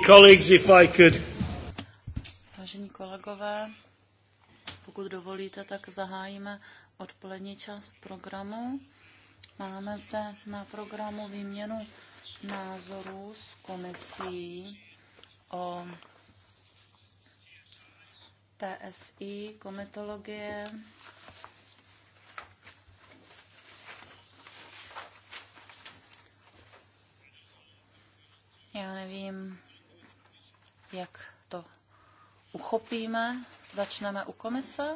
Colleagues, if I could. Vážení kolegové, pokud dovolíte, tak zahájíme odpolední část programu. Máme zde na programu výměnu názorů s komisí o TSI, komitologie. Já nevím, jak to uchopíme. Začneme u komise.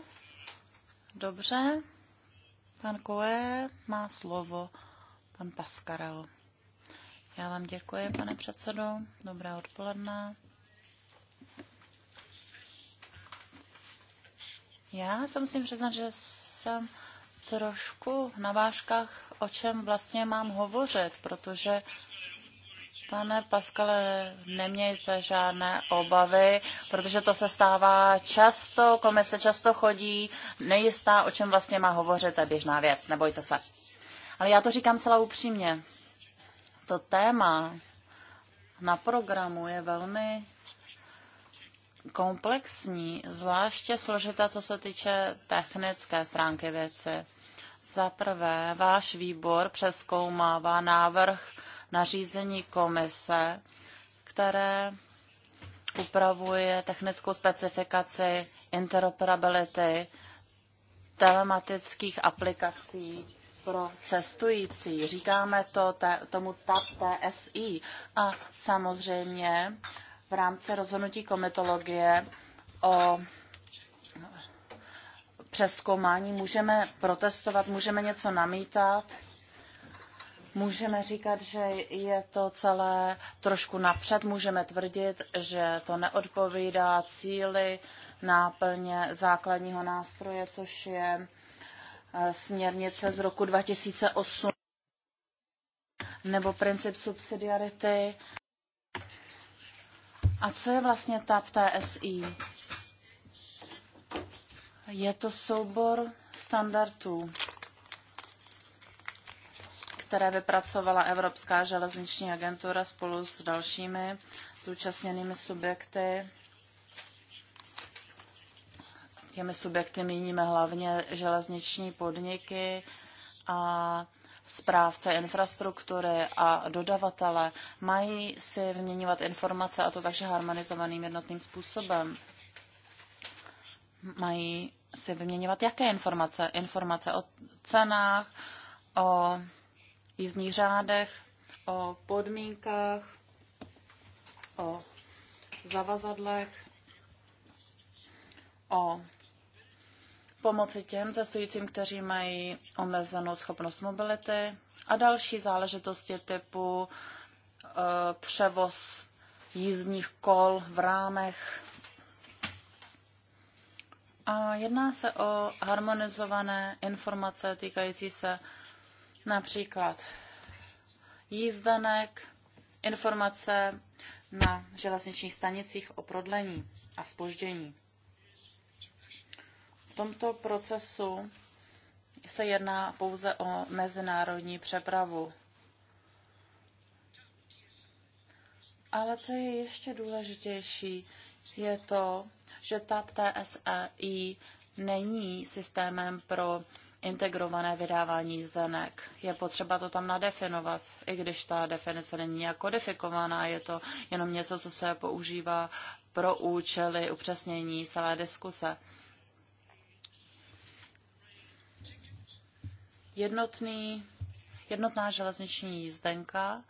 Dobře. Pan Koe má slovo. Pan Paskarel. Já vám děkuji, pane předsedo. Dobré odpoledne. Já se musím přiznat, že jsem trošku na váškách, o čem vlastně mám hovořit, protože Pane Paskale, nemějte žádné obavy, protože to se stává často, komise často chodí, nejistá, o čem vlastně má hovořit, to je běžná věc, nebojte se. Ale já to říkám celá upřímně. To téma na programu je velmi komplexní, zvláště složitá, co se týče technické stránky věci. Za prvé, váš výbor přeskoumává návrh nařízení komise, které upravuje technickou specifikaci interoperability telematických aplikací pro cestující. Říkáme to te, tomu TAP TSI. A samozřejmě v rámci rozhodnutí komitologie o přeskoumání můžeme protestovat, můžeme něco namítat, Můžeme říkat, že je to celé trošku napřed, můžeme tvrdit, že to neodpovídá cíli náplně základního nástroje, což je eh, směrnice z roku 2008 nebo princip subsidiarity. A co je vlastně TAP TSI? Je to soubor standardů které vypracovala Evropská železniční agentura spolu s dalšími zúčastněnými subjekty. Těmi subjekty míníme hlavně železniční podniky a správce infrastruktury a dodavatele mají si vyměňovat informace a to takže harmonizovaným jednotným způsobem. Mají si vyměňovat jaké informace? Informace o cenách, o jízdních řádech, o podmínkách, o zavazadlech, o pomoci těm cestujícím, kteří mají omezenou schopnost mobility a další záležitosti typu e, převoz jízdních kol v rámech. A jedná se o harmonizované informace týkající se například jízdenek, informace na železničních stanicích o prodlení a spoždění. V tomto procesu se jedná pouze o mezinárodní přepravu. Ale co je ještě důležitější, je to, že TAP TSEI není systémem pro integrované vydávání jízdenek. Je potřeba to tam nadefinovat, i když ta definice není nějak kodifikovaná, je to jenom něco, co se používá pro účely upřesnění celé diskuse. Jednotný, jednotná železniční jízdenka,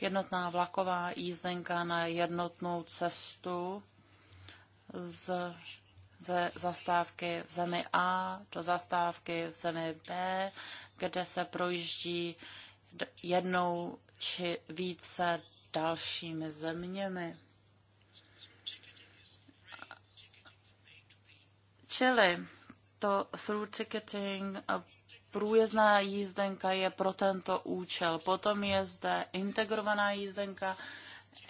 jednotná vlaková jízdenka na jednotnou cestu z ze zastávky v zemi A do zastávky v zemi B, kde se projíždí jednou či více dalšími zeměmi. Čili to through ticketing a průjezdná jízdenka je pro tento účel. Potom je zde integrovaná jízdenka,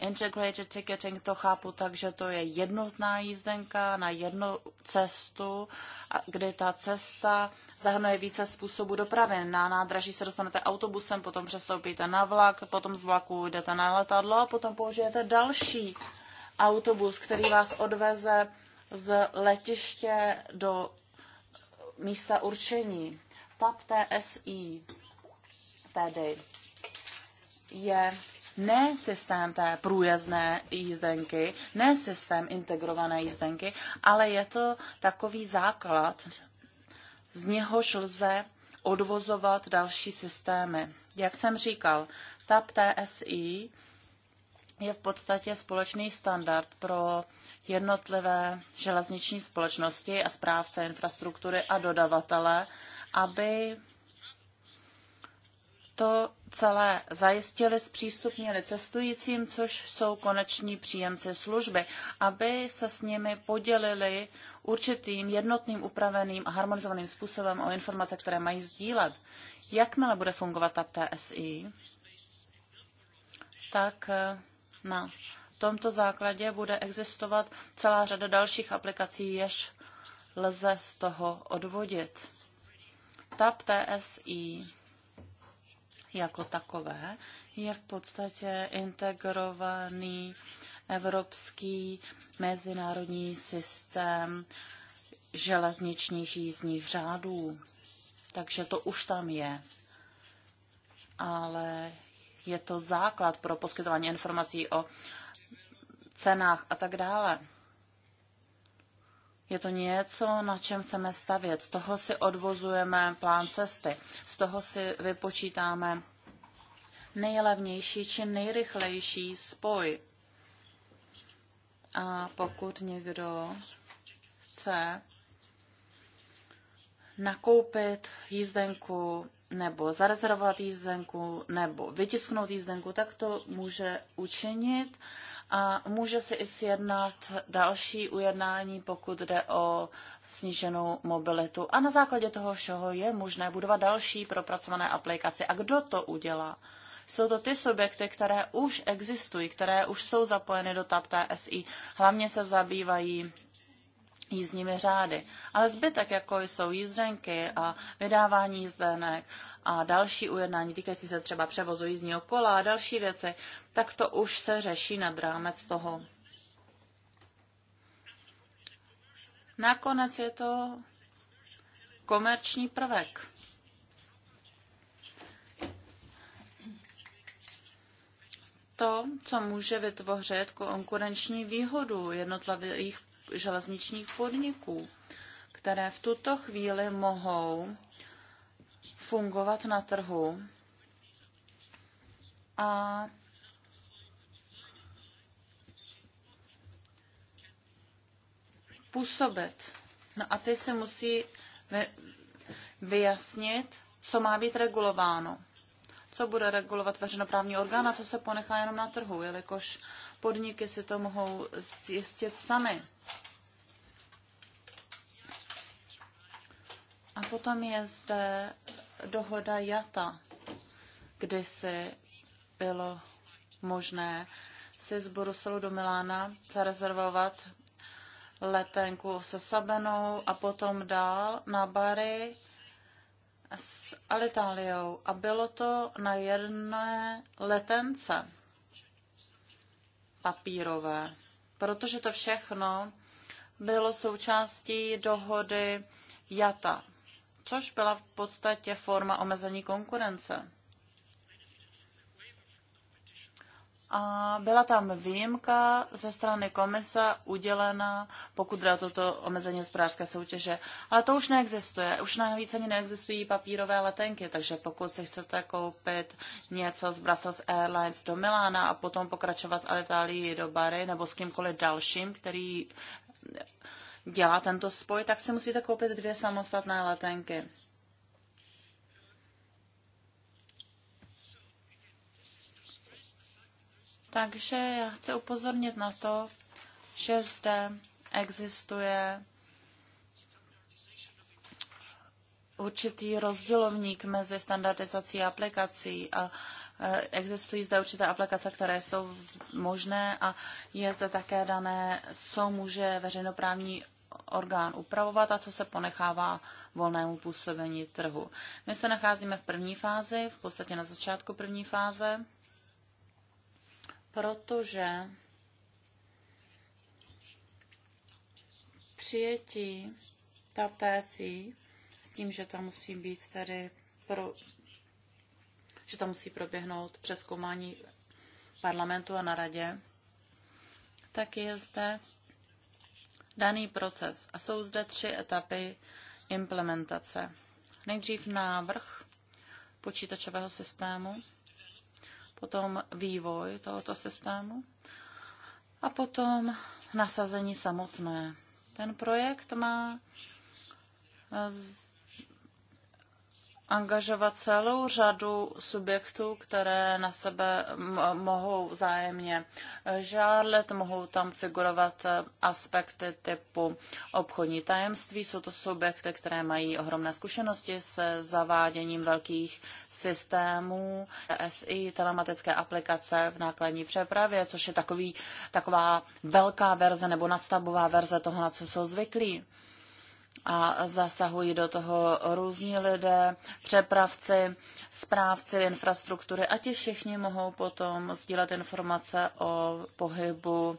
Integrated ticketing to chápu tak, že to je jednotná jízdenka na jednu cestu, kdy ta cesta zahrnuje více způsobů dopravy. Na nádraží se dostanete autobusem, potom přestoupíte na vlak, potom z vlaku jdete na letadlo a potom použijete další autobus, který vás odveze z letiště do místa určení. PAP TSI tedy je ne systém té průjezdné jízdenky, ne systém integrované jízdenky, ale je to takový základ, z něhož lze odvozovat další systémy. Jak jsem říkal, TAP TSI je v podstatě společný standard pro jednotlivé železniční společnosti a správce infrastruktury a dodavatele, aby to celé zajistili, zpřístupnili cestujícím, což jsou koneční příjemci služby, aby se s nimi podělili určitým jednotným, upraveným a harmonizovaným způsobem o informace, které mají sdílet. Jakmile bude fungovat ta TSI, tak eh, na tomto základě bude existovat celá řada dalších aplikací, jež lze z toho odvodit. TAP TSI jako takové je v podstatě integrovaný evropský mezinárodní systém železničních jízdních řádů. Takže to už tam je. Ale je to základ pro poskytování informací o cenách a tak dále. Je to něco, na čem chceme stavět. Z toho si odvozujeme plán cesty. Z toho si vypočítáme nejlevnější či nejrychlejší spoj. A pokud někdo chce nakoupit jízdenku nebo zarezervovat jízdenku, nebo vytisknout jízdenku, tak to může učinit a může si i sjednat další ujednání, pokud jde o sníženou mobilitu. A na základě toho všeho je možné budovat další propracované aplikaci. A kdo to udělá? Jsou to ty subjekty, které už existují, které už jsou zapojeny do TAP TSI. Hlavně se zabývají jízdními řády. Ale zbytek, jako jsou jízdenky a vydávání jízdenek a další ujednání týkající se třeba převozu jízdního kola a další věci, tak to už se řeší nad rámec toho. Nakonec je to komerční prvek. to, co může vytvořit konkurenční výhodu jednotlivých železničních podniků, které v tuto chvíli mohou fungovat na trhu a působit. No a ty se musí vyjasnit, co má být regulováno co bude regulovat veřejnoprávní orgán a co se ponechá jenom na trhu, jelikož podniky si to mohou zjistit sami. A potom je zde dohoda JATA, kdy si bylo možné si z Bruselu do Milána zarezervovat letenku se Sabenou a potom dál na bary s Alitáliou a bylo to na jedné letence papírové, protože to všechno bylo součástí dohody JATA, což byla v podstatě forma omezení konkurence. a byla tam výjimka ze strany komise udělena, pokud jde o toto omezení hospodářské soutěže. Ale to už neexistuje. Už navíc ani neexistují papírové letenky, takže pokud si chcete koupit něco z Brussels Airlines do Milána a potom pokračovat z Alitalii do Bary nebo s kýmkoliv dalším, který dělá tento spoj, tak si musíte koupit dvě samostatné letenky. Takže já chci upozornit na to, že zde existuje určitý rozdělovník mezi standardizací a aplikací a e, existují zde určité aplikace, které jsou možné a je zde také dané, co může veřejnoprávní orgán upravovat a co se ponechává volnému působení trhu. My se nacházíme v první fázi, v podstatě na začátku první fáze protože přijetí TAPTSI s tím, že tam musí být tedy pro, že tam musí proběhnout přeskoumání parlamentu a na radě, tak je zde daný proces. A jsou zde tři etapy implementace. Nejdřív návrh počítačového systému, potom vývoj tohoto systému a potom nasazení samotné. Ten projekt má z angažovat celou řadu subjektů, které na sebe mohou vzájemně eh, žárlit, mohou tam figurovat eh, aspekty typu obchodní tajemství. Jsou to subjekty, které mají ohromné zkušenosti se zaváděním velkých systémů, SI, telematické aplikace v nákladní přepravě, což je takový, taková velká verze nebo nadstavbová verze toho, na co jsou zvyklí a zasahují do toho různí lidé, přepravci, správci infrastruktury a ti všichni mohou potom sdílet informace o pohybu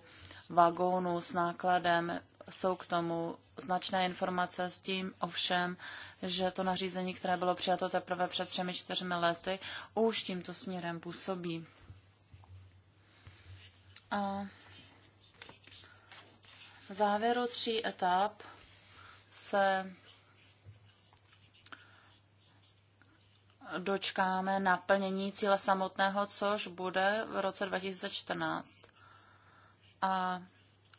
vagónu s nákladem. Jsou k tomu značné informace s tím ovšem, že to nařízení, které bylo přijato teprve před třemi, čtyřmi lety, už tímto směrem působí. A v závěru tří etap se dočkáme naplnění cíle samotného, což bude v roce 2014. A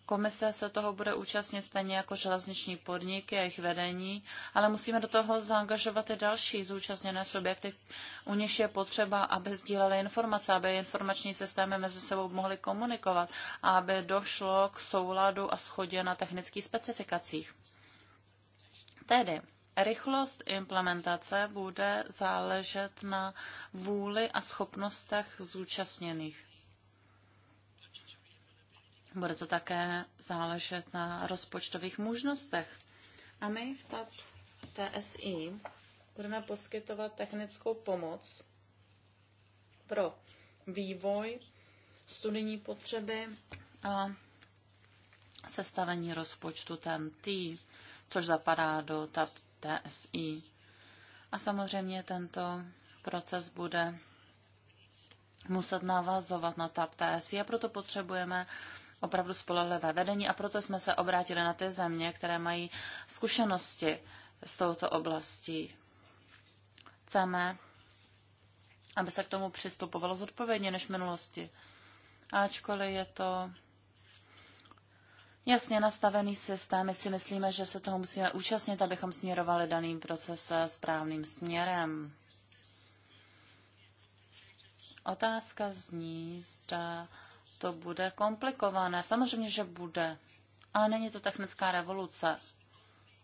komise se toho bude účastnit stejně jako železniční podniky a jejich vedení, ale musíme do toho zaangažovat i další zúčastněné subjekty, u nich je potřeba, aby sdíleli informace, aby informační systémy mezi sebou mohly komunikovat a aby došlo k souladu a schodě na technických specifikacích. Tedy rychlost implementace bude záležet na vůli a schopnostech zúčastněných. Bude to také záležet na rozpočtových možnostech. A my v TAP TSI budeme poskytovat technickou pomoc pro vývoj, studijní potřeby a sestavení rozpočtu TNT což zapadá do TAP TSI. A samozřejmě tento proces bude muset navazovat na TAP TSI a proto potřebujeme opravdu spolehlivé vedení a proto jsme se obrátili na ty země, které mají zkušenosti s touto oblastí. Chceme, aby se k tomu přistupovalo zodpovědně než v minulosti. Ačkoliv je to jasně nastavený systém. My si myslíme, že se toho musíme účastnit, abychom směrovali daný proces správným směrem. Otázka zní, zda to bude komplikované. Samozřejmě, že bude, ale není to technická revoluce,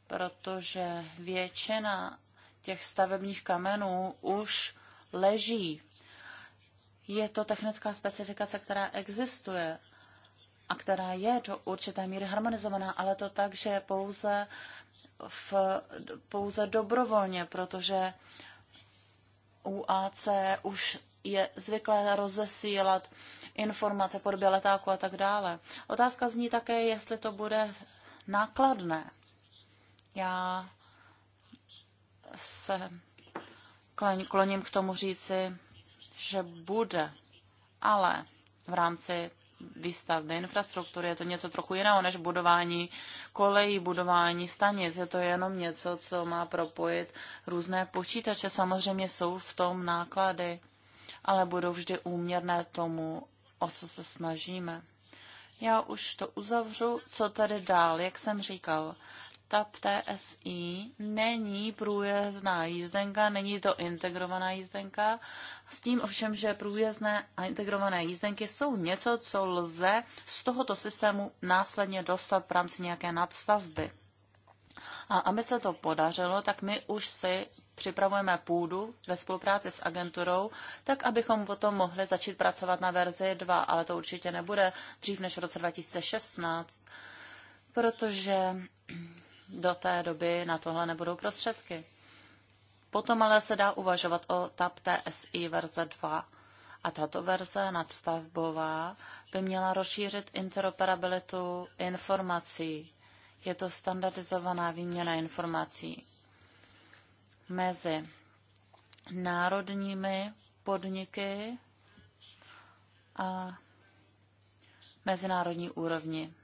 protože většina těch stavebních kamenů už leží. Je to technická specifikace, která existuje a která je do určité míry harmonizovaná, ale to tak, že pouze, v, pouze dobrovolně, protože UAC už je zvyklé rozesílat informace po letáku a tak dále. Otázka zní také, jestli to bude nákladné. Já se kloním k tomu říci, že bude, ale v rámci výstavby infrastruktury. Je to něco trochu jiného než budování kolejí, budování stanic. Je to jenom něco, co má propojit různé počítače. Samozřejmě jsou v tom náklady, ale budou vždy úměrné tomu, o co se snažíme. Já už to uzavřu, co tady dál, jak jsem říkal etap TSI není průjezdná jízdenka, není to integrovaná jízdenka, s tím ovšem, že průjezdné a integrované jízdenky jsou něco, co lze z tohoto systému následně dostat v rámci nějaké nadstavby. A aby se to podařilo, tak my už si připravujeme půdu ve spolupráci s agenturou, tak abychom potom mohli začít pracovat na verzi 2, ale to určitě nebude dřív než v roce 2016, protože do té doby na tohle nebudou prostředky. Potom ale se dá uvažovat o TAP TSI verze 2. A tato verze nadstavbová by měla rozšířit interoperabilitu informací. Je to standardizovaná výměna informací mezi národními podniky a mezinárodní úrovni.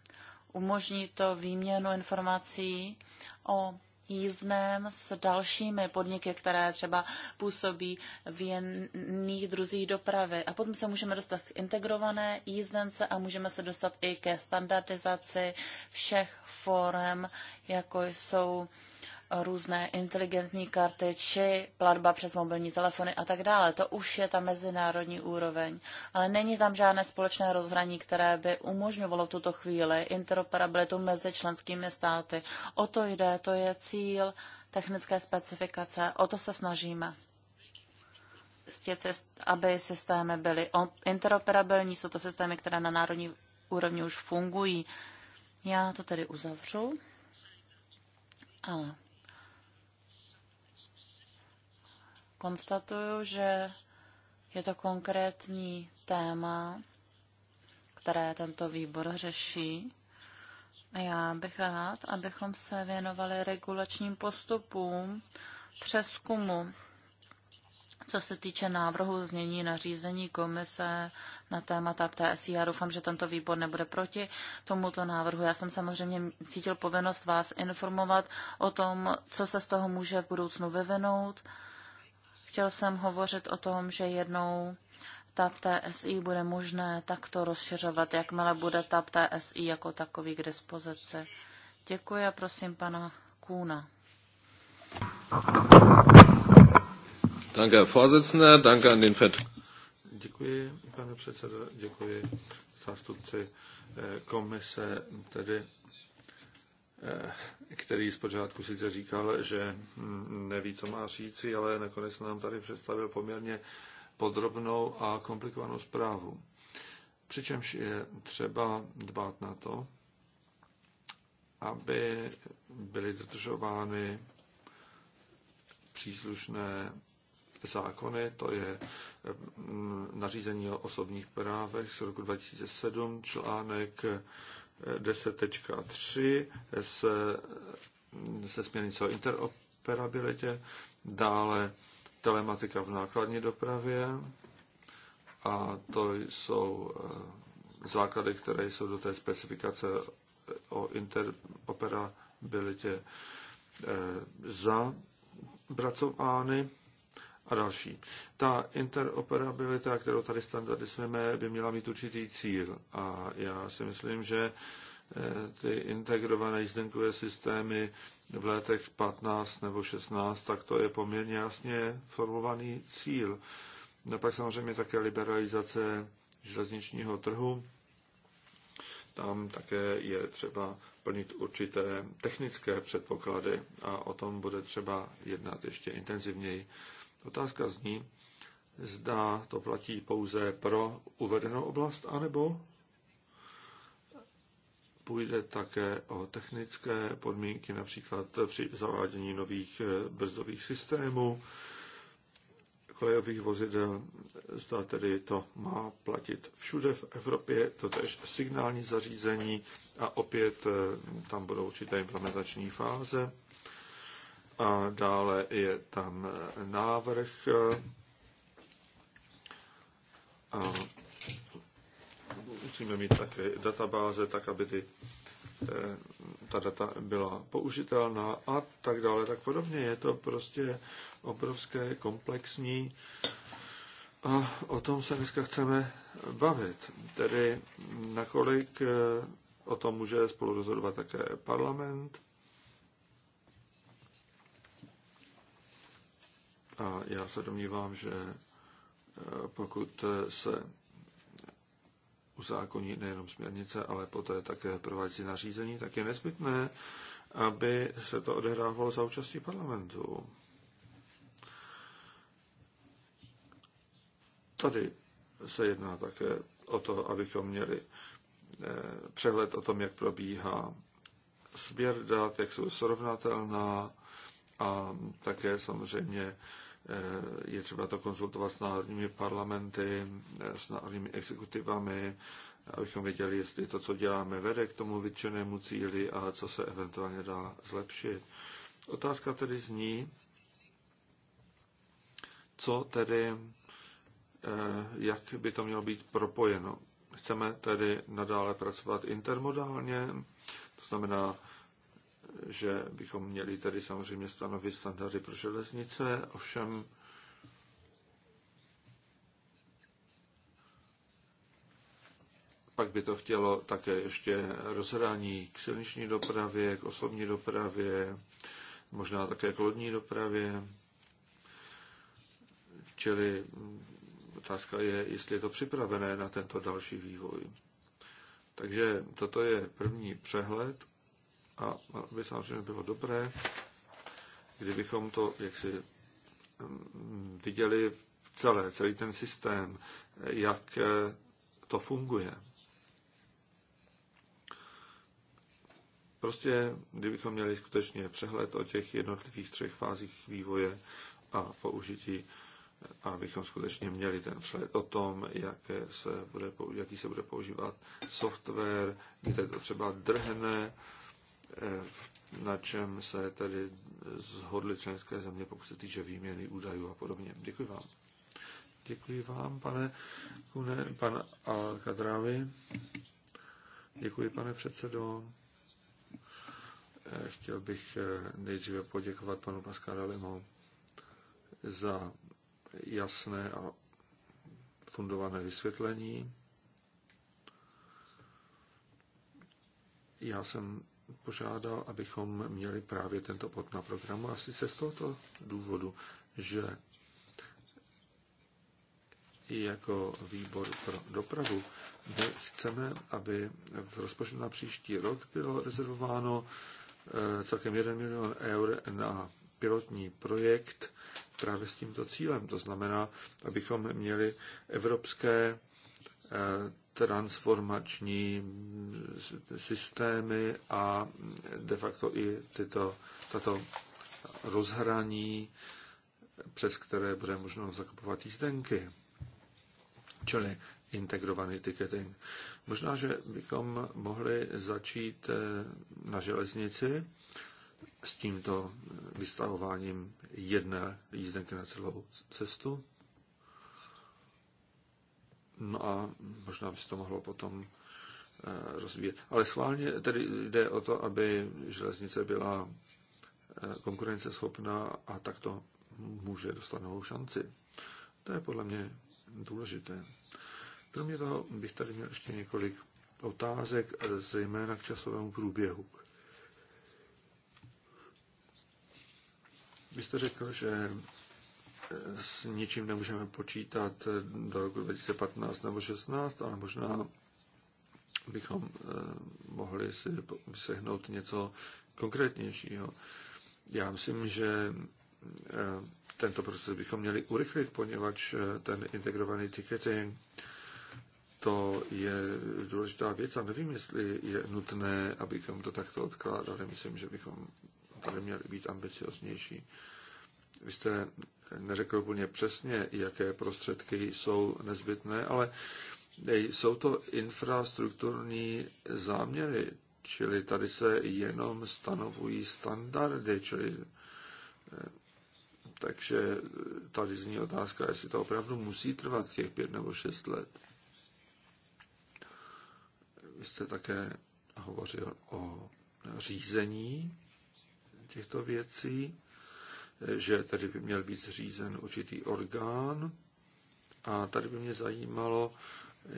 Umožní to výměnu informací o jízdném s dalšími podniky, které třeba působí v jiných druzích dopravy. A potom se můžeme dostat k integrované jízdence a můžeme se dostat i ke standardizaci všech forem, jako jsou různé inteligentní karty či platba přes mobilní telefony a tak dále. To už je ta mezinárodní úroveň, ale není tam žádné společné rozhraní, které by umožňovalo v tuto chvíli interoperabilitu mezi členskými státy. O to jde, to je cíl technické specifikace, o to se snažíme aby systémy byly interoperabilní. Jsou to systémy, které na národní úrovni už fungují. Já to tedy uzavřu. Ale konstatuju, že je to konkrétní téma, které tento výbor řeší. Já bych rád, abychom se věnovali regulačním postupům přeskumu, co se týče návrhu změní nařízení komise na témata PTSI. Já doufám, že tento výbor nebude proti tomuto návrhu. Já jsem samozřejmě cítil povinnost vás informovat o tom, co se z toho může v budoucnu vyvinout. Chtěl jsem hovořit o tom, že jednou TAP TSI bude možné takto rozšiřovat, jakmile bude TAP TSI jako takový k dispozici. Děkuji a prosím pana Kůna. an Děkuji, pane předsedo, děkuji zástupci eh, komise, tedy Eh, který zpočátku sice říkal, že hm, neví, co má říci, ale nakonec nám tady představil poměrně podrobnou a komplikovanou zprávu. Přičemž je třeba dbát na to, aby byly dodržovány příslušné zákony, to je hm, nařízení o osobních právech z roku 2007, článek 10.3 se, se směrnicí o interoperabilitě, dále telematika v nákladní dopravě a to jsou eh, základy, které jsou do té specifikace o interoperabilitě eh, pracovány a další. Ta interoperabilita, kterou tady standardizujeme, by měla mít určitý cíl. A já si myslím, že eh, ty integrované jízdenkové systémy v letech 15 nebo 16, tak to je poměrně jasně formovaný cíl. No pak samozřejmě také liberalizace železničního trhu. Tam také je třeba plnit určité technické předpoklady a o tom bude třeba jednat ještě intenzivněji. Otázka zní, zda to platí pouze pro uvedenou oblast, anebo půjde také o technické podmínky, například při zavádění nových eh, brzdových systémů, kolejových vozidel, zda tedy to má platit všude v Evropě, To tež signální zařízení a opět eh, tam budou určité implementační fáze. A dále je tam eh, návrh eh, a musíme mít také databáze, tak aby ty, eh, ta data byla použitelná a tak dále, tak podobně. Je to prostě obrovské, komplexní a o tom se dneska chceme bavit. Tedy nakolik o tom může spolu rozhodovat také parlament A já se domnívám, že eh, pokud eh, se uzákoní nejenom směrnice, ale poté také prováděcí nařízení, tak je nezbytné, aby se to odehrávalo za účastí parlamentu. Tady se jedná také o to, abychom měli eh, přehled o tom, jak probíhá sběr dat, jak jsou srovnatelná a také samozřejmě je třeba to konzultovat s národními parlamenty, s národními exekutivami, abychom věděli, jestli to, co děláme, vede k tomu vyčenému cíli a co se eventuálně dá zlepšit. Otázka tedy zní, co tedy, eh, jak by to mělo být propojeno. Chceme tedy nadále pracovat intermodálně, to znamená že bychom měli tady samozřejmě stanovit standardy pro železnice, ovšem pak by to chtělo také ještě rozhrání k silniční dopravě, k osobní dopravě, možná také k lodní dopravě. Čili otázka je, jestli je to připravené na tento další vývoj. Takže toto je první přehled a by samozřejmě bylo dobré, kdybychom to jaksi mm, viděli celé, celý ten systém, jak eh, to funguje. Prostě, kdybychom měli skutečně přehled o těch jednotlivých třech fázích vývoje a použití, eh, abychom skutečně měli ten přehled o tom, jaké se bude, jaký se bude používat software, kde to třeba drhne, Eh, na čem se tedy zhodly členské země, pokud se týče výměny údajů a podobně. Děkuji vám. Děkuji vám, pane Kune, pan -Kadravi. Děkuji, pane předsedo. Eh, chtěl bych eh, nejdříve poděkovat panu Pascalelimu za jasné a fundované vysvětlení. Já jsem požádal, abychom měli právě tento bod na programu. Asi se z tohoto důvodu, že jako výbor pro dopravu my chceme, aby v rozpočtu na příští rok bylo rezervováno eh, celkem 1 milion eur na pilotní projekt právě s tímto cílem. To znamená, abychom měli evropské eh, transformační systémy a de facto i tyto, tato rozhraní, přes které bude možno zakupovat jízdenky, čili integrovaný ticketing. Možná, že bychom mohli začít eh, na železnici s tímto vystavováním jedné jízdenky na celou cestu. No a možná by se to mohlo potom eh, rozvíjet. Ale schválně tedy jde o to, aby železnice byla eh, konkurenceschopná a tak to může dostat novou šanci. To je podle mě důležité. Kromě toho bych tady měl ještě několik otázek, zejména k časovému průběhu. Vy jste řekl, že s ničím nemůžeme počítat do roku 2015 nebo 2016, ale možná bychom eh, mohli si vysehnout něco konkrétnějšího. Já myslím, že eh, tento proces bychom měli urychlit, poněvadž eh, ten integrovaný ticketing to je důležitá věc a nevím, jestli je nutné, abychom to takto odkládali. Myslím, že bychom tady měli být ambicioznější. Vy jste neřekl úplně přesně, jaké prostředky jsou nezbytné, ale jsou to infrastrukturní záměry, čili tady se jenom stanovují standardy, čili e, takže tady zní otázka, jestli to opravdu musí trvat těch pět nebo šest let. Vy jste také hovořil o řízení těchto věcí že tady by měl být zřízen určitý orgán. A tady by mě zajímalo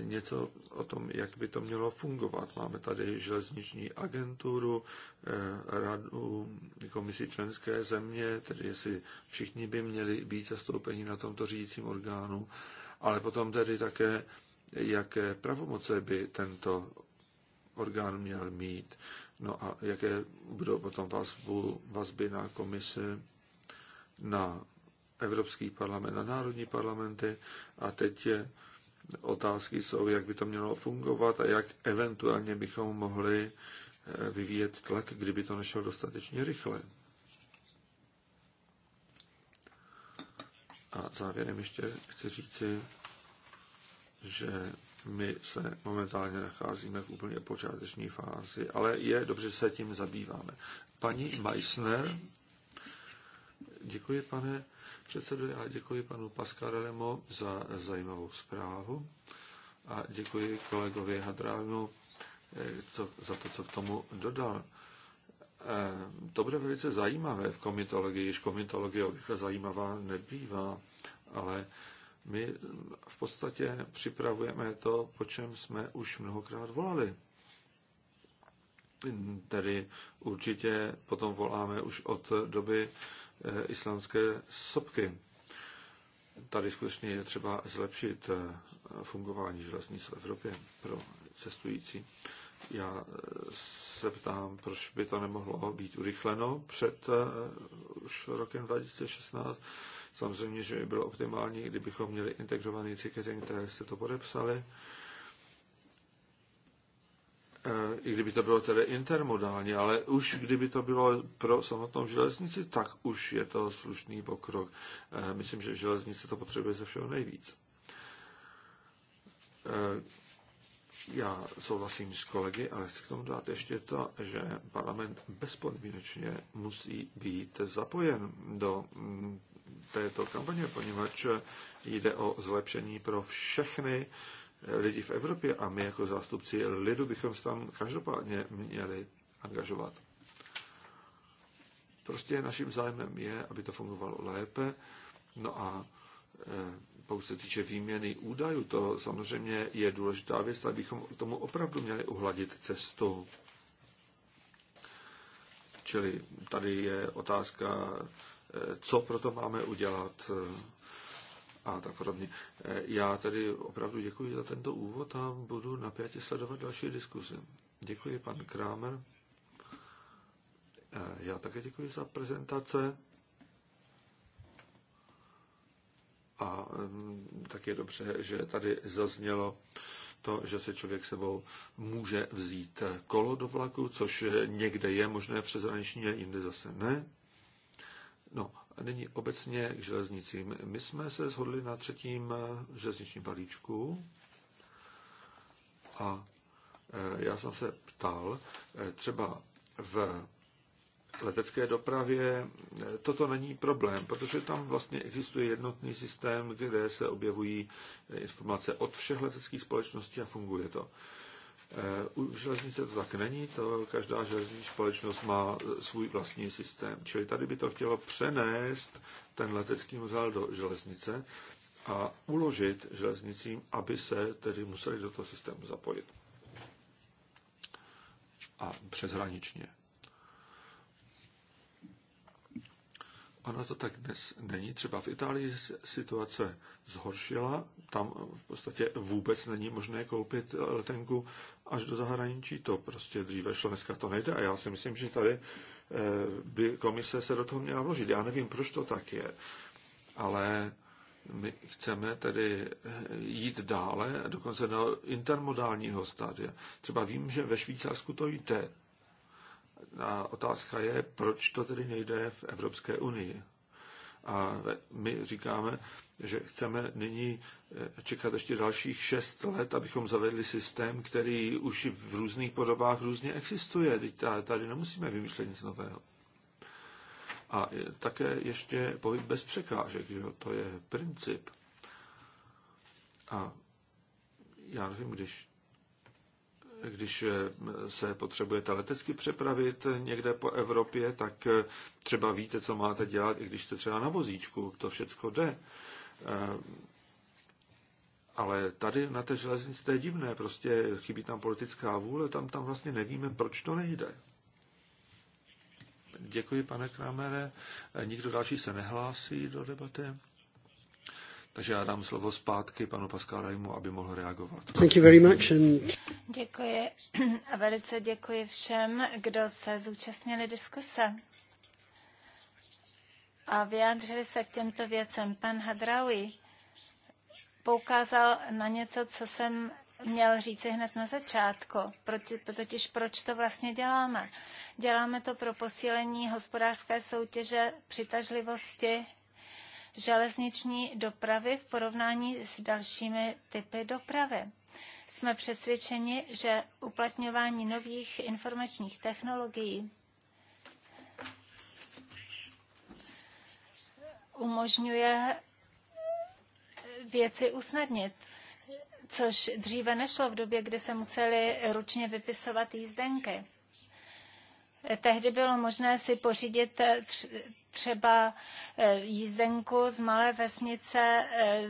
něco o tom, jak by to mělo fungovat. Máme tady železniční agenturu, eh, radu, komisi členské země, tedy jestli všichni by měli být zastoupeni na tomto řídícím orgánu, ale potom tedy také, jaké pravomoce by tento orgán měl mít, no a jaké budou potom vazbu, vazby na komisi na Evropský parlament, na národní parlamenty a teď je otázky jsou, jak by to mělo fungovat a jak eventuálně bychom mohli eh, vyvíjet tlak, kdyby to nešlo dostatečně rychle. A závěrem ještě chci říci, že my se momentálně nacházíme v úplně počáteční fázi, ale je dobře, že se tím zabýváme. Paní Meissner. Děkuji, pane předsedo, a děkuji panu Paskarelemu za zajímavou zprávu a děkuji kolegovi Hadránu eh, za to, co k tomu dodal. Eh, to bude velice zajímavé v komitologii, již komitologie obvykle zajímavá nebývá, ale my v podstatě připravujeme to, po čem jsme už mnohokrát volali. Tedy určitě potom voláme už od doby Eh, islámské sopky. Tady skutečně je třeba zlepšit eh, fungování železnic v Evropě pro cestující. Já eh, se ptám, proč by to nemohlo být urychleno před už rokem 2016. Samozřejmě, že by bylo optimální, kdybychom měli integrovaný ticketing, které jste to podepsali, Eh, i kdyby to bylo tedy intermodálně, ale už kdyby to bylo pro samotnou železnici, tak už je to slušný pokrok. Eh, myslím, že železnice to potřebuje ze všeho nejvíc. Eh, já souhlasím s kolegy, ale chci k tomu dát ještě to, že parlament bezpodmínečně musí být zapojen do mm, této kampaně, poněvadž jde o zlepšení pro všechny lidí v Evropě a my jako zástupci lidu bychom se tam každopádně měli angažovat. Prostě naším zájmem je, aby to fungovalo lépe. No a e, pokud se týče výměny údajů, to samozřejmě je důležitá věc, ale bychom tomu opravdu měli uhladit cestu. Čili tady je otázka, e, co proto máme udělat, a tak podobně. E, já tady opravdu děkuji za tento úvod a budu napjatě sledovat další diskuzi. Děkuji, pan Kramer. E, já také děkuji za prezentace. A mm, tak je dobře, že tady zaznělo to, že se člověk sebou může vzít kolo do vlaku, což někde je možné přeshraničně, jinde zase ne. No nyní obecně k železnicím. My jsme se shodli na třetím eh, železničním balíčku a eh, já jsem se ptal, eh, třeba v letecké dopravě toto není problém, protože tam vlastně existuje jednotný systém, kde se objevují informace od všech leteckých společností a funguje to. Eh, u železnice to tak není, to každá železniční společnost má eh, svůj vlastní systém. Čili tady by to chtělo přenést ten letecký muzeál do železnice a uložit železnicím, aby se tedy museli do toho systému zapojit. A přeshraničně. Ono to tak dnes není. Třeba v Itálii situace zhoršila, tam v podstatě vůbec není možné koupit letenku až do zahraničí. To prostě dříve šlo, dneska to nejde. A já si myslím, že tady eh, by komise se do toho měla vložit. Já nevím, proč to tak je, ale my chceme tedy eh, jít dále, dokonce do intermodálního stádia. Třeba vím, že ve Švýcarsku to jde. A otázka je, proč to tedy nejde v Evropské unii. A my říkáme, že chceme nyní Eh, čekat ještě dalších šest let, abychom zavedli systém, který už v různých podobách různě existuje. Tady nemusíme vymýšlet nic nového. A také ještě pohyb bez překážek, že jo? to je princip. A já nevím, když, když eh, se potřebujete letecky přepravit někde po Evropě, tak eh, třeba víte, co máte dělat, i když jste třeba na vozíčku, to všechno jde ale tady na té železnici to je divné, prostě chybí tam politická vůle, tam, tam vlastně nevíme, proč to nejde. Děkuji, pane Kramere. E, nikdo další se nehlásí do debaty. Takže já dám slovo zpátky panu Paskárajmu, aby mohl reagovat. Thank you very much and... Děkuji a velice děkuji všem, kdo se zúčastnili diskuse a vyjádřili se k těmto věcem. Pan Hadraoui poukázal na něco, co jsem měl říci hned na začátku, proti, totiž proč to vlastně děláme. Děláme to pro posílení hospodářské soutěže, přitažlivosti železniční dopravy v porovnání s dalšími typy dopravy. Jsme přesvědčeni, že uplatňování nových informačních technologií umožňuje věci usnadnit což dříve nešlo v době, kdy se museli ručně vypisovat jízdenky. Tehdy bylo možné si pořídit eh, třeba eh, jízdenku z malé vesnice eh,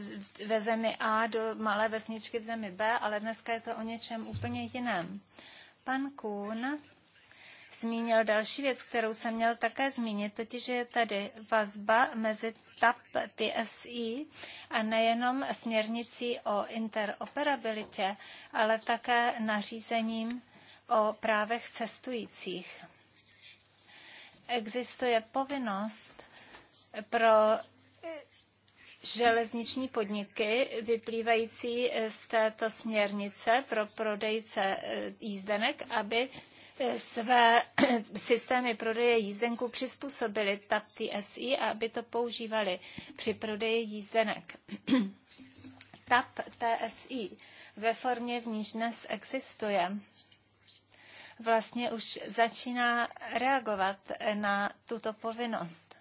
ve zemi A do malé vesničky v zemi B, ale dneska je to o něčem úplně jiném. Pan Kůn zmínil další věc, kterou jsem měl také zmínit, totiž je tady vazba mezi TAP TSI a nejenom směrnicí o interoperabilitě, ale také nařízením o právech cestujících. Existuje povinnost pro železniční podniky vyplývající z této směrnice pro prodejce eh, jízdenek, aby své systémy prodeje jízdenků přizpůsobili TAP TSI a aby to používali při prodeji jízdenek. TAP TSI ve formě, v níž dnes existuje, vlastně už začíná reagovat na tuto povinnost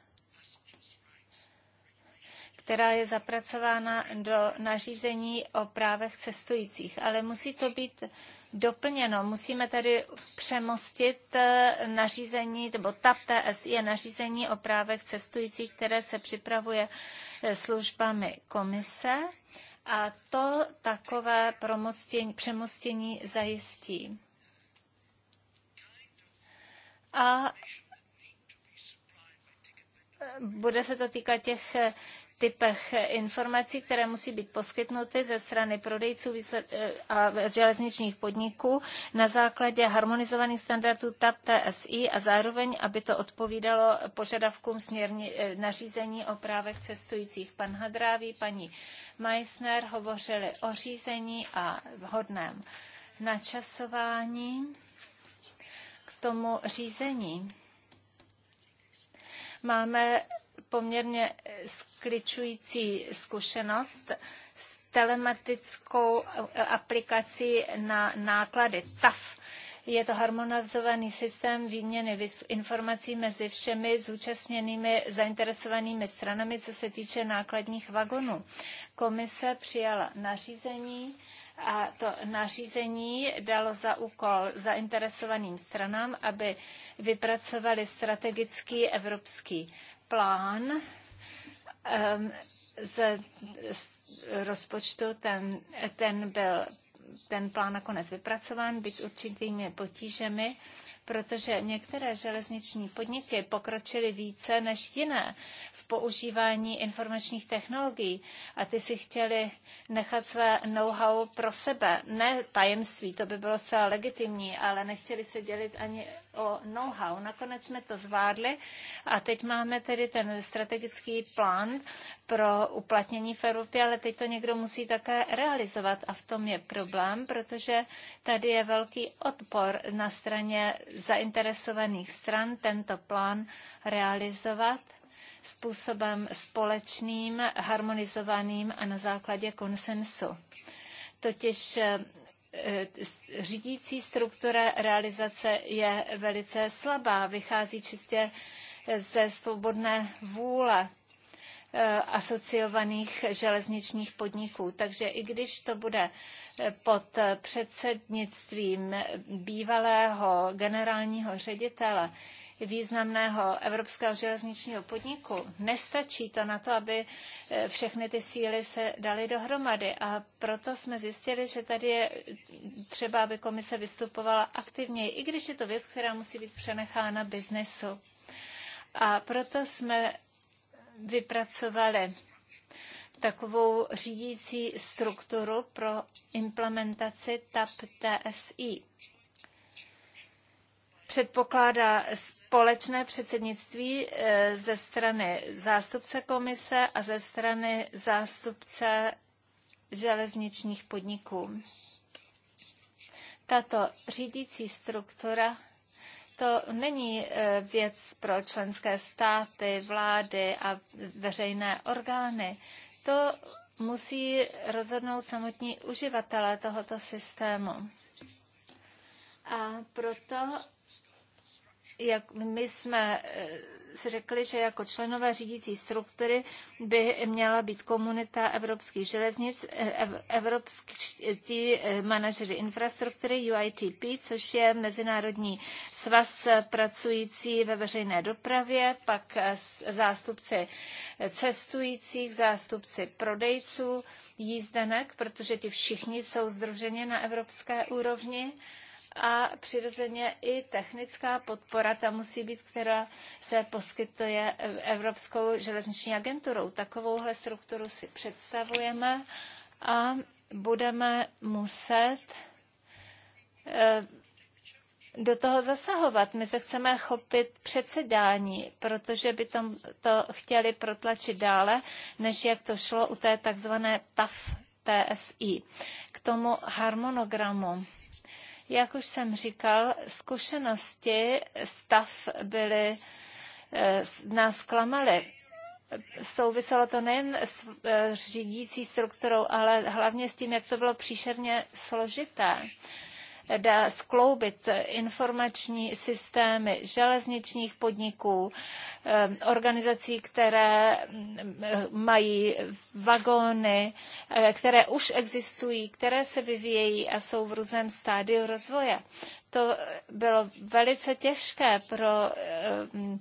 která je zapracována do nařízení o právech cestujících. Ale musí to být doplněno. Musíme tedy přemostit eh, nařízení, nebo TAP TS je nařízení o právech cestujících, které se připravuje eh, službami komise a to takové přemostění zajistí. A eh, bude se to týkat těch typech informací, které musí být poskytnuty ze strany prodejců eh, a železničních podniků na základě harmonizovaných standardů TAP TSI a zároveň, aby to odpovídalo požadavkům směrni, eh, nařízení o právech cestujících. Pan Hadráví, paní Meissner hovořili o řízení a vhodném načasování k tomu řízení. Máme poměrně eh, skličující zkušenost s telematickou eh, aplikací na náklady TAF. Je to harmonizovaný systém výměny informací mezi všemi zúčastněnými zainteresovanými stranami, co se týče nákladních vagonů. Komise přijala nařízení, a to nařízení dalo za úkol zainteresovaným stranám, aby vypracovali strategický evropský plán ehm, z, rozpočtu, ten, ten byl ten plán nakonec vypracován, byť s určitými potížemi, protože některé železniční podniky pokročily více než jiné v používání informačních technologií a ty si chtěli nechat své know-how pro sebe. Ne tajemství, to by bylo zcela legitimní, ale nechtěli se dělit ani o know-how. Nakonec jsme to zvládli a teď máme tedy ten strategický plán pro uplatnění v Evropě, ale teď to někdo musí také realizovat a v tom je problém, protože tady je velký odpor na straně zainteresovaných stran tento plán realizovat způsobem společným, harmonizovaným a na základě konsensu. Totiž Eh, řídící struktura realizace je velice slabá, vychází čistě ze svobodné vůle eh, asociovaných železničních podniků. Takže i když to bude eh, pod předsednictvím bývalého generálního ředitele, významného evropského železničního podniku, nestačí to na to, aby eh, všechny ty síly se daly dohromady. A proto jsme zjistili, že tady je třeba, aby komise vystupovala aktivněji, i když je to věc, která musí být přenechána biznesu. A proto jsme vypracovali takovou řídící strukturu pro implementaci TAP TSI předpokládá společné předsednictví eh, ze strany zástupce komise a ze strany zástupce železničních podniků. Tato řídící struktura to není eh, věc pro členské státy, vlády a veřejné orgány. To musí rozhodnout samotní uživatelé tohoto systému. A proto jak my jsme eh, si řekli, že jako členové řídící struktury by měla být komunita evropských železnic, eh, evropští eh, manažeři infrastruktury UITP, což je Mezinárodní svaz pracující ve veřejné dopravě, pak zástupci cestujících, zástupci prodejců jízdenek, protože ti všichni jsou združeni na evropské úrovni a přirozeně i technická podpora tam musí být, která se poskytuje Evropskou železniční agenturou. Takovouhle strukturu si představujeme a budeme muset eh, do toho zasahovat. My se chceme chopit předsedání, protože by tom to chtěli protlačit dále, než jak to šlo u té takzvané TAF TSI. K tomu harmonogramu jak už jsem říkal, zkušenosti stav byly, eh, nás klamaly souviselo to nejen s eh, řídící strukturou, ale hlavně s tím, jak to bylo příšerně složité dá skloubit informační systémy železničních podniků, eh, organizací, které mm, mají vagóny, eh, které už existují, které se vyvíjejí a jsou v různém stádiu rozvoje to bylo velice těžké pro eh, mm,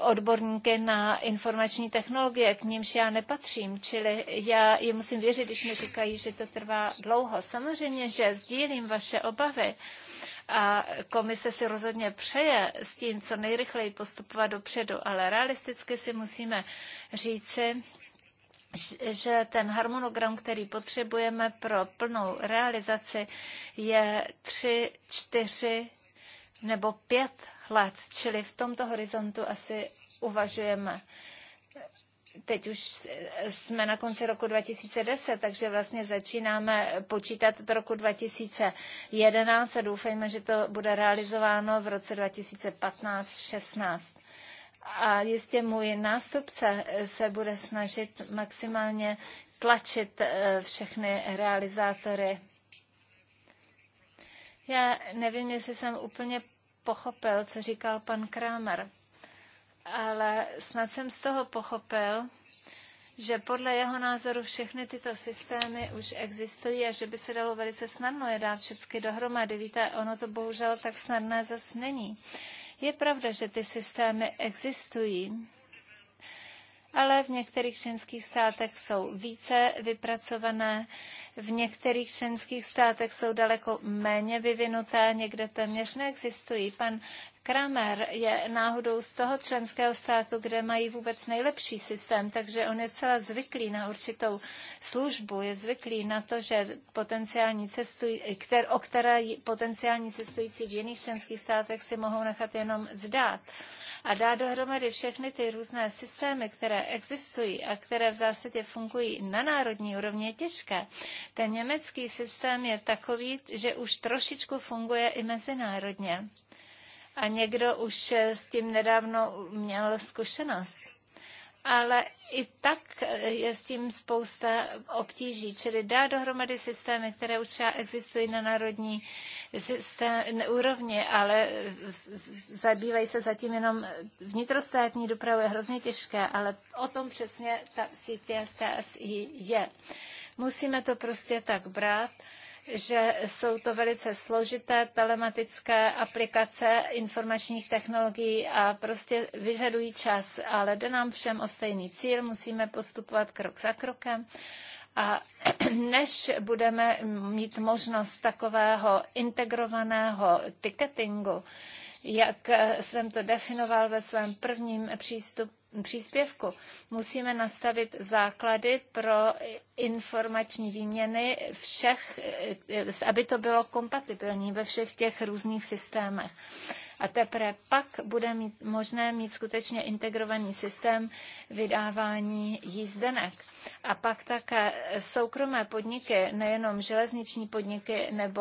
odborníky na informační technologie, k nímž já nepatřím, čili já je musím věřit, když mi říkají, že to trvá dlouho. Samozřejmě, že sdílím vaše obavy, a komise si rozhodně přeje s tím, co nejrychleji postupovat dopředu, ale realisticky si musíme říci, že ten harmonogram, který potřebujeme pro plnou realizaci, je tři, čtyři nebo pět let, čili v tomto horizontu asi uvažujeme. Teď už jsme na konci roku 2010, takže vlastně začínáme počítat od roku 2011 a doufejme, že to bude realizováno v roce 2015-16. A jistě můj nástupce se bude snažit maximálně tlačit eh, všechny realizátory. Já nevím, jestli jsem úplně pochopil, co říkal pan Kramer, ale snad jsem z toho pochopil, že podle jeho názoru všechny tyto systémy už existují a že by se dalo velice snadno je dát všechny dohromady. Víte, ono to bohužel tak snadné zas není. Je pravda, že ty systémy existují, ale v některých členských státech jsou více vypracované, v některých členských státech jsou daleko méně vyvinuté, někde téměř neexistují. Pan Kramer je náhodou z toho členského státu, kde mají vůbec nejlepší systém, takže on je zcela zvyklý na určitou službu, je zvyklý na to, že potenciální cestují, kter, o které potenciální cestující v jiných členských státech si mohou nechat jenom zdát a dá dohromady všechny ty různé systémy, které existují a které v zásadě fungují na národní úrovni, je těžké. Ten německý systém je takový, že už trošičku funguje i mezinárodně. A někdo už s tím nedávno měl zkušenost ale i tak eh, je s tím spousta obtíží, čili dá dohromady systémy, které už třeba existují na národní systém, úrovni, ale zabývají se zatím jenom vnitrostátní dopravu, je hrozně těžké, ale o tom přesně ta síť je. Musíme to prostě tak brát že jsou to velice složité telematické aplikace informačních technologií a prostě vyžadují čas, ale jde nám všem o stejný cíl, musíme postupovat krok za krokem. A než budeme mít možnost takového integrovaného ticketingu, jak jsem to definoval ve svém prvním přístupu, příspěvku. Musíme nastavit základy pro informační výměny všech, eh, eh, aby to bylo kompatibilní ve všech těch různých systémech. A teprve pak bude mít, možné mít skutečně integrovaný systém vydávání jízdenek. A pak také soukromé podniky, nejenom železniční podniky nebo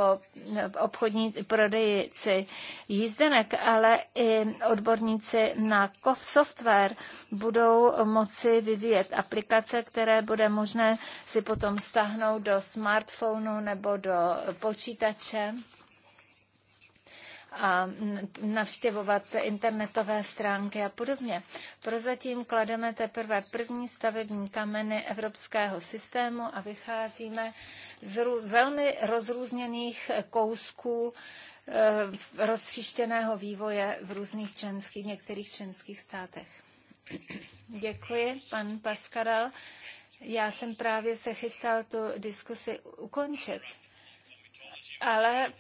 obchodní prodejci jízdenek, ale i odborníci na software budou moci vyvíjet aplikace, které bude možné si potom stáhnout do smartphonu nebo do počítače a navštěvovat internetové stránky a podobně. Prozatím klademe teprve první stavební kameny evropského systému a vycházíme z velmi rozrůzněných kousků eh, roztříštěného vývoje v různých členských, některých členských státech. Děkuji, pan Paskaral. Já jsem právě se chystal tu diskusi ukončit, ale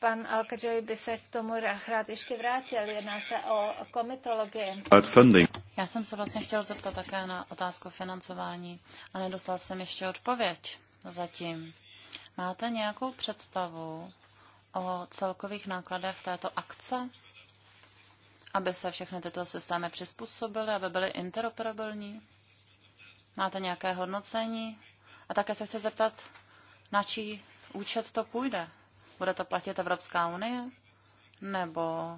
pan Alkadžoj by se k tomu rád ještě vrátil. Jedná se o komitologii. Já jsem se vlastně chtěl zeptat také na otázku financování a nedostal jsem ještě odpověď zatím. Máte nějakou představu o celkových nákladech této akce? Aby se všechny tyto systémy přizpůsobily, aby byly interoperabilní? Máte nějaké hodnocení? A také se chci zeptat, na čí účet to půjde? Bude to platit Evropská unie? Nebo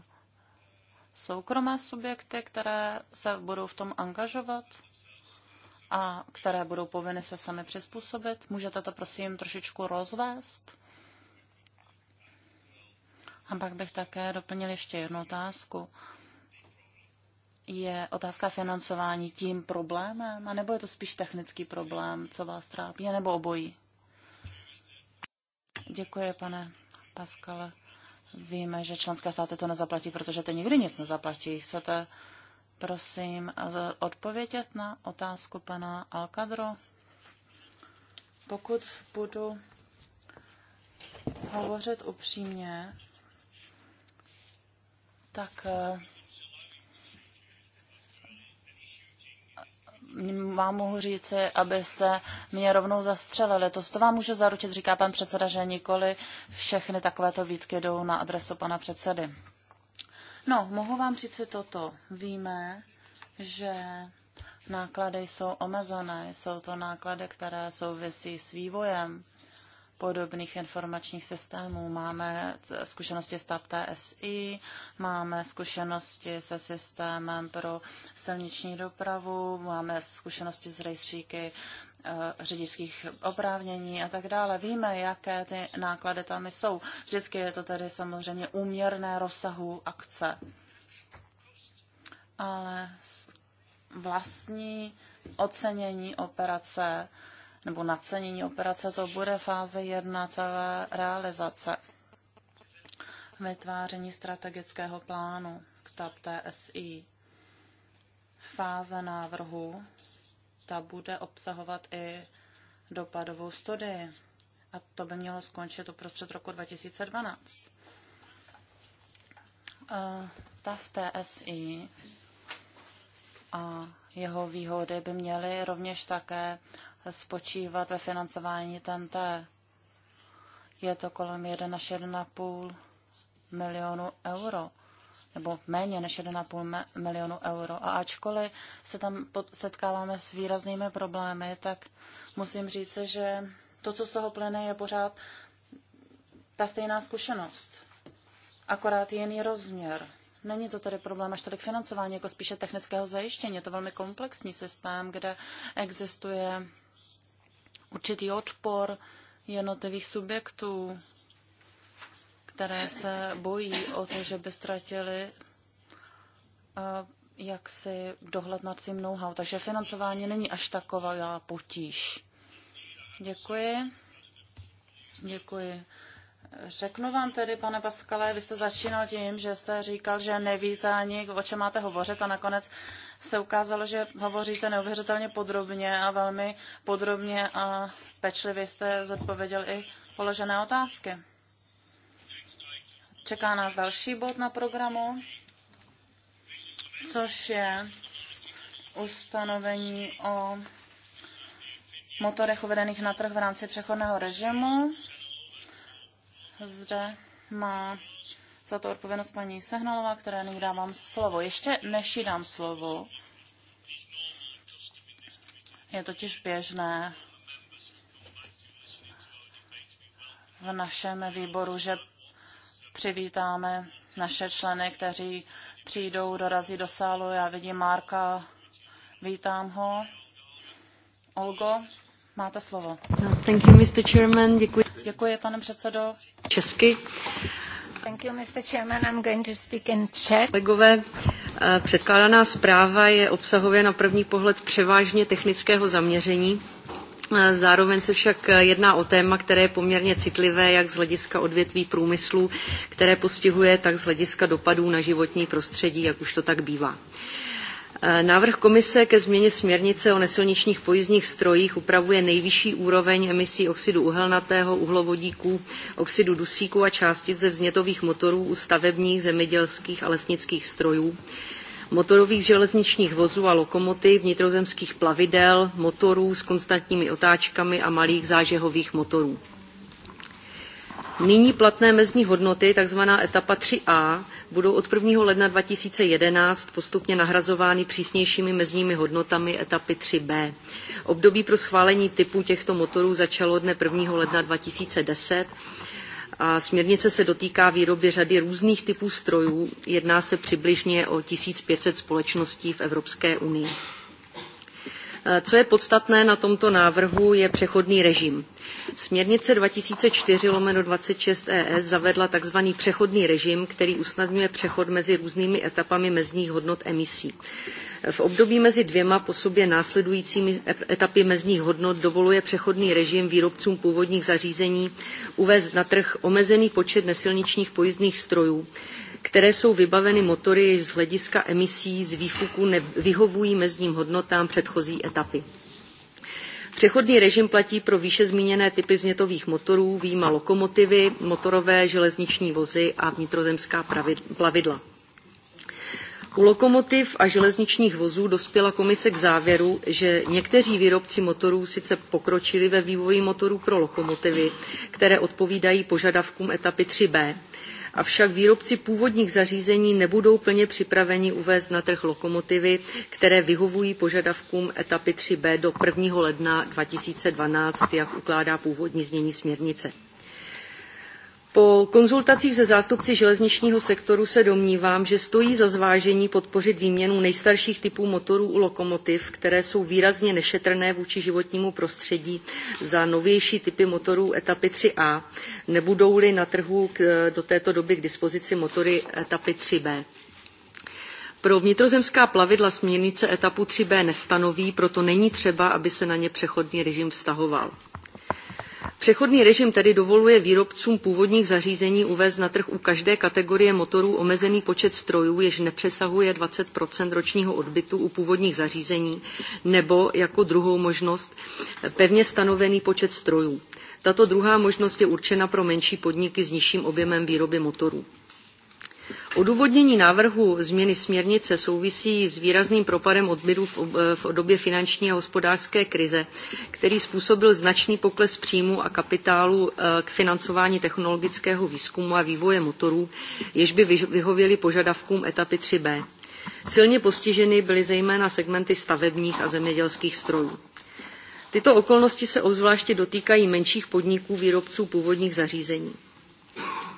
soukromé subjekty, které se budou v tom angažovat a které budou povinny se sami přizpůsobit? Můžete to prosím trošičku rozvést? A pak bych také doplnil ještě jednu otázku. Je otázka financování tím problémem, anebo je to spíš technický problém, co vás trápí, nebo obojí? Děkuji, pane Pascal. Víme, že členské státy to nezaplatí, protože to nikdy nic nezaplatí. Chcete, prosím, odpovědět na otázku pana Alcadro? Pokud budu hovořit upřímně, tak eh, vám mohu říci, abyste mě rovnou zastřelili. To, to vám můžu zaručit, říká pan předseda, že nikoli všechny takovéto výtky jdou na adresu pana předsedy. No, mohu vám říci toto. Víme, že náklady jsou omezené. Jsou to náklady, které souvisí s vývojem podobných informačních systémů. Máme zkušenosti s TAP TSI, máme zkušenosti se systémem pro silniční dopravu, máme zkušenosti s rejstříky eh, řidičských oprávnění a tak dále. Víme, jaké ty náklady tam jsou. Vždycky je to tedy samozřejmě úměrné rozsahu akce. Ale vlastní ocenění operace nebo nacenění operace, to bude fáze jedna celé realizace vytváření strategického plánu k TAP TSI. Fáze návrhu, ta bude obsahovat i dopadovou studii. A to by mělo skončit uprostřed roku 2012. TAP TSI a jeho výhody by měly rovněž také spočívat ve financování TNT. Je to kolem 1 až 1,5 milionu euro nebo méně než 1,5 milionu euro. A ačkoliv se tam setkáváme s výraznými problémy, tak musím říct, že to, co z toho plyne, je pořád ta stejná zkušenost. Akorát jiný rozměr. Není to tedy problém až tolik financování, jako spíše technického zajištění. Je to velmi komplexní systém, kde existuje určitý odpor jednotlivých subjektů, které se bojí o to, že by ztratili eh, jaksi dohled nad svým know-how. Takže financování není až taková potíž. Děkuji. Děkuji Řeknu vám tedy, pane Paskale, vy jste začínal tím, že jste říkal, že nevíte ani, o čem máte hovořit a nakonec se ukázalo, že hovoříte neuvěřitelně podrobně a velmi podrobně a pečlivě jste zodpověděl i položené otázky. Čeká nás další bod na programu, což je ustanovení o motorech uvedených na trh v rámci přechodného režimu zde má za to odpovědnost paní Sehnalová, které nyní dávám slovo. Ještě než jí dám slovo, je totiž běžné v našem výboru, že přivítáme naše členy, kteří přijdou, dorazí do sálu. Já vidím Marka, vítám ho. Olgo, máte slovo. No, thank you, Mr. Chairman. Děkuji. Děkuji, pane předsedo. Česky. Thank you, Mr. Chairman. I'm going to speak in Czech. Kolegové, eh, předkládaná zpráva je obsahově na první pohled převážně technického zaměření. Eh, zároveň se však jedná o téma, které je poměrně citlivé jak z hlediska odvětví průmyslu, které postihuje, tak z hlediska dopadů na životní prostředí, jak už to tak bývá. Eh, návrh komise ke změně směrnice o nesilničních pojízdních strojích upravuje nejvyšší úroveň emisí oxidu uhelnatého, uhlovodíků, oxidu dusíku a částic ze vznětových motorů u stavebních, zemědělských a lesnických strojů, motorových železničních vozů a lokomotiv, vnitrozemských plavidel, motorů s konstantními otáčkami a malých zážehových motorů. Nyní platné mezní hodnoty, takzvaná etapa 3a, budou od 1. ledna 2011 postupně nahrazovány přísnějšími mezními hodnotami etapy 3b. Období pro schválení typu těchto motorů začalo dne 1. ledna 2010 a směrnice se dotýká výroby řady různých typů strojů. Jedná se přibližně o 1500 společností v Evropské unii. Co je podstatné na tomto návrhu, je přechodný režim. Směrnice 2004-26 ES zavedla tzv. přechodný režim, který usnadňuje přechod mezi různými etapami mezních hodnot emisí. V období mezi dvěma po sobě následujícími etapy mezních hodnot dovoluje přechodný režim výrobcům původních zařízení uvést na trh omezený počet nesilničních pojízdných strojů, které jsou vybaveny motory z hlediska emisí z výfuku nevyhovují mezním hodnotám předchozí etapy. Přechodný režim platí pro výše zmíněné typy vznětových motorů, výjima lokomotivy, motorové železniční vozy a vnitrozemská plavidla. U lokomotiv a železničních vozů dospěla komise k závěru, že někteří výrobci motorů sice pokročili ve vývoji motorů pro lokomotivy, které odpovídají požadavkům etapy 3b, avšak výrobci původních zařízení nebudou plně připraveni uvést na trh lokomotivy, které vyhovují požadavkům etapy 3B do 1. ledna 2012, jak ukládá původní znění směrnice. Po konzultacích se zástupci železničního sektoru se domnívám, že stojí za zvážení podpořit výměnu nejstarších typů motorů u lokomotiv, které jsou výrazně nešetrné vůči životnímu prostředí za novější typy motorů etapy 3A, nebudou-li na trhu k, do této doby k dispozici motory etapy 3B. Pro vnitrozemská plavidla směrnice etapu 3B nestanoví, proto není třeba, aby se na ně přechodný režim vztahoval. Přechodný režim tedy dovoluje výrobcům původních zařízení uvést na trh u každé kategorie motorů omezený počet strojů, jež nepřesahuje 20 ročního odbytu u původních zařízení, nebo jako druhou možnost pevně stanovený počet strojů. Tato druhá možnost je určena pro menší podniky s nižším objemem výroby motorů. Odůvodnění návrhu změny směrnice souvisí s výrazným propadem odběrů v době finanční a hospodářské krize, který způsobil značný pokles příjmu a kapitálu eh, k financování technologického výzkumu a vývoje motorů, jež by vyhověly požadavkům etapy 3b. Silně postiženy byly zejména segmenty stavebních a zemědělských strojů. Tyto okolnosti se obzvláště dotýkají menších podniků výrobců původních zařízení.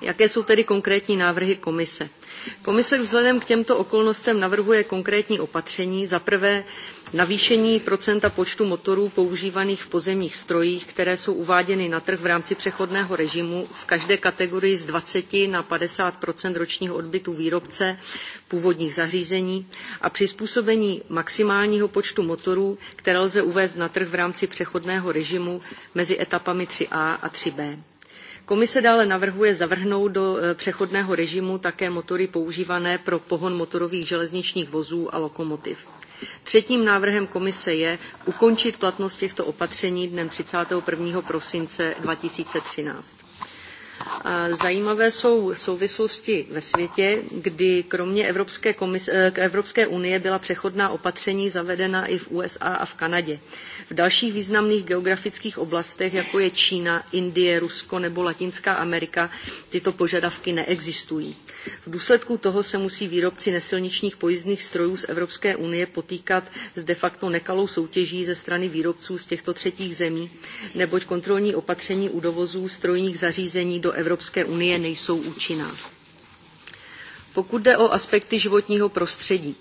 Jaké jsou tedy konkrétní návrhy komise? Komise vzhledem k těmto okolnostem navrhuje konkrétní opatření. Za prvé navýšení procenta počtu motorů používaných v pozemních strojích, které jsou uváděny na trh v rámci přechodného režimu v každé kategorii z 20 na 50 ročního odbytu výrobce původních zařízení a přizpůsobení maximálního počtu motorů, které lze uvést na trh v rámci přechodného režimu mezi etapami 3A a 3B. Komise dále navrhuje zavrhnout do e, přechodného režimu také motory používané pro pohon motorových železničních vozů a lokomotiv. Třetím návrhem komise je ukončit platnost těchto opatření dnem 31. prosince 2013. E, zajímavé jsou souvislosti ve světě, kdy kromě Evropské, komise, e, Evropské unie byla přechodná opatření zavedena i v USA a v Kanadě v dalších významných geografických oblastech, jako je Čína, Indie, Rusko nebo Latinská Amerika, tyto požadavky neexistují. V důsledku toho se musí výrobci nesilničních pojízdných strojů z Evropské unie potýkat s de facto nekalou soutěží ze strany výrobců z těchto třetích zemí, neboť kontrolní opatření u dovozů strojních zařízení do Evropské unie nejsou účinná. Pokud jde o aspekty životního prostředí,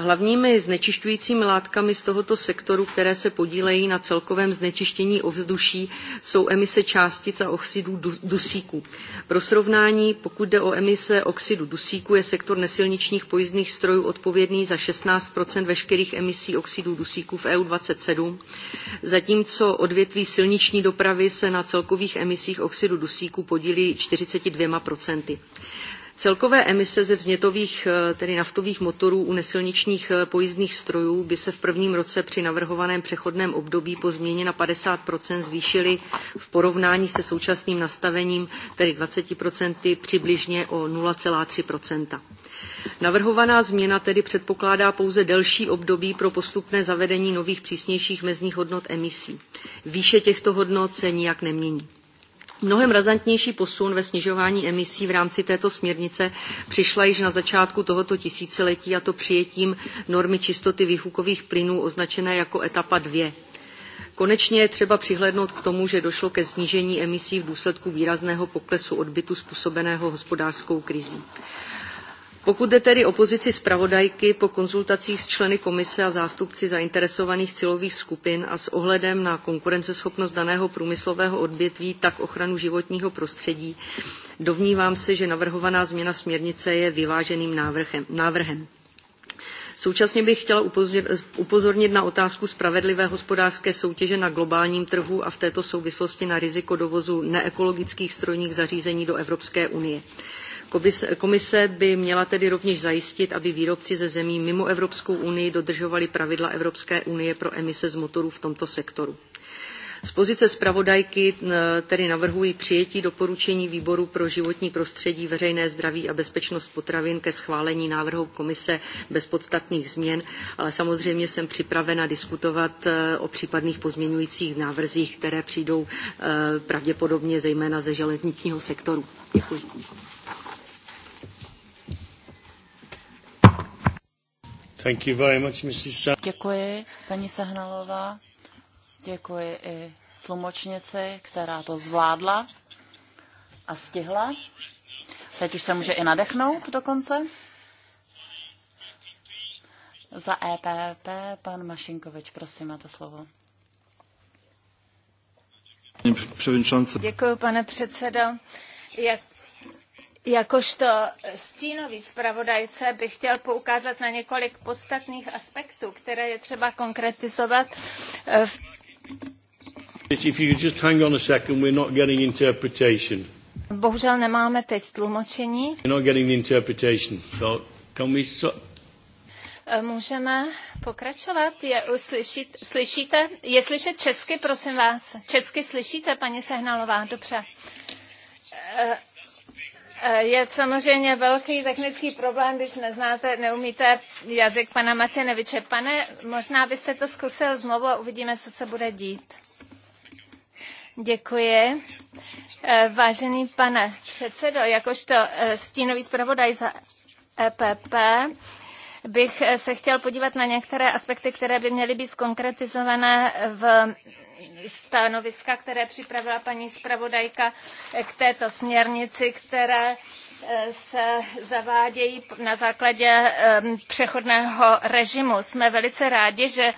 Hlavními znečišťujícími látkami z tohoto sektoru, které se podílejí na celkovém znečištění ovzduší, jsou emise částic a oxidů dusíku. Pro srovnání, pokud jde o emise oxidu dusíku, je sektor nesilničních pojízdných strojů odpovědný za 16 veškerých emisí oxidů dusíku v EU27, zatímco odvětví silniční dopravy se na celkových emisích oxidu dusíku podílí 42 Celkové emise ze vznětových, eh, tedy naftových motorů u nesilničních eh, pojízdných strojů by se v prvním roce při navrhovaném přechodném období po změně na 50 zvýšily v porovnání se současným nastavením, tedy 20 přibližně o 0,3 Navrhovaná změna tedy předpokládá pouze delší období pro postupné zavedení nových přísnějších mezních hodnot emisí. Výše těchto hodnot se nijak nemění. Mnohem razantnější posun ve snižování emisí v rámci této směrnice přišla již na začátku tohoto tisíciletí a to přijetím normy čistoty výfukových plynů označené jako etapa 2. Konečně je třeba přihlédnout k tomu, že došlo ke snížení emisí v důsledku výrazného poklesu odbytu způsobeného hospodářskou krizí. Pokud jde tedy o pozici zpravodajky po konzultacích s členy komise a zástupci zainteresovaných cílových skupin a s ohledem na konkurenceschopnost daného průmyslového odvětví, tak ochranu životního prostředí, dovnívám se, že navrhovaná změna směrnice je vyváženým návrhem. návrhem. Současně bych chtěla upozornit na otázku spravedlivé hospodářské soutěže na globálním trhu a v této souvislosti na riziko dovozu neekologických strojních zařízení do Evropské unie. Komise by měla tedy rovněž zajistit, aby výrobci ze zemí mimo Evropskou unii dodržovali pravidla Evropské unie pro emise z motorů v tomto sektoru. Z pozice zpravodajky eh, tedy navrhuji přijetí doporučení výboru pro životní prostředí, veřejné zdraví a bezpečnost potravin ke schválení návrhu komise bez podstatných změn, ale samozřejmě jsem připravena diskutovat eh, o případných pozměňujících návrzích, které přijdou eh, pravděpodobně zejména ze železničního sektoru. Děkuji. Děkuji, paní Sehnalová. Děkuji i tlumočnici, která to zvládla a stihla. Teď už se může i nadechnout dokonce. Za EPP pan Mašinkovič, prosím, máte slovo. Děkuji, pane předsedo. Jak Jakožto stínový zpravodajce bych chtěl poukázat na několik podstatných aspektů, které je třeba konkretizovat eh, v If you just hang on a second, we're not getting interpretation. Bohužel nemáme teď tlumočení. We're not getting the interpretation. So can we so eh, Můžeme pokračovat? Je, uslyšit, slyšíte? Je slyšet česky, prosím vás? Česky slyšíte, paní Sehnalová? Dobře. Eh, Eh, je samozřejmě velký technický problém, když neznáte, neumíte jazyk pana Masineviče. Pane, možná byste to zkusil znovu a uvidíme, co se bude dít. Děkuji. Eh, vážený pane předsedo, jakožto eh, stínový zpravodaj za EPP, bych se chtěl podívat na některé aspekty, které by měly být skonkretizované v stanoviska, které připravila paní zpravodajka k této směrnici, které Eh, se zavádějí na základě přechodného režimu. Jsme velice rádi, že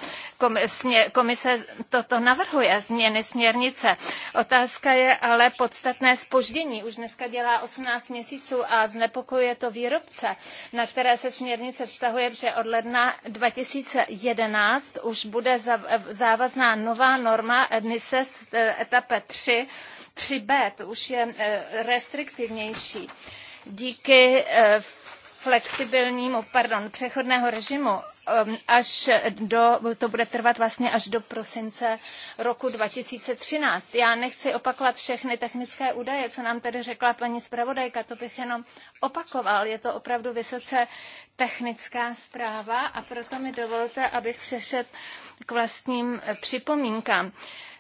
komise toto navrhuje, změny směrnice. Otázka je ale podstatné spoždění. Už dneska dělá 18 měsíců a znepokojuje to výrobce, na které se směrnice vztahuje, že od ledna 2011 už bude závazná nová norma emise z eh, etape 3, 3B, to už je eh, restriktivnější díky eh, flexibilnímu, pardon, přechodného režimu až do, to bude trvat vlastně až do prosince roku 2013. Já nechci opakovat všechny technické údaje, co nám tedy řekla paní zpravodajka, to bych jenom opakoval. Je to opravdu vysoce technická zpráva a proto mi dovolte, abych přešel k vlastním eh, připomínkám.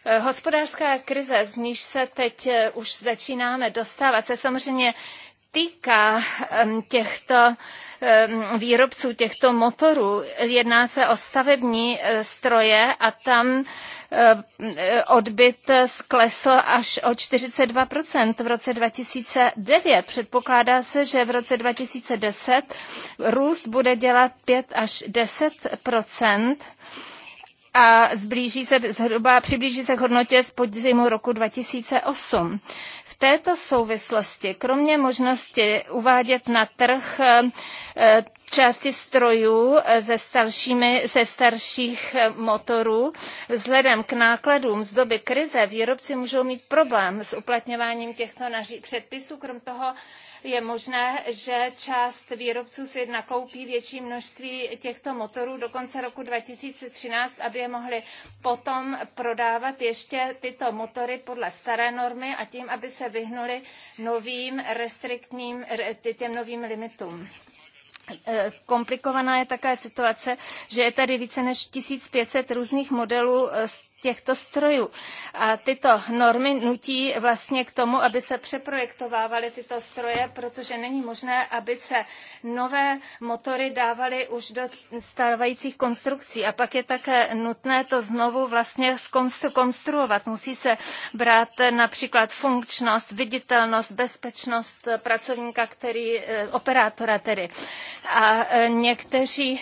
Eh, hospodářská krize, z níž se teď už začínáme dostávat, se samozřejmě týká těchto výrobců těchto motorů, jedná se o stavební e, stroje a tam e, e, odbyt sklesl až o 42% v roce 2009. Předpokládá se, že v roce 2010 růst bude dělat 5 až 10% a zblíží se zhruba, přiblíží se k hodnotě z podzimu roku 2008 této souvislosti, kromě možnosti uvádět na trh eh, části strojů eh, ze, staršími, ze starších eh, motorů. Vzhledem k nákladům z doby krize výrobci můžou mít problém s uplatňováním těchto naří předpisů. Krom toho je možné, že část výrobců si nakoupí větší množství těchto motorů do konce roku 2013, aby je mohli potom prodávat ještě tyto motory podle staré normy a tím, aby se vyhnuli novým restriktním, těm novým limitům. E, komplikovaná je také situace, že je tady více než hundred různých modelů e, těchto strojů. A tyto normy nutí vlastně k tomu, aby se přeprojektovávaly tyto stroje, protože není možné, aby se nové motory dávaly už do stávajících konstrukcí. A pak je také nutné to znovu vlastně konstruovat. Musí se brát například funkčnost, viditelnost, bezpečnost pracovníka, který, eh, operátora tedy. A eh, někteří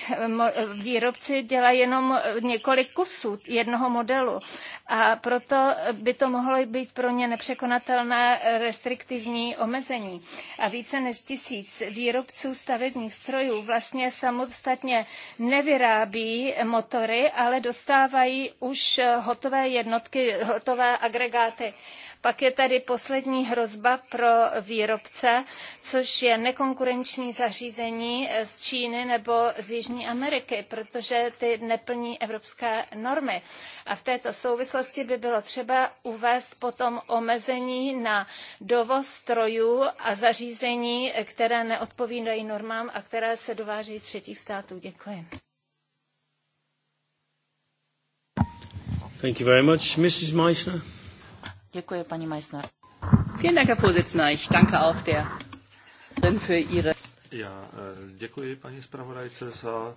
výrobci dělají jenom eh, několik kusů jednoho modelu spolu. A proto by to mohlo být pro ně nepřekonatelné restriktivní omezení. A více než tisíc výrobců stavebních strojů vlastně samostatně nevyrábí motory, ale dostávají už hotové jednotky, hotové agregáty pak je tady poslední hrozba pro výrobce, což je nekonkurenční zařízení z Číny nebo z Jižní Ameriky, protože ty neplní evropské normy. A v této souvislosti by bylo třeba uvést potom omezení na dovoz strojů a zařízení, které neodpovídají normám a které se dovážejí z třetích států. Děkuji. Thank you very much. Mrs. Meissner. Děkuji, paní Meissner. Vielen Dank, Herr Vorsitzender. Ich danke auch der für Ihre... Já eh, děkuji paní zpravodajce za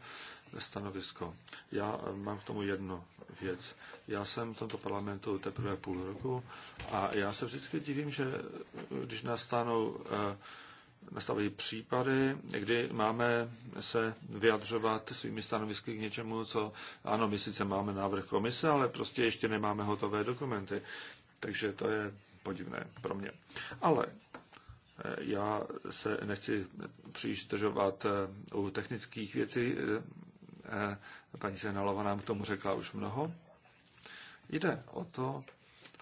stanovisko. Já eh, mám k tomu jednu věc. Já jsem v tomto parlamentu teprve půl roku a já se vždycky divím, že eh, když nastanou, nastavují případy, kdy máme se vyjadřovat svými stanovisky k něčemu, co ano, my sice máme návrh komise, ale prostě ještě nemáme hotové dokumenty. Takže to je podivné pro mě. Ale eh, já se nechci příliš držovat eh, u technických věcí. Eh, paní Senalova nám k tomu řekla už mnoho. Jde o to,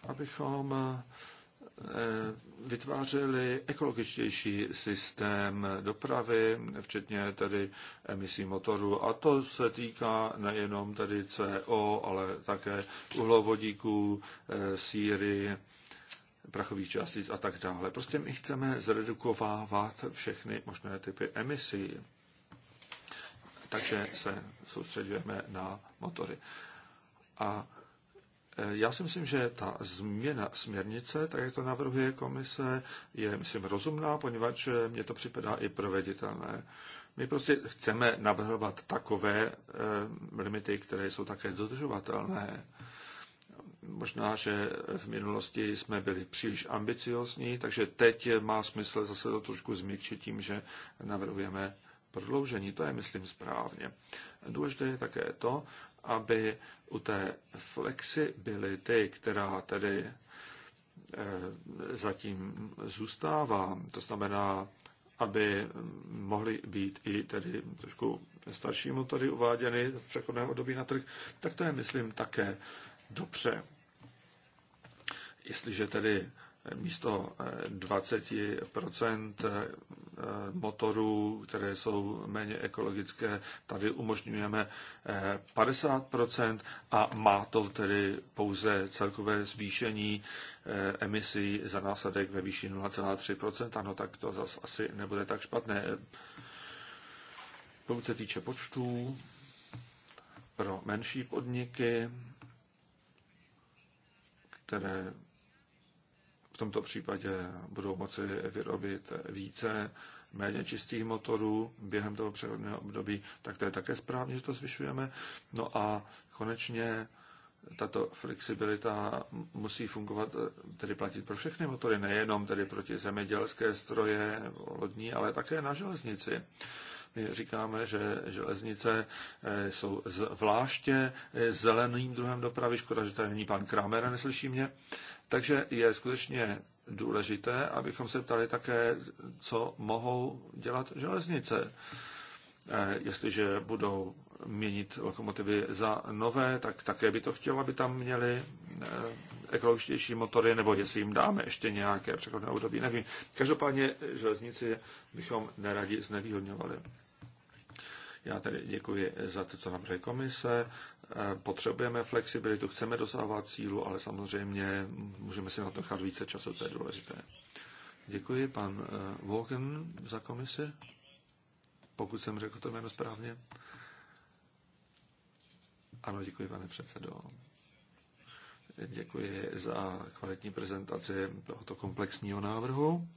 abychom Eh, vytvářeli ekologičtější systém dopravy, včetně tedy emisí motorů. A to se týká nejenom tedy CO, ale také uhlovodíků, eh, síry, prachových částic a tak dále. Prostě my chceme zredukovávat všechny možné typy emisí. Takže se soustředujeme na motory. A já si myslím, že ta změna směrnice, tak jak to navrhuje komise, je, myslím, rozumná, poněvadž mě to připadá i proveditelné. My prostě chceme navrhovat takové eh, limity, které jsou také dodržovatelné. Možná, že v minulosti jsme byli příliš ambiciozní, takže teď má smysl zase to trošku změkčit tím, že navrhujeme prodloužení. To je, myslím, správně. Důležité je také to, aby u té flexibility, která tedy eh, zatím zůstává, to znamená, aby mohly být i tedy trošku starší motory uváděny v přechodném období na trh, tak to je, myslím, také dobře. Jestliže tedy místo 20 eh, eh, motorů, které jsou méně ekologické, tady umožňujeme 50 eh, a má to tedy pouze celkové zvýšení emisí za následek ve výši 0,3 Ano, tak to zase asi nebude tak špatné. Pokud se týče počtů pro menší podniky, které tomto případě budou moci vyrobit více méně čistých motorů během toho přechodného období, tak to je také správně, že to zvyšujeme. No a konečně tato flexibilita musí fungovat, tedy platit pro všechny motory, nejenom tedy proti zemědělské stroje, lodní, ale také na železnici. My říkáme, že železnice eh, jsou zvláště eh, zeleným druhem dopravy, škoda, že tady není pan Kramer, neslyší mě. Takže je skutečně důležité, abychom se ptali také, co mohou dělat železnice. Eh, jestliže budou měnit lokomotivy za nové, tak také by to chtělo, aby tam měli ekologičtější motory, nebo jestli jim dáme ještě nějaké přechodné období, nevím. Každopádně železnici bychom neradi znevýhodňovali. Já tedy děkuji za to, co navrhuje komise. Potřebujeme flexibilitu, chceme dosávat cílu, ale samozřejmě můžeme si na to chat více času, to je důležité. Děkuji, pan Wogen eh, za komisi, pokud jsem řekl to jméno správně. Ano, děkuji, pane předsedo. Děkuji za kvalitní prezentaci tohoto komplexního návrhu.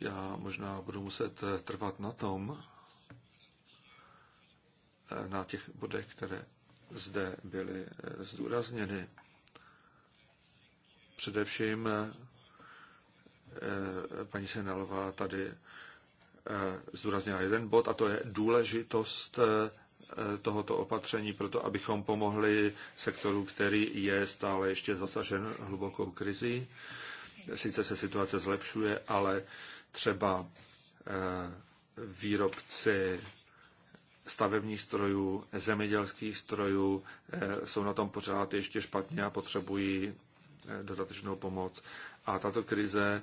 Já možná budu muset trvat na tom, na těch bodech, které zde byly zdůrazněny. Především eh, paní Senelová tady eh, zdůraznila jeden bod, a to je důležitost eh, Eh, tohoto opatření proto, abychom pomohli sektoru, který je stále ještě zasažen hlubokou krizí. Sice se situace zlepšuje, ale třeba eh, výrobci stavebních strojů, zemědělských strojů eh, jsou na tom pořád ještě špatně a potřebují dodatečnou pomoc. A tato krize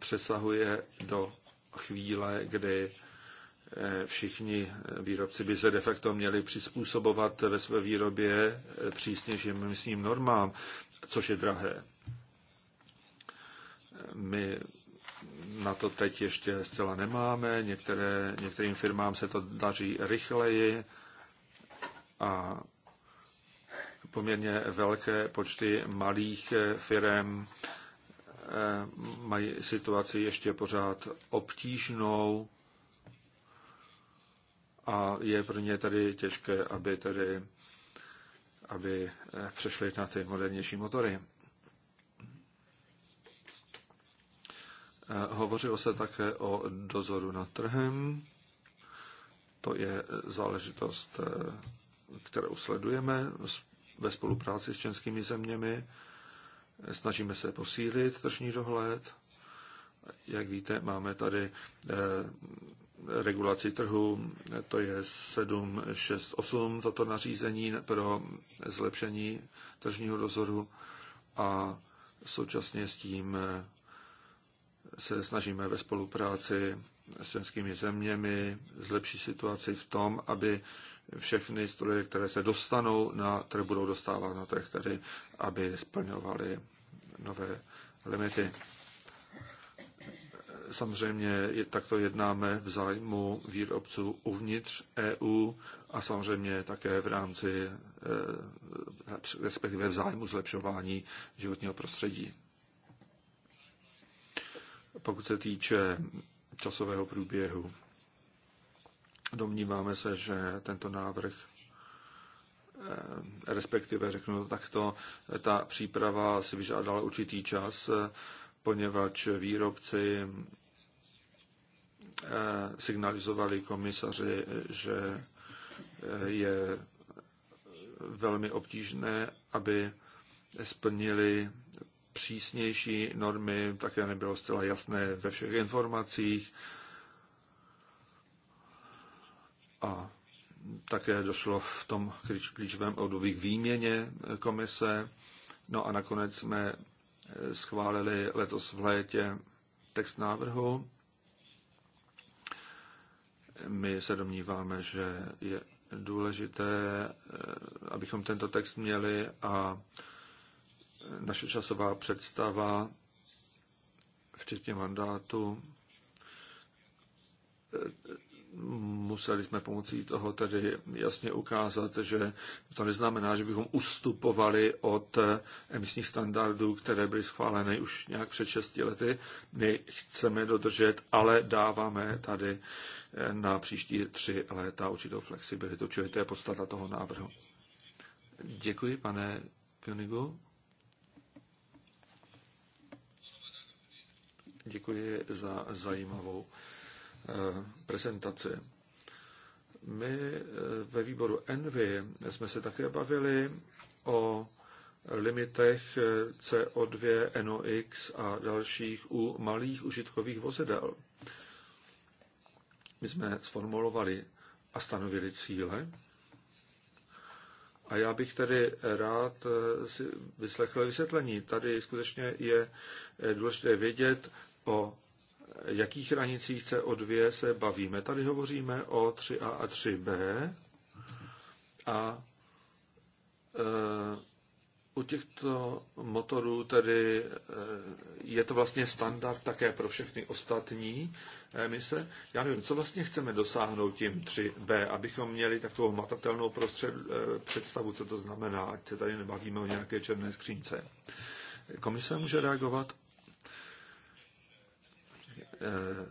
přesahuje do chvíle, kdy Eh, všichni výrobci by se de facto měli přizpůsobovat ve své výrobě eh, přísnějším emisním normám, což je drahé. My na to teď ještě zcela nemáme, Některé, některým firmám se to daří rychleji a poměrně velké počty malých eh, firm mají situaci ještě pořád obtížnou, a je pro ně tady těžké, aby tady, aby eh, přešli na ty modernější motory. Eh, hovořilo se také o dozoru nad trhem. To je eh, záležitost, kterou sledujeme ve spolupráci s českými zeměmi. Snažíme se posílit tržní dohled. Jak víte, máme tady regulaci trhu, to je 768 toto nařízení pro zlepšení tržního dozoru a současně s tím se snažíme ve spolupráci s českými zeměmi zlepšit situaci v tom, aby všechny stroje, které se dostanou na trh, budou dostávat na trh, tedy aby splňovaly nové limity samozřejmě takto jednáme v zájmu výrobců uvnitř EU a samozřejmě také v rámci, eh, respektive v zájmu zlepšování životního prostředí. Pokud se týče časového průběhu, domníváme se, že tento návrh eh, respektive řeknu takto, ta příprava si vyžádala určitý čas, poněvadž výrobci eh, signalizovali komisaři, že eh, je velmi obtížné, aby splnili přísnější normy, také nebylo zcela jasné ve všech informacích. A také došlo v tom klíčovém období k výměně eh, komise. No a nakonec jsme schválili letos v létě text návrhu. My se domníváme, že je důležité, eh, abychom tento text měli a naše časová představa, včetně mandátu, eh, museli jsme pomocí toho tedy jasně ukázat, že to neznamená, že bychom ustupovali od emisních standardů, které byly schváleny už nějak před 6 lety. My chceme dodržet, ale dáváme tady eh, na příští tři léta určitou flexibilitu, čili to je podstata toho návrhu. Děkuji, pane Königu. Děkuji za zajímavou Eh, prezentaci. My eh, ve výboru Envy jsme se také bavili o limitech eh, CO2, NOx a dalších u malých užitkových vozidel. My jsme sformulovali a stanovili cíle. A já bych tedy rád si vyslechl vysvětlení. Tady skutečně je důležité vědět, o jakých hranicích CO2 se bavíme. Tady hovoříme o 3A a 3B a e, u těchto motorů tedy e, je to vlastně standard také pro všechny ostatní e, emise. Já nevím, co vlastně chceme dosáhnout tím 3B, abychom měli takovou matatelnou prostřed, představu, co to znamená, ať se tady nebavíme o nějaké černé skřínce. Komise může reagovat? Eh,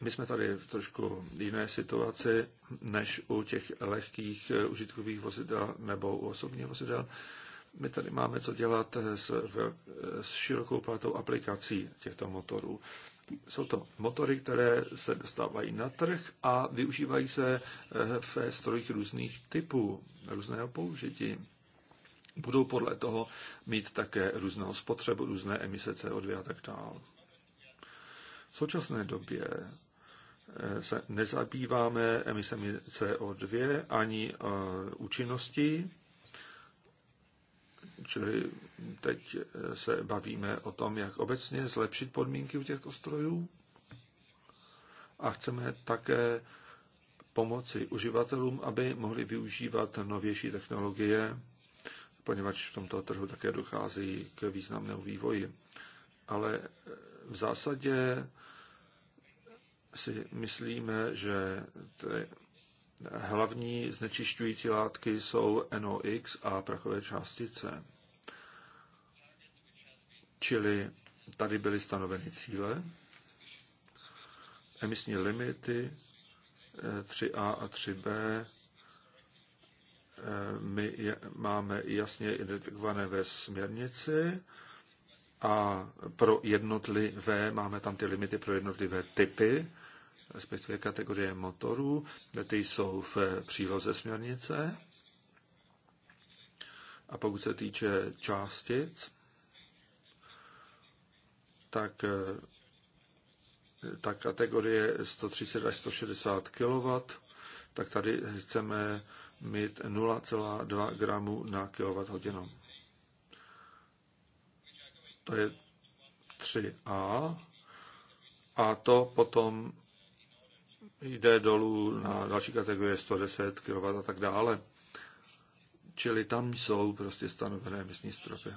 my jsme tady v trošku jiné situaci než u těch lehkých eh, užitkových vozidel nebo u osobních vozidel. My tady máme co dělat eh, s, s širokou platou aplikací těchto motorů. Jsou to motory, které se dostávají na trh a využívají se ve strojích různých typů, různého použití. Budou podle toho mít také různou spotřebu, různé emise CO2 a tak dále. V současné době eh, se nezabýváme emisemi CO2 ani eh, účinností, čili teď eh, se bavíme o tom, jak obecně zlepšit podmínky u těchto strojů, a chceme také pomoci uživatelům, aby mohli využívat novější technologie, poněvadž v tomto trhu také dochází k významnému vývoji. Ale v zásadě si myslíme, že ty hlavní znečišťující látky jsou NOx a prachové částice. Čili tady byly stanoveny cíle, emisní limity 3A eh, a 3B. Eh, my je, máme jasně identifikované ve směrnici a pro jednotlivé, máme tam ty limity pro jednotlivé typy respektive kategorie motorů, ty jsou v příloze směrnice. A pokud se týče částic, tak ta kategorie 130 až 160 kW, tak tady chceme mít 0,2 gramů na kWh. To je 3A a to potom jde dolů na další kategorie 110 kW a tak dále. Čili tam jsou prostě stanovené místní stropy.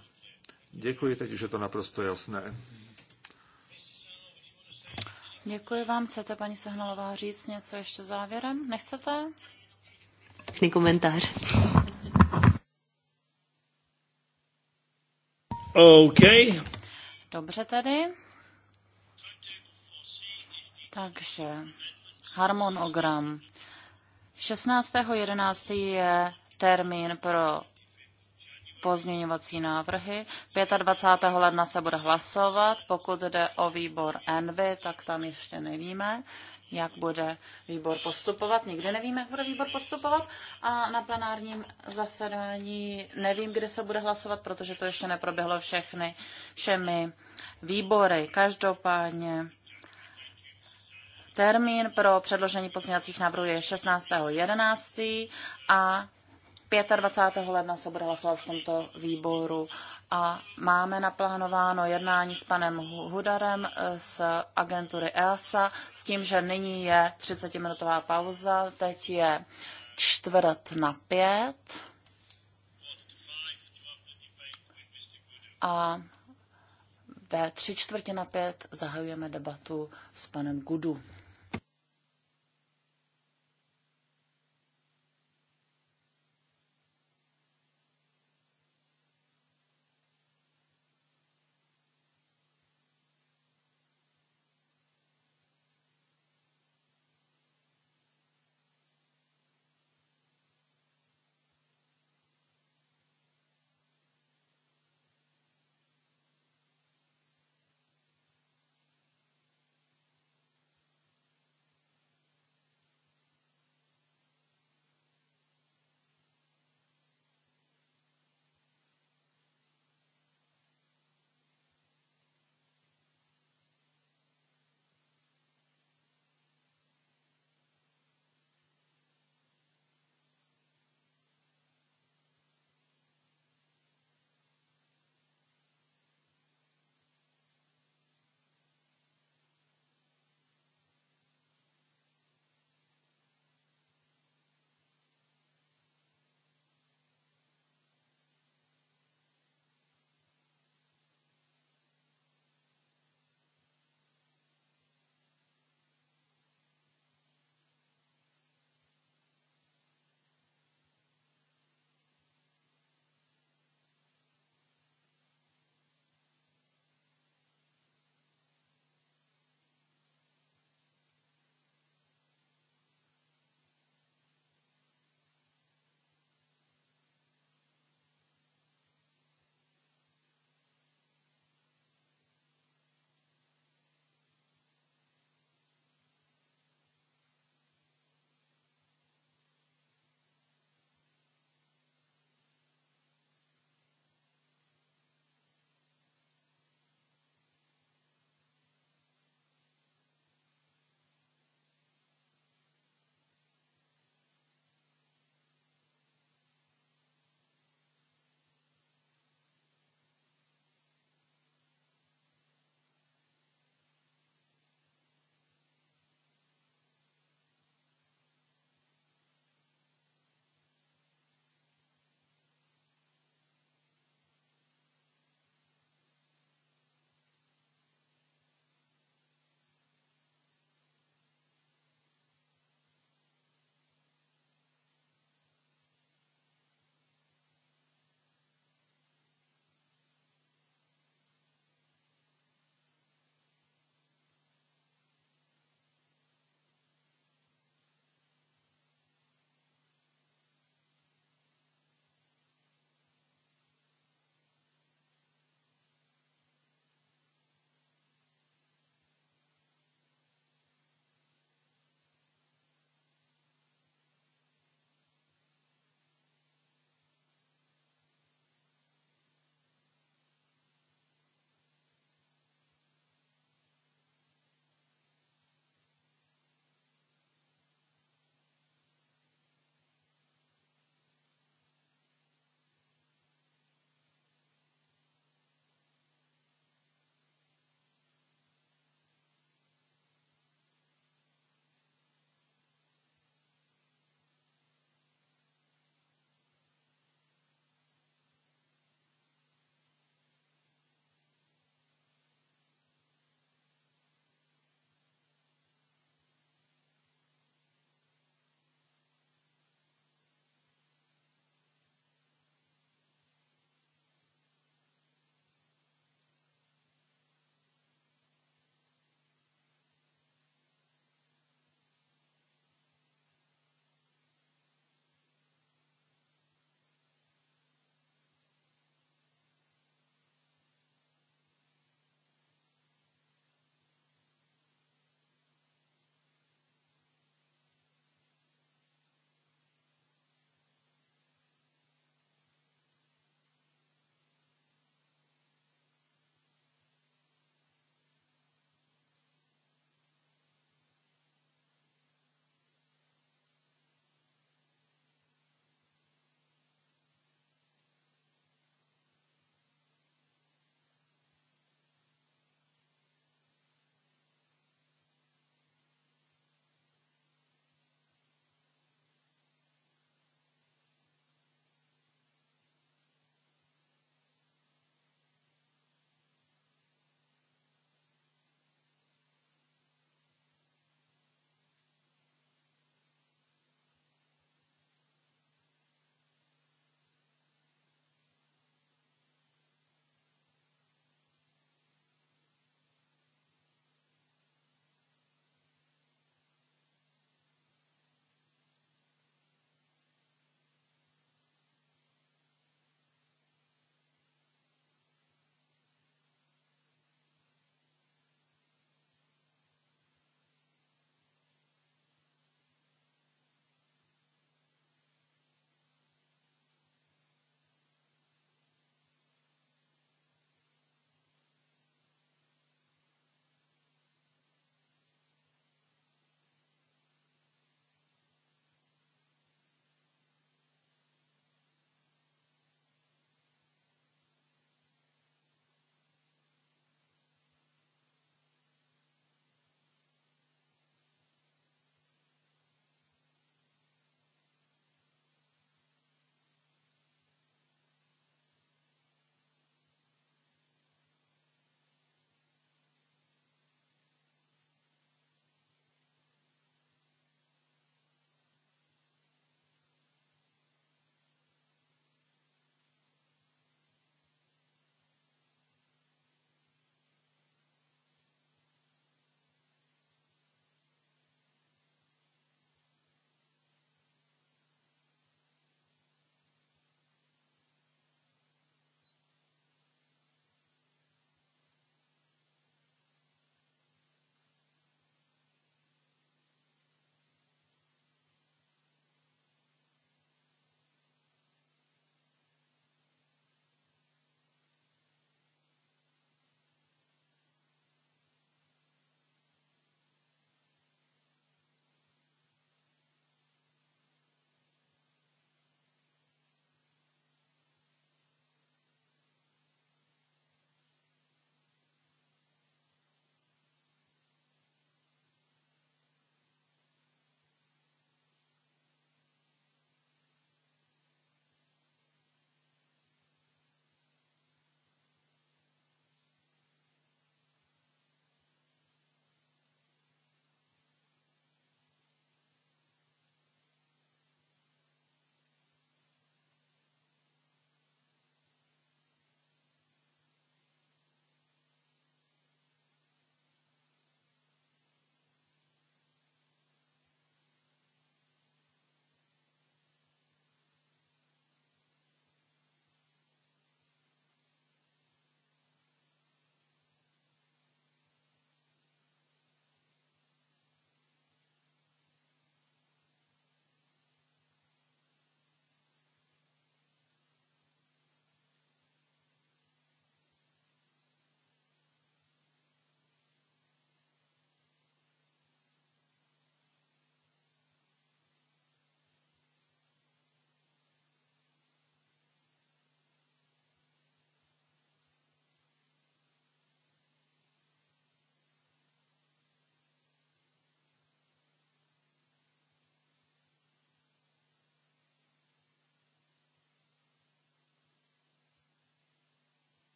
Děkuji, teď už je to naprosto jasné. Děkuji vám. Chcete, paní Sehnalová, říct něco ještě závěrem? Nechcete? Pěkný komentář. OK. Dobře tedy. Takže harmonogram. 16.11. je termín pro pozměňovací návrhy. 25. ledna se bude hlasovat. Pokud jde o výbor Envy, tak tam ještě nevíme, jak bude výbor postupovat. Nikdy nevíme, jak bude výbor postupovat. A na plenárním zasedání nevím, kde se bude hlasovat, protože to ještě neproběhlo všechny, všemi výbory. Každopádně Termín pro předložení pozměňovacích návrhů je 16.11. a 25. ledna se bude hlasovat v tomto výboru a máme naplánováno jednání s panem Hudarem eh, z agentury EASA s tím, že nyní je 30-minutová pauza, teď je čtvrt na pět. A ve tři čtvrtě na pět zahajujeme debatu s panem Gudu.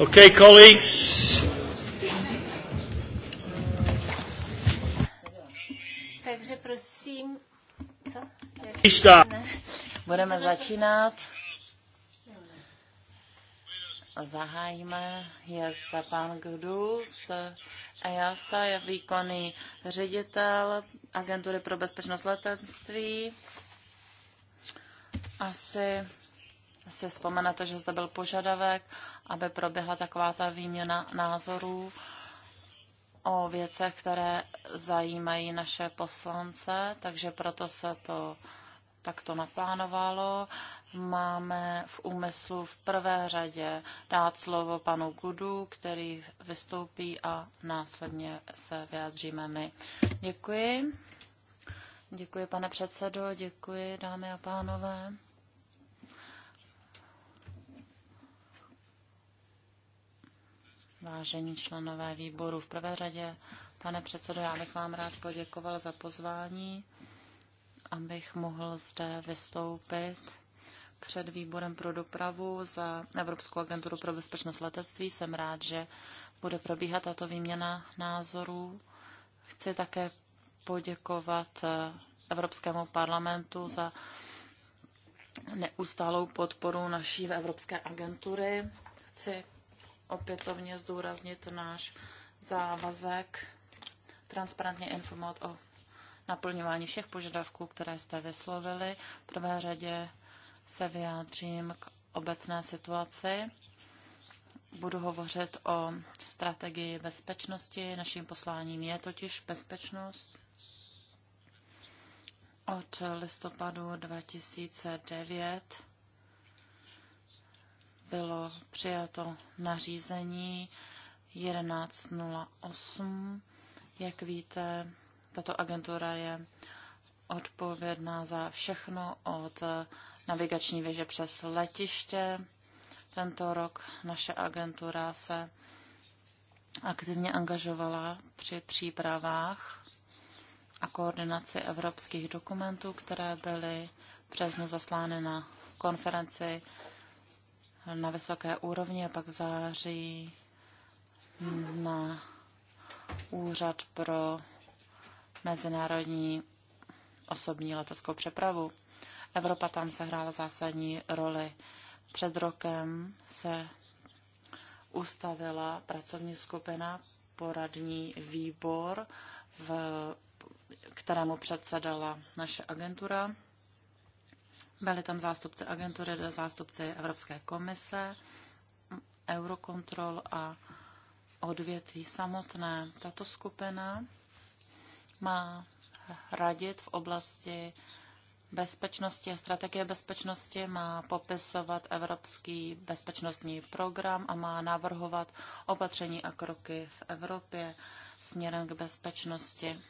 Okay, colleagues. Takže prosím, co? Ne. Budeme začínat. Zahájíme. Je zde pan Gdu z EASA, je výkonný ředitel Agentury pro bezpečnost letectví. Asi si vzpomenete, že zde byl požadavek, aby proběhla taková ta výměna názorů o věcech, které zajímají naše poslance, takže proto se to takto naplánovalo. Máme v úmyslu v prvé řadě dát slovo panu Gudu, který vystoupí a následně se vyjádříme my. Děkuji. Děkuji, pane předsedo, děkuji, dámy a pánové. vážení členové výboru. V prvé řadě, pane předsedo, já bych vám rád poděkoval za pozvání, abych mohl zde vystoupit před výborem pro dopravu za Evropskou agenturu pro bezpečnost letectví. Jsem rád, že bude probíhat tato výměna názorů. Chci také poděkovat eh, Evropskému parlamentu za neustálou podporu naší evropské agentury. Chci opětovně zdůraznit náš závazek transparentně informovat o naplňování všech požadavků, které jste vyslovili. V prvé řadě se vyjádřím k obecné situaci. Budu hovořit o strategii bezpečnosti. Naším posláním je totiž bezpečnost. Od listopadu 2009 bylo přijato nařízení 1108. Jak víte, tato agentura je odpovědná za všechno od navigační věže přes letiště. Tento rok naše agentura se aktivně angažovala při přípravách a koordinaci evropských dokumentů, které byly přesně zaslány na konferenci na vysoké úrovni a pak v září na úřad pro mezinárodní osobní leteckou přepravu. Evropa tam sehrála zásadní roli. Před rokem se ustavila pracovní skupina, poradní výbor, v kterému předsedala naše agentura. Byli tam zástupci agentury, zástupci Evropské komise, Eurokontrol a odvětví samotné. Tato skupina má radit v oblasti bezpečnosti a strategie bezpečnosti, má popisovat evropský bezpečnostní program a má navrhovat opatření a kroky v Evropě směrem k bezpečnosti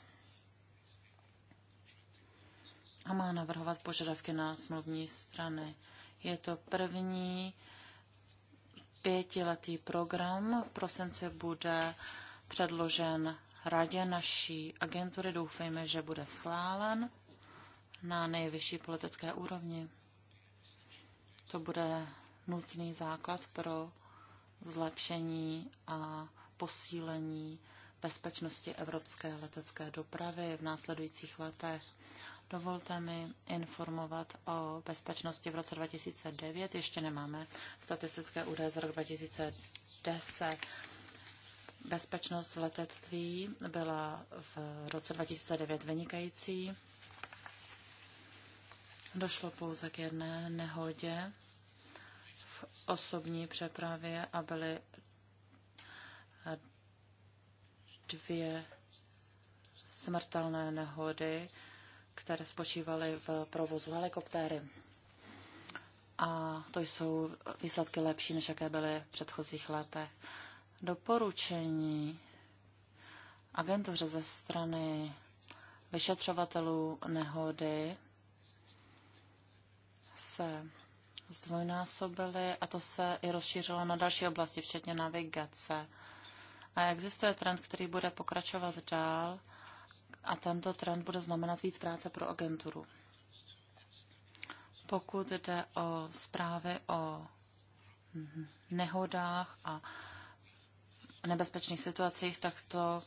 a má navrhovat požadavky na smluvní strany. Je to první pětiletý program. V prosinci bude předložen radě naší agentury. Doufejme, že bude schválen na nejvyšší politické úrovni. To bude nutný základ pro zlepšení a posílení bezpečnosti evropské letecké dopravy v následujících letech. Dovolte mi informovat o bezpečnosti v roce 2009. Ještě nemáme statistické údaje z roku 2010. Bezpečnost v letectví byla v roce 2009 vynikající. Došlo pouze k jedné nehodě v osobní přepravě a byly dvě smrtelné nehody které spočívaly v provozu helikoptéry. A to jsou výsledky lepší, než jaké byly v předchozích letech. Doporučení agentuře ze strany vyšetřovatelů nehody se zdvojnásobily a to se i rozšířilo na další oblasti, včetně navigace. A existuje trend, který bude pokračovat dál a tento trend bude znamenat víc práce pro agenturu. Pokud jde o zprávy o nehodách a nebezpečných situacích, tak, to,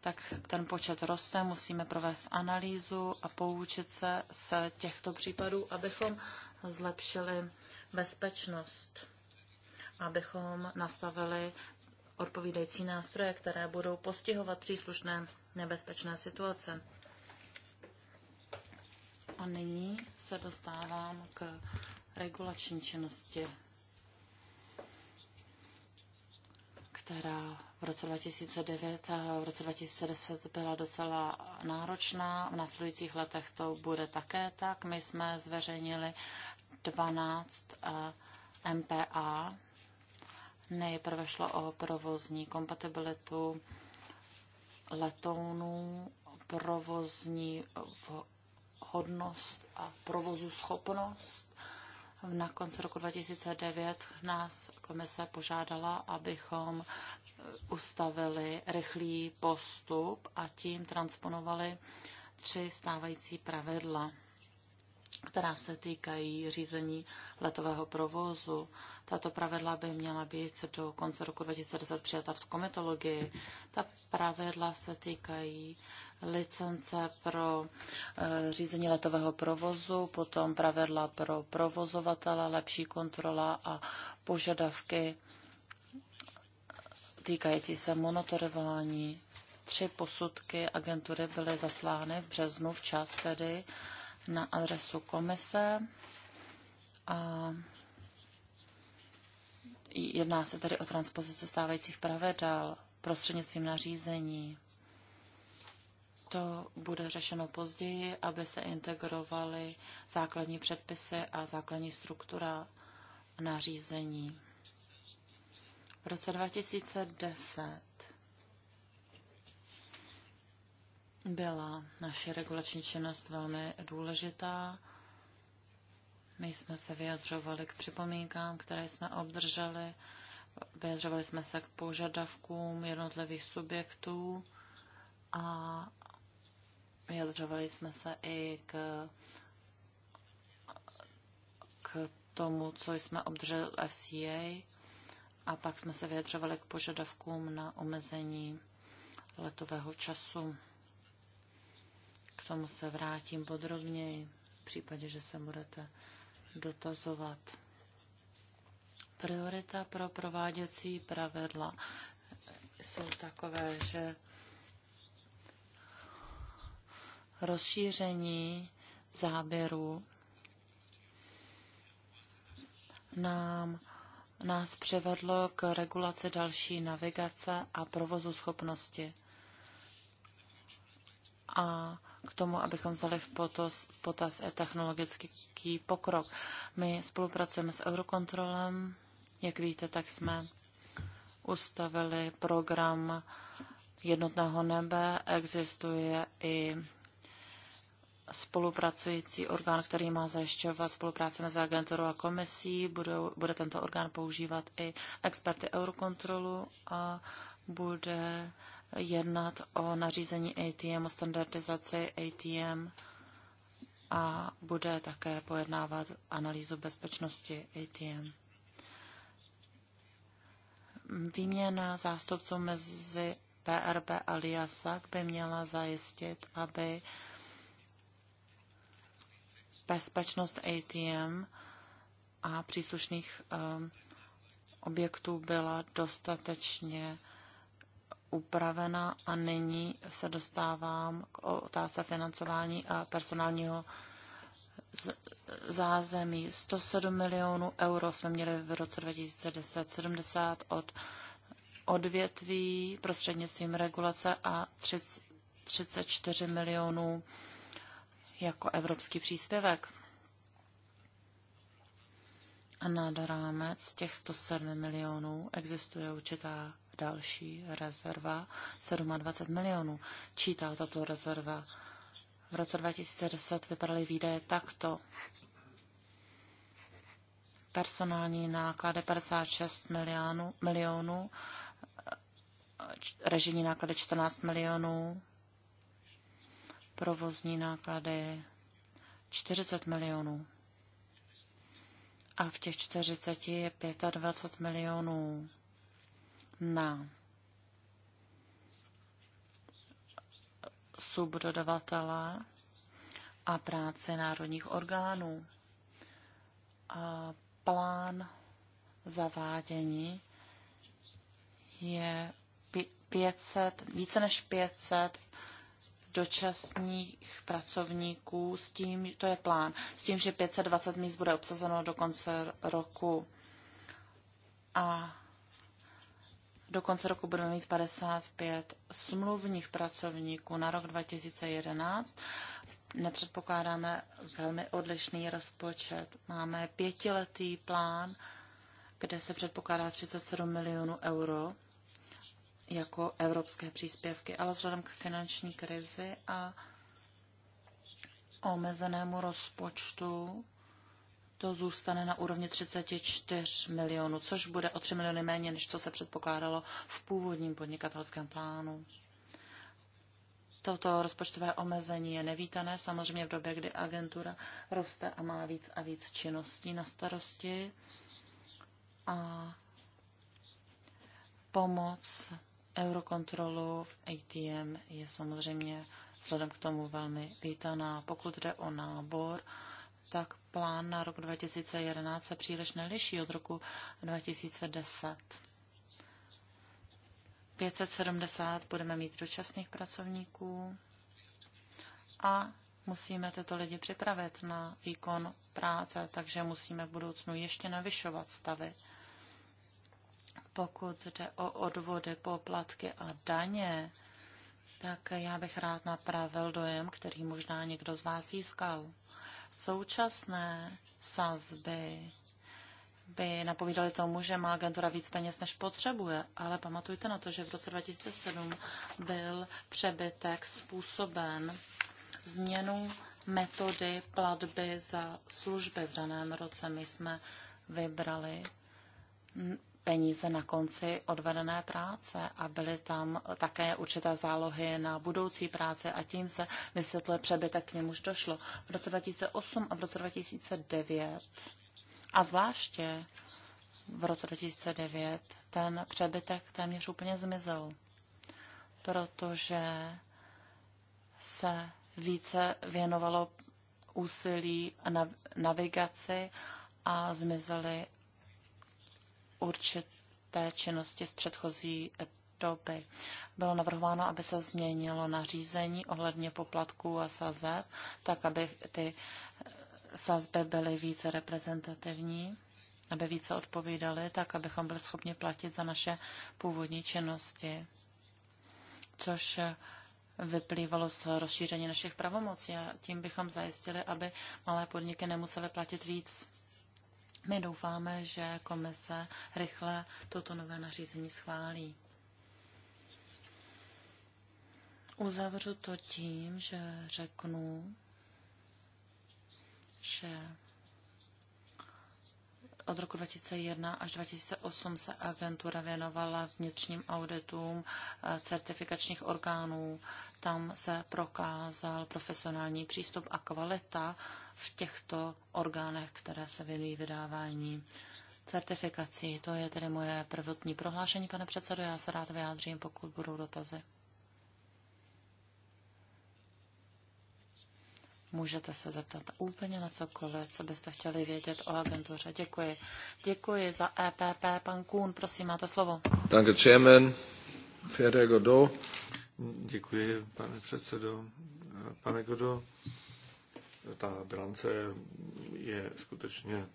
tak ten počet roste. Musíme provést analýzu a poučit se z těchto případů, abychom zlepšili bezpečnost, abychom nastavili odpovídající nástroje, které budou postihovat příslušné nebezpečné situace. A nyní se dostávám k regulační činnosti, která v roce 2009 a v roce 2010 byla docela náročná. V následujících letech to bude také tak. My jsme zveřejnili 12 eh, MPA Nejprve šlo o provozní kompatibilitu letounů, provozní hodnost a provozu schopnost. Na konci roku 2009 nás komise požádala, abychom ustavili rychlý postup a tím transponovali tři stávající pravidla která se týkají řízení letového provozu. Tato pravidla by měla být do konce roku 2010 přijata v komitologii. Ta pravidla se týkají licence pro e, řízení letového provozu, potom pravidla pro provozovatele, lepší kontrola a požadavky týkající se monitorování. Tři posudky agentury byly zaslány v březnu včas tedy. E, na adresu komise a jedná se tedy o transpozici stávajících pravidel prostřednictvím nařízení. To bude řešeno později, aby se integrovaly základní předpisy a základní struktura nařízení. V roce 2010 byla naše regulační činnost velmi důležitá. My jsme se vyjadřovali k připomínkám, které jsme obdrželi, vyjadřovali jsme se k požadavkům jednotlivých subjektů a vyjadřovali jsme se i k, k tomu, co jsme obdrželi FCA a pak jsme se vyjadřovali k požadavkům na omezení letového času. K tomu se vrátím podrobněji, v případě, že se budete dotazovat. Priorita pro prováděcí pravidla jsou takové, že rozšíření záběru nám nás převedlo k regulaci další navigace a provozu schopnosti. A k tomu, abychom vzali v potaz, potaz technologický pokrok. My spolupracujeme s Eurokontrolem, jak víte, tak jsme ustavili program jednotného nebe, existuje i spolupracující orgán, který má zajišťovat spolupráci mezi agenturou a komisí. Bude, bude tento orgán používat i experty Eurokontrolu a bude jednat o nařízení ATM, o standardizaci ATM a bude také pojednávat analýzu bezpečnosti ATM. Výměna zástupců mezi PRB a LIASAC by měla zajistit, aby bezpečnost ATM a příslušných um, objektů byla dostatečně upravena a nyní se dostávám k otázce financování a personálního zázemí. 107 milionů euro jsme měli v roce 2010, 70 od odvětví prostřednictvím regulace a 34 milionů jako evropský příspěvek. A nad rámec těch 107 milionů existuje určitá další rezerva 27 milionů. Čítá tato rezerva. V roce 2010 vypadaly výdaje takto. Personální náklady 56 milionů, milionů režijní náklady 14 milionů, provozní náklady 40 milionů. A v těch 40 je 25 milionů na subdodavatele a práce národních orgánů. A plán zavádění je 500, více než 500 dočasných pracovníků s tím, to je plán, s tím, že 520 míst bude obsazeno do konce roku. A do konce roku budeme mít 55 smluvních pracovníků na rok 2011. Nepředpokládáme velmi odlišný rozpočet. Máme pětiletý plán, kde se předpokládá 37 milionů euro jako evropské příspěvky, ale vzhledem k finanční krizi a omezenému rozpočtu to zůstane na úrovni 34 milionů, což bude o 3 miliony méně, než co se předpokládalo v původním podnikatelském plánu. Toto rozpočtové omezení je nevítané, samozřejmě v době, kdy agentura roste a má víc a víc činností na starosti. A pomoc eurokontrolu v ATM je samozřejmě vzhledem k tomu velmi vítaná. Pokud jde o nábor, tak plán na rok 2011 se příliš neliší od roku 2010. 570 budeme mít dočasných pracovníků a musíme tyto lidi připravit na výkon práce, takže musíme v budoucnu ještě navyšovat stavy. Pokud jde o odvody, poplatky a daně, tak já bych rád napravil dojem, který možná někdo z vás získal. Současné sazby by napovídali tomu, že má agentura víc peněz, než potřebuje. Ale pamatujte na to, že v roce 2007 byl přebytek způsoben změnou metody platby za služby v daném roce. My jsme vybrali peníze na konci odvedené práce a byly tam také určité zálohy na budoucí práce a tím se vysvětluje přebytek, k němuž došlo v roce 2008 a v roce 2009. A zvláště v roce 2009 ten přebytek téměř úplně zmizel, protože se více věnovalo úsilí na navigaci a zmizely určité činnosti z předchozí doby. Bylo navrhováno, aby se změnilo nařízení ohledně poplatků a sazeb, tak aby ty sazby byly více reprezentativní, aby více odpovídaly, tak abychom byli schopni platit za naše původní činnosti, což vyplývalo z rozšíření našich pravomocí a tím bychom zajistili, aby malé podniky nemusely platit víc. My doufáme, že komise rychle toto nové nařízení schválí. Uzavřu to tím, že řeknu, že od roku 2001 až 2008 se agentura věnovala vnitřním auditům eh, certifikačních orgánů. Tam se prokázal profesionální přístup a kvalita v těchto orgánech, které se věnují vydávání certifikací. To je tedy moje prvotní prohlášení, pane předsedo. Já se rád vyjádřím, pokud budou dotazy. Můžete se zeptat úplně na cokoliv, co byste chtěli vědět o agentuře. Děkuji. Děkuji za EPP. Pan Kuhn, prosím, máte slovo. Danke, Chairman. Fede Godot. Děkuji, pane předsedo. Pane Godo, ta bilance je skutečně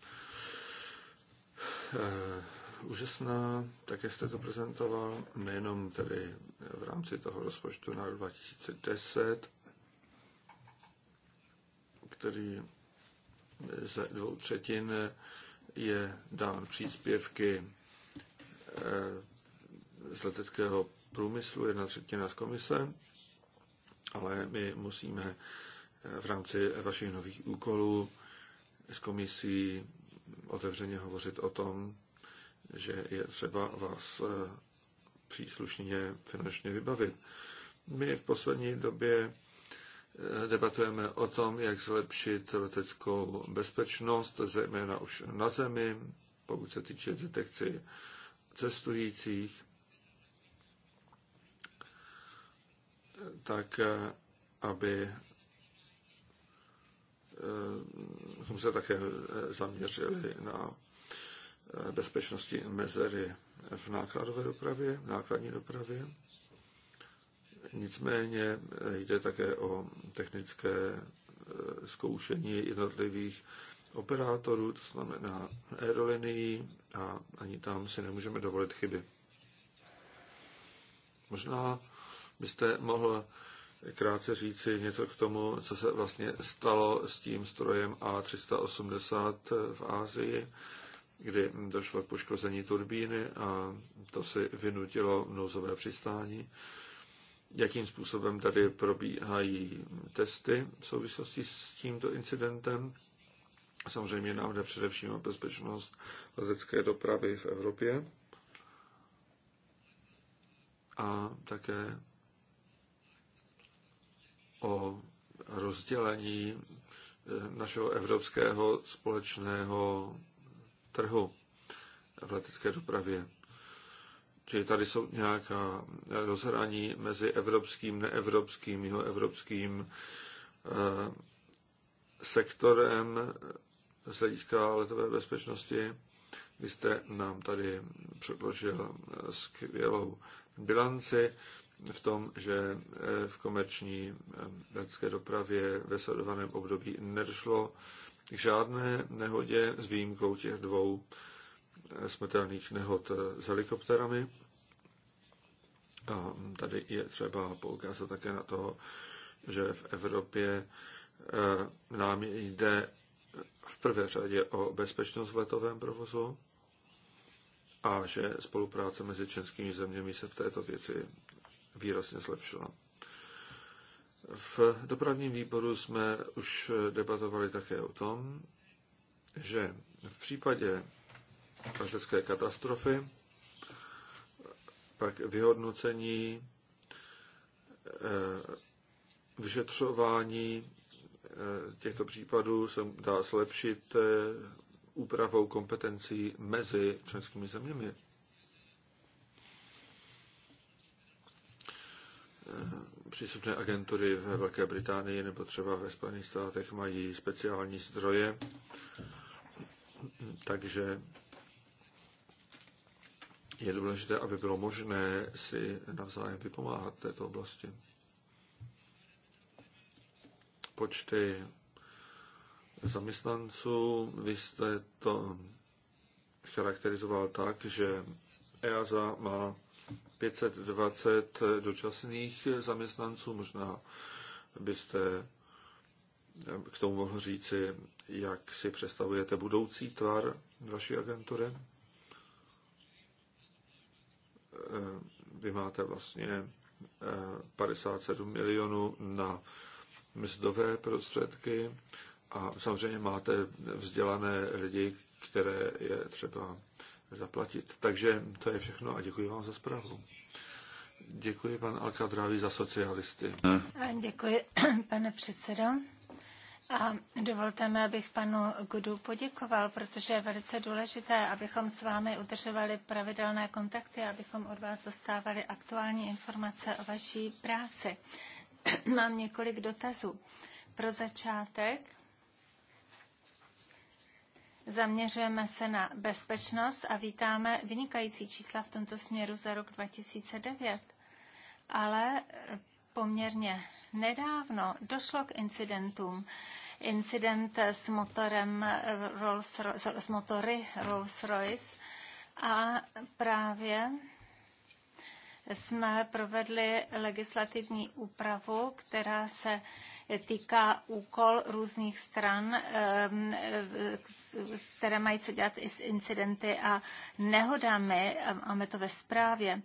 eh, úžasná, jak jste to prezentoval, nejenom tedy v rámci toho rozpočtu na 2010, který ze dvou třetin je dán příspěvky eh, z leteckého průmyslu, jedna třetina z komise, ale my musíme eh, v rámci vašich nových úkolů s komisí otevřeně hovořit o tom, že je třeba vás eh, příslušně finančně vybavit. My v poslední době Eh, debatujeme o tom, jak zlepšit leteckou bezpečnost, zejména už na zemi, pokud se týče detekci cestujících, tak eh, aby eh, jsme se také zaměřili na bezpečnosti mezery v nákladové dopravě, v nákladní dopravě. Nicméně eh, jde také o technické eh, zkoušení jednotlivých operátorů, to znamená aerolinií a ani tam si nemůžeme dovolit chyby. Možná byste mohl krátce říci něco k tomu, co se vlastně stalo s tím strojem A380 v Ázii, kdy došlo k poškození turbíny a to si vynutilo nouzové přistání jakým způsobem tady probíhají testy v souvislosti s tímto incidentem. Samozřejmě nám jde především o bezpečnost letecké dopravy v Evropě a také o rozdělení eh, našeho evropského společného trhu v letecké dopravě. Čili tady jsou nějaká rozhraní mezi evropským, neevropským, jeho evropským eh, sektorem z hlediska letové bezpečnosti. Vy jste nám tady předložil eh, skvělou bilanci v tom, že eh, v komerční eh, letecké dopravě ve sledovaném období nedošlo k žádné nehodě s výjimkou těch dvou smrtelných nehod s helikopterami. A tady je třeba poukázat také na to, že v Evropě eh, nám jde v prvé řadě o bezpečnost v letovém provozu a že spolupráce mezi českými zeměmi se v této věci výrazně zlepšila. V dopravním výboru jsme už debatovali také o tom, že v případě letecké katastrofy, pak vyhodnocení, eh, vyšetřování eh, těchto případů se dá zlepšit eh, úpravou kompetencí mezi členskými zeměmi. Příslušné agentury ve Velké Británii nebo třeba ve Spojených státech mají speciální zdroje, takže je důležité, aby bylo možné si navzájem vypomáhat v této oblasti. Počty zaměstnanců, vy jste to charakterizoval tak, že EASA má 520 dočasných zaměstnanců, možná byste k tomu mohl říci, jak si představujete budoucí tvar vaší agentury. Eh, vy máte vlastně 57 eh, milionů na mzdové prostředky a samozřejmě máte vzdělané lidi, které je třeba zaplatit. Takže to je všechno a děkuji vám za zprávu. Děkuji pan Dráví za socialisty. Eh, děkuji, pane předsedo. A dovolte mi, abych panu Gudu poděkoval, protože je velice důležité, abychom s vámi udržovali pravidelné kontakty, abychom od vás dostávali aktuální informace o vaší práci. Mám několik dotazů. Pro začátek zaměřujeme se na bezpečnost a vítáme vynikající čísla v tomto směru za rok 2009. Ale poměrně nedávno došlo k incidentům. Incident s, motorem Rolls, s motory Rolls-Royce a právě jsme provedli legislativní úpravu, která se týká úkol různých stran eh, které mají co dělat i s incidenty a nehodami, a máme to ve zprávě.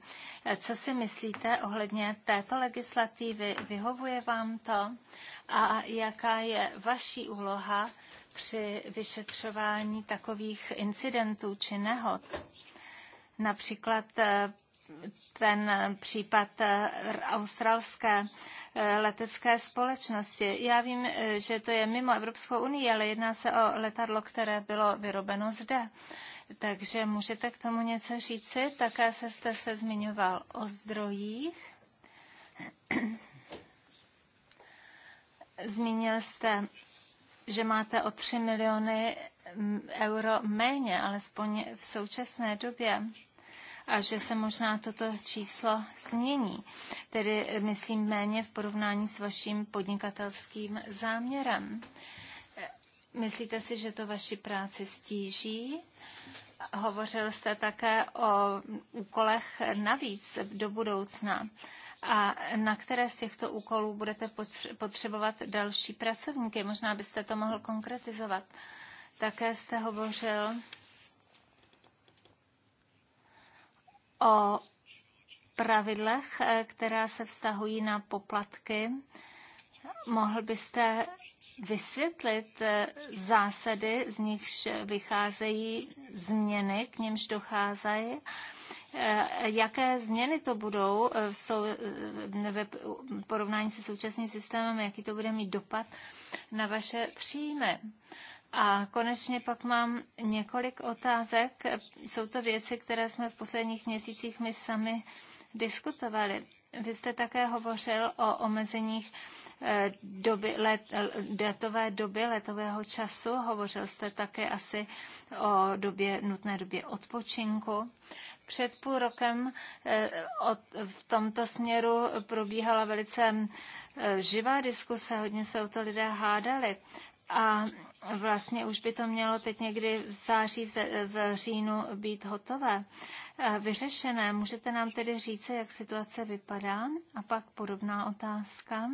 Co si myslíte ohledně této legislativy? Vyhovuje vám to? A jaká je vaší úloha při vyšetřování takových incidentů či nehod? Například eh, ten případ eh, australské Eh, letecké společnosti. Já vím, eh, že to je mimo Evropskou unii, ale jedná se o letadlo, které bylo vyrobeno zde. Takže můžete k tomu něco říci? Také se jste se zmiňoval o zdrojích. Zmínil jste, že máte o 3 miliony mm, euro méně, alespoň v současné době a že se možná toto číslo změní. Tedy eh, myslím méně v porovnání s vaším podnikatelským záměrem. Eh, myslíte si, že to vaši práci stíží? Hovořil jste také o úkolech navíc do budoucna. A na které z těchto úkolů budete potřebovat další pracovníky? Možná byste to mohl konkretizovat. Také jste hovořil o pravidlech, eh, která se vztahují na poplatky. Mohl byste vysvětlit eh, zásady, z nichž vycházejí změny, k němž docházejí? Eh, jaké změny to budou v porovnání se současným systémem, jaký to bude mít dopad na vaše příjmy? A konečně pak mám několik otázek. Jsou to věci, které jsme v posledních měsících my sami diskutovali. Vy jste také hovořil o omezeních eh, doby, let, eh, datové doby letového času. Hovořil jste také asi o době, nutné době odpočinku. Před půl rokem eh, v tomto směru probíhala velice živá diskuse, hodně se o to lidé hádali. A vlastně už by to mělo teď někdy v září, v říjnu být hotové, eh, vyřešené. Můžete nám tedy říct, jak situace vypadá? A pak podobná otázka.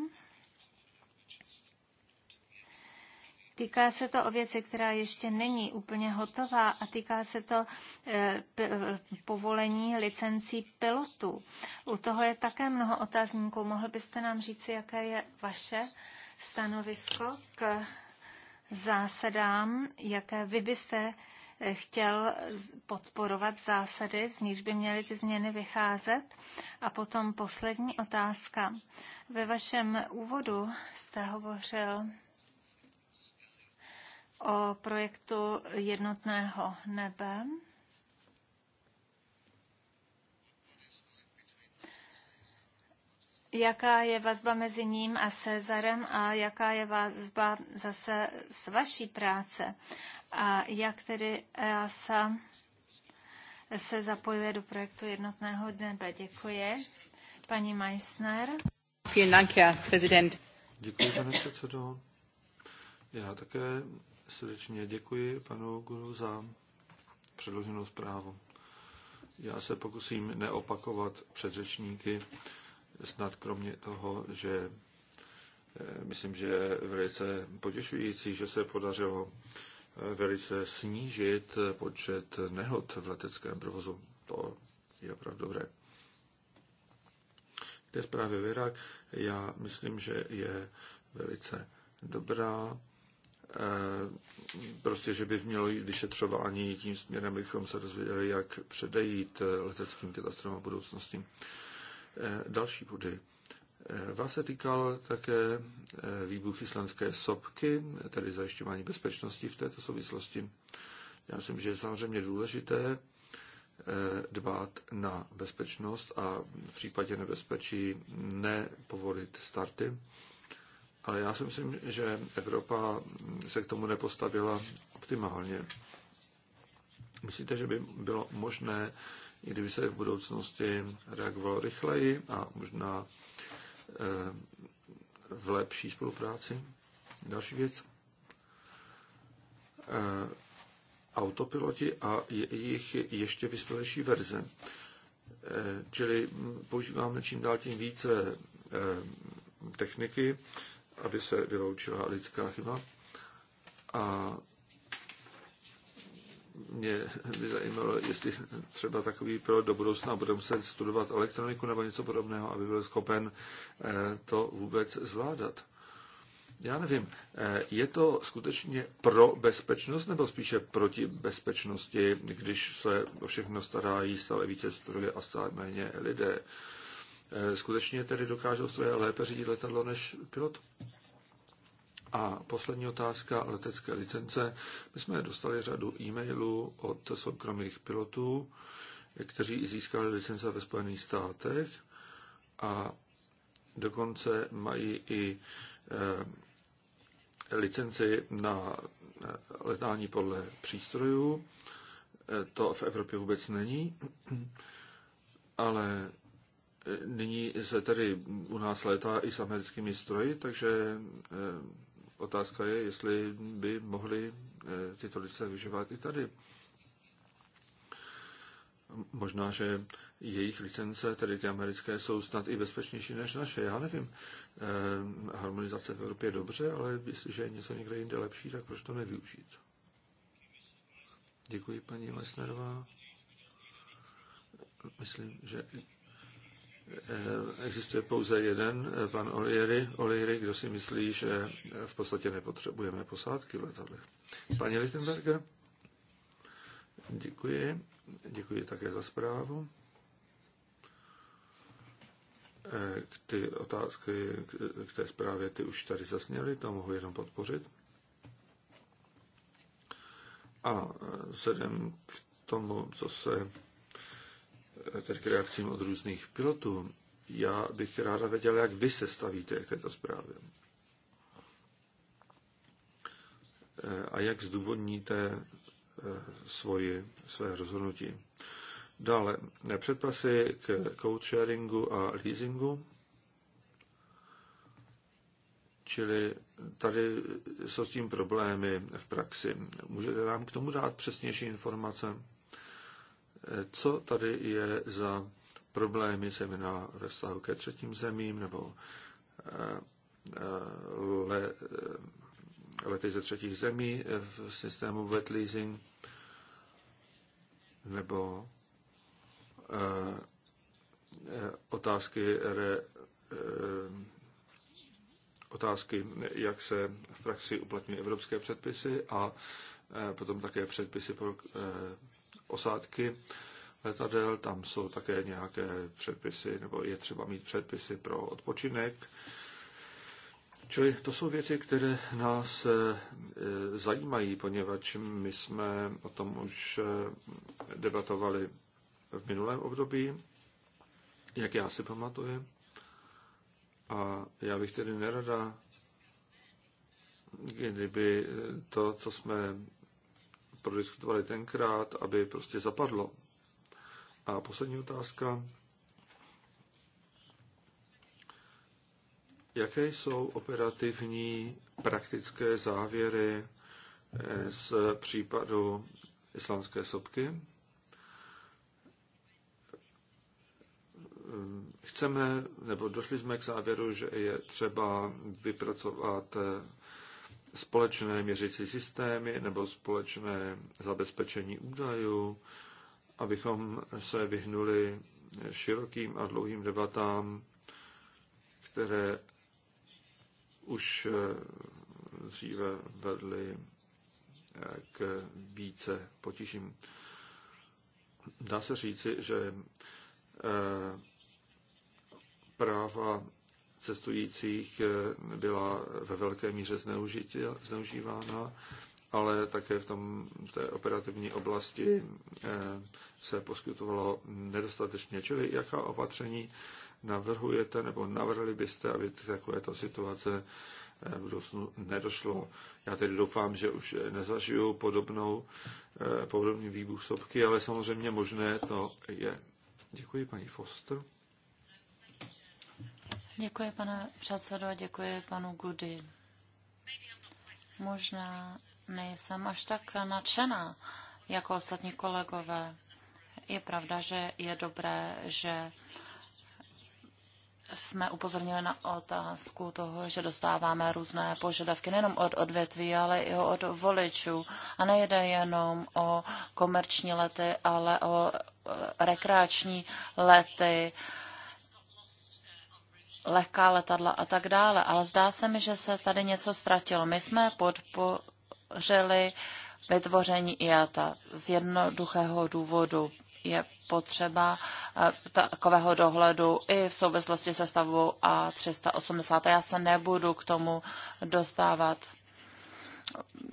Týká se to o věci, která ještě není úplně hotová a týká se to eh, eh, povolení licencí pilotů. U toho je také mnoho otázníků. Mohl byste nám říci, jaké je vaše stanovisko k zásadám, jaké vy byste eh, chtěl podporovat zásady, z nichž by měly ty změny vycházet. A potom poslední otázka. Ve vašem úvodu jste hovořil o projektu jednotného nebe jaká je vazba mezi ním a Cezarem a jaká je vazba zase s vaší práce a jak tedy EASA se zapojuje do projektu jednotného nebe. Děkuji. Paní Meissner. Děkuji, pane předsedo. Já také srdečně děkuji panu Guru za předloženou zprávu. Já se pokusím neopakovat předřečníky snad kromě toho, že eh, myslím, že je velice potěšující, že se podařilo eh, velice snížit počet nehod v leteckém provozu. To je opravdu dobré. K té zprávě Virak, já myslím, že je velice dobrá. Eh, prostě, že by mělo jít vyšetřování tím směrem, bychom se dozvěděli, jak předejít leteckým katastrofám v budoucnosti. Eh, další body. Eh, Vás se týkal také eh, výbuch islandské sopky, tedy zajišťování bezpečnosti v této souvislosti. Já myslím, že je samozřejmě důležité dbát na bezpečnost a v případě nebezpečí nepovolit starty. Ale já si myslím, že Evropa se k tomu nepostavila optimálně. Myslíte, že by bylo možné i kdyby se v budoucnosti reagovalo rychleji a možná eh, v lepší spolupráci. Další věc. Eh, autopiloti a jejich ještě vyspělejší verze. Eh, čili používáme čím dál tím více techniky, aby se vyloučila lidská chyba. A mě by zajímalo, jestli třeba takový pro do budoucna bude muset studovat elektroniku nebo něco podobného, aby byl schopen eh, to vůbec zvládat. Já nevím, eh, je to skutečně pro bezpečnost nebo spíše proti bezpečnosti, když se o všechno starají stále více stroje a stále méně lidé? Eh, skutečně tedy dokážou stroje lépe řídit letadlo než pilot? A poslední otázka, letecké licence. My jsme dostali řadu e-mailů od soukromých pilotů, kteří získali licence ve Spojených státech a dokonce mají i eh, licenci na eh, letání podle přístrojů. Eh, to v Evropě vůbec není, ale nyní se tedy u nás letá i s americkými stroji, takže Otázka je, jestli by mohli eh, tyto lidce vyžovat i tady. Možná, že jejich licence, tedy ty americké, jsou snad i bezpečnější než naše. Já nevím. Eh, harmonizace v Evropě je dobře, ale jestliže je něco někde jinde lepší, tak proč to nevyužít? Děkuji, paní Lesnerová. Myslím, že Eh, existuje pouze jeden, eh, pan Oliery. Oliery, kdo si myslí, že eh, v podstatě nepotřebujeme posádky v letadlech. Pani Lichtenberger, děkuji. Děkuji také za zprávu. K ty otázky, k té zprávě, ty už tady zasněly, to mohu jenom podpořit. A vzhledem k tomu, co se tedy k reakcím od různých pilotů. Já bych ráda věděl, jak vy se stavíte k této zprávě. Eh, a jak zdůvodníte eh, svoji, své rozhodnutí. Dále eh, předpasy k sharingu a leasingu. Čili tady jsou s tím problémy v praxi. Můžete nám k tomu dát přesnější informace? co tady je za problémy, zejména ve vztahu ke třetím zemím nebo eh, eh, le, lety ze třetích zemí v systému wet leasing nebo eh, otázky re, otázky, jak se v praxi uplatňují evropské předpisy a potom také předpisy pro osádky letadel, tam jsou také nějaké předpisy, nebo je třeba mít předpisy pro odpočinek. Čili to jsou věci, které nás eh, zajímají, poněvadž my jsme o tom už eh, debatovali v minulém období, jak já si pamatuju. A já bych tedy nerada, kdyby to, co jsme prodiskutovali tenkrát, aby prostě zapadlo. A poslední otázka. Jaké jsou operativní praktické závěry eh, z případu islámské sopky? Chceme, nebo došli jsme k závěru, že je třeba vypracovat eh, společné měřící systémy nebo společné zabezpečení údajů, abychom se vyhnuli širokým a dlouhým debatám, které už eh, dříve vedly eh, k více potížím. Dá se říci, že eh, práva cestujících eh, byla ve velké míře zneužívána, ale také v, tom, v té operativní oblasti eh, se poskytovalo nedostatečně. Čili jaká opatření navrhujete nebo navrhli byste, aby takovéto situace eh, v budoucnu nedošlo. Já tedy doufám, že už nezažiju podobnou, podobný výbuch sopky, ale samozřejmě možné to je. Děkuji, paní Foster. Děkuji, pane předsedo, děkuji panu Gudy. Možná nejsem až tak nadšená jako ostatní kolegové. Je pravda, že je dobré, že jsme upozornili na otázku toho, že dostáváme různé požadavky nejenom od odvětví, ale i od voličů. A nejde jenom o komerční lety, ale o e, rekreační lety lehká letadla a tak dále. Ale zdá se mi, že se tady něco ztratilo. My jsme podpořili vytvoření IATA z jednoduchého důvodu. Je potřeba eh, takového dohledu i v souvislosti se stavbou A380. Já se nebudu k tomu dostávat.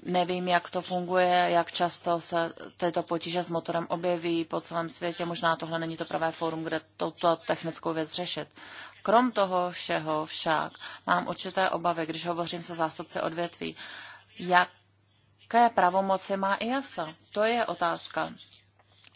Nevím, jak to funguje, jak často se tyto potíže s motorem objeví po celém světě. Možná tohle není to pravé fórum, kde tuto technickou věc řešit. Krom toho všeho však mám určité obavy, když hovořím se zástupce odvětví, jaké pravomoci má IASA. To je otázka.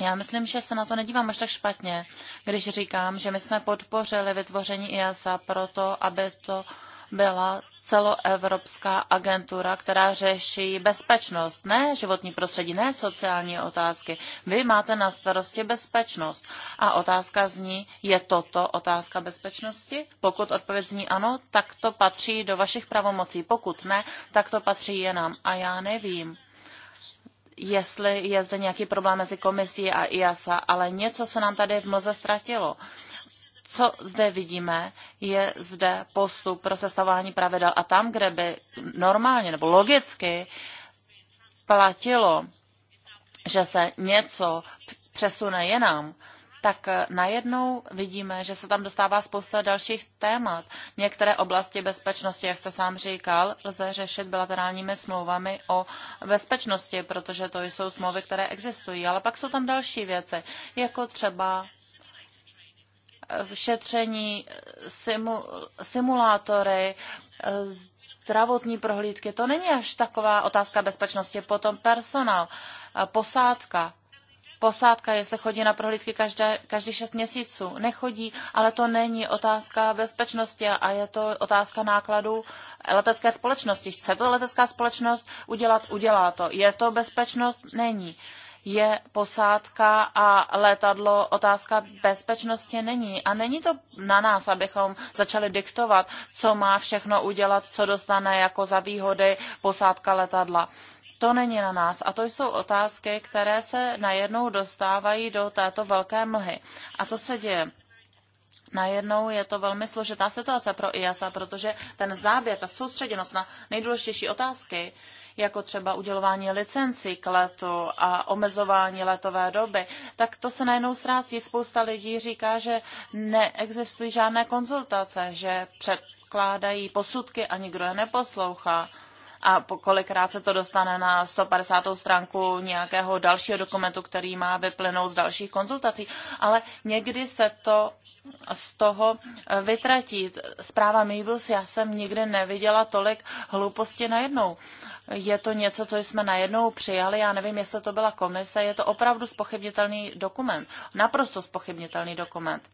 Já myslím, že se na to nedívám až tak špatně, když říkám, že my jsme podpořili vytvoření IASA proto, aby to uh, byla celoevropská agentura, která řeší bezpečnost, ne životní prostředí, ne sociální otázky. Vy máte na starosti bezpečnost. A otázka zní, je toto otázka bezpečnosti? Pokud odpověď zní ano, tak to patří do vašich pravomocí. Pokud ne, tak to patří jenom. A já nevím jestli je zde nějaký problém mezi komisí a IASA, ale něco se nám tady v mlze ztratilo co zde vidíme, je zde postup pro sestavování pravidel a tam, kde by normálně nebo logicky platilo, že se něco přesune jenom, tak najednou vidíme, že se tam dostává spousta dalších témat. Některé oblasti bezpečnosti, jak jste sám říkal, lze řešit bilaterálními smlouvami o bezpečnosti, protože to jsou smlouvy, které existují. Ale pak jsou tam další věci, jako třeba šetření, simu, simulátory, eh, zdravotní prohlídky. To není až taková otázka bezpečnosti. Potom personál, eh, posádka. Posádka, jestli chodí na prohlídky každé, každý šest měsíců, nechodí, ale to není otázka bezpečnosti a je to otázka nákladů eh, letecké společnosti. Chce to letecká společnost udělat, udělá to. Je to bezpečnost? Není. Uh, je posádka a letadlo otázka bezpečnosti není. A není to na nás, abychom začali diktovat, co má všechno udělat, co dostane jako za výhody posádka letadla. To není na nás. A to jsou otázky, které se najednou dostávají do této velké mlhy. A to se děje. Najednou je to velmi složitá situace pro IASA, protože ten záběr, ta soustředěnost na nejdůležitější otázky, uh, jako třeba udělování licencí k letu a omezování letové doby, tak to se najednou ztrácí. Spousta lidí říká, že neexistují žádné konzultace, že předkládají posudky a nikdo je neposlouchá a kolikrát se to dostane na 150. stránku nějakého dalšího dokumentu, který má vyplynout z dalších konzultací, ale někdy se to z toho eh, vytratí. Zpráva Mibus, já jsem nikdy neviděla tolik hlouposti najednou. Je to něco, co jsme najednou přijali, já nevím, jestli to byla komise, je to opravdu spochybnitelný dokument, naprosto spochybnitelný dokument.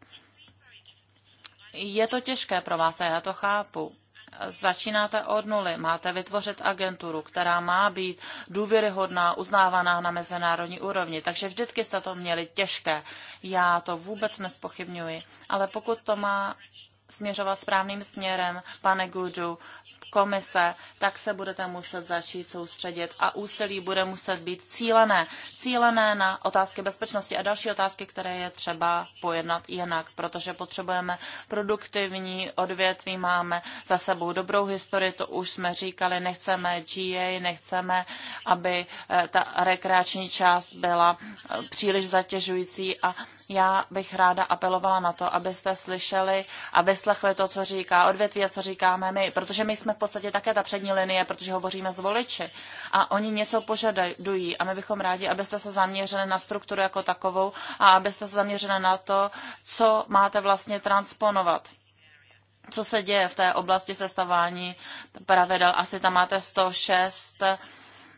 Je to těžké pro vás a já to chápu. Začínáte od nuly, máte vytvořit agenturu, která má být důvěryhodná, uznávaná na mezinárodní úrovni. Takže vždycky jste to měli těžké. Já to vůbec nespochybňuji. Ale pokud to má směřovat správným směrem, pane Gudu, komise, tak se budete muset začít soustředit a úsilí bude muset být cílené. Cílené na otázky bezpečnosti a další otázky, které je třeba pojednat jinak, protože potřebujeme produktivní odvětví, máme za sebou dobrou historii, to už jsme říkali, nechceme GA, nechceme, aby eh, ta rekreační část byla eh, příliš zatěžující a já bych ráda apelovala na to, abyste slyšeli a vyslechli to, co říká odvětví a co říkáme my, protože my jsme v podstatě také ta přední linie, protože hovoříme s voliči a oni něco požadují a my bychom rádi, abyste se zaměřili na strukturu jako takovou a abyste se zaměřili na to, co máte vlastně transponovat co se děje v té oblasti sestavání pravidel. Asi tam máte 106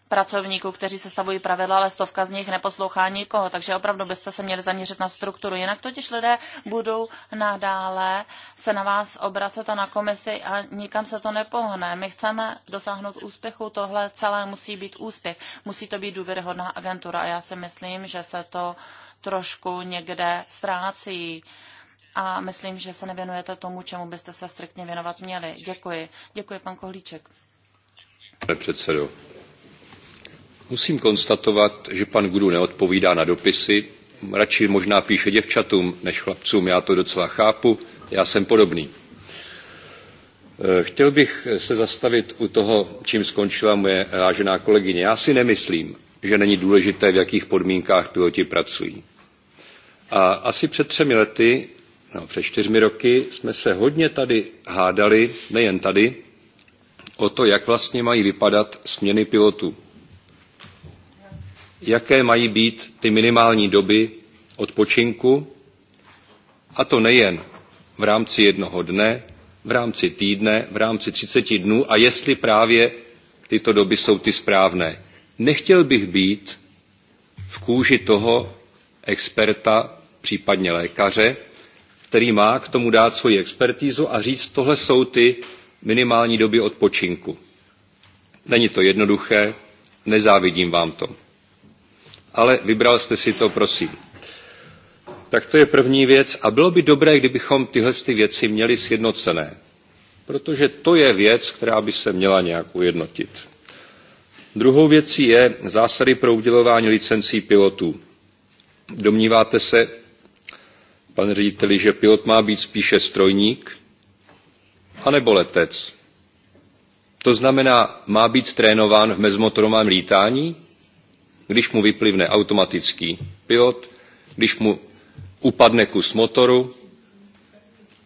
pracovníků, kteří sestavují pravidla, ale stovka z nich neposlouchá nikoho, takže opravdu byste se měli zaměřit na strukturu. Jinak totiž lidé budou nadále se na vás obracet a na komisi a nikam se to nepohne. My chceme dosáhnout úspěchu, tohle celé musí být úspěch. Musí to být důvěryhodná agentura a já si myslím, že se to trošku někde ztrácí a myslím, že se nevěnujete tomu, čemu byste se striktně věnovat měli. Děkuji. Děkuji, pan Kohlíček. Pane předsedo, Musím konstatovat, že pan Guru neodpovídá na dopisy, radši možná píše děvčatům než chlapcům, já to docela chápu, já jsem podobný. Eh, chtěl bych se zastavit u toho, čím skončila moje vážená kolegyně. Já si nemyslím, že není důležité, v jakých podmínkách piloti pracují. A asi před třemi lety, no, před čtyřmi roky, jsme se hodně tady hádali, nejen tady, o to, jak vlastně mají vypadat směny pilotů jaké mají být ty minimální doby odpočinku, a to nejen v rámci jednoho dne, v rámci týdne, v rámci 30 dnů a jestli právě tyto doby jsou ty správné. Nechtěl bych být v kůži toho experta, případně lékaře, který má k tomu dát svoji expertízu a říct, tohle jsou ty minimální doby odpočinku. Není to jednoduché, nezávidím vám to ale vybral jste si to, prosím. Tak to je první věc a bylo by dobré, kdybychom tyhle ty věci měli sjednocené, protože to je věc, která by se měla nějak ujednotit. Druhou věcí je zásady pro udělování licencí pilotů. Domníváte se, pane řediteli, že pilot má být spíše strojník anebo letec? To znamená, má být trénován v mezmotorovém lítání? když mu vyplivne automatický pilot, když mu upadne kus motoru,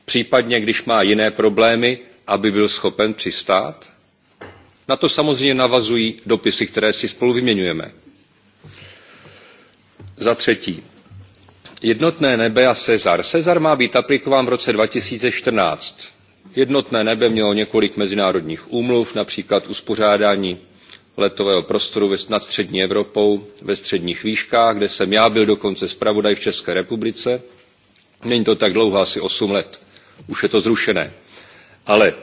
případně když má jiné problémy, aby byl schopen přistát? Na to samozřejmě navazují dopisy, které si spolu vyměňujeme. Za třetí, jednotné nebe a Cezar. Cezar má být aplikován v roce 2014. Jednotné nebe mělo několik mezinárodních úmluv, například uspořádání letového prostoru nad střední Evropou ve středních výškách, kde jsem já byl dokonce zpravodaj v České republice. Není to tak dlouho, asi 8 let. Už je to zrušené. Ale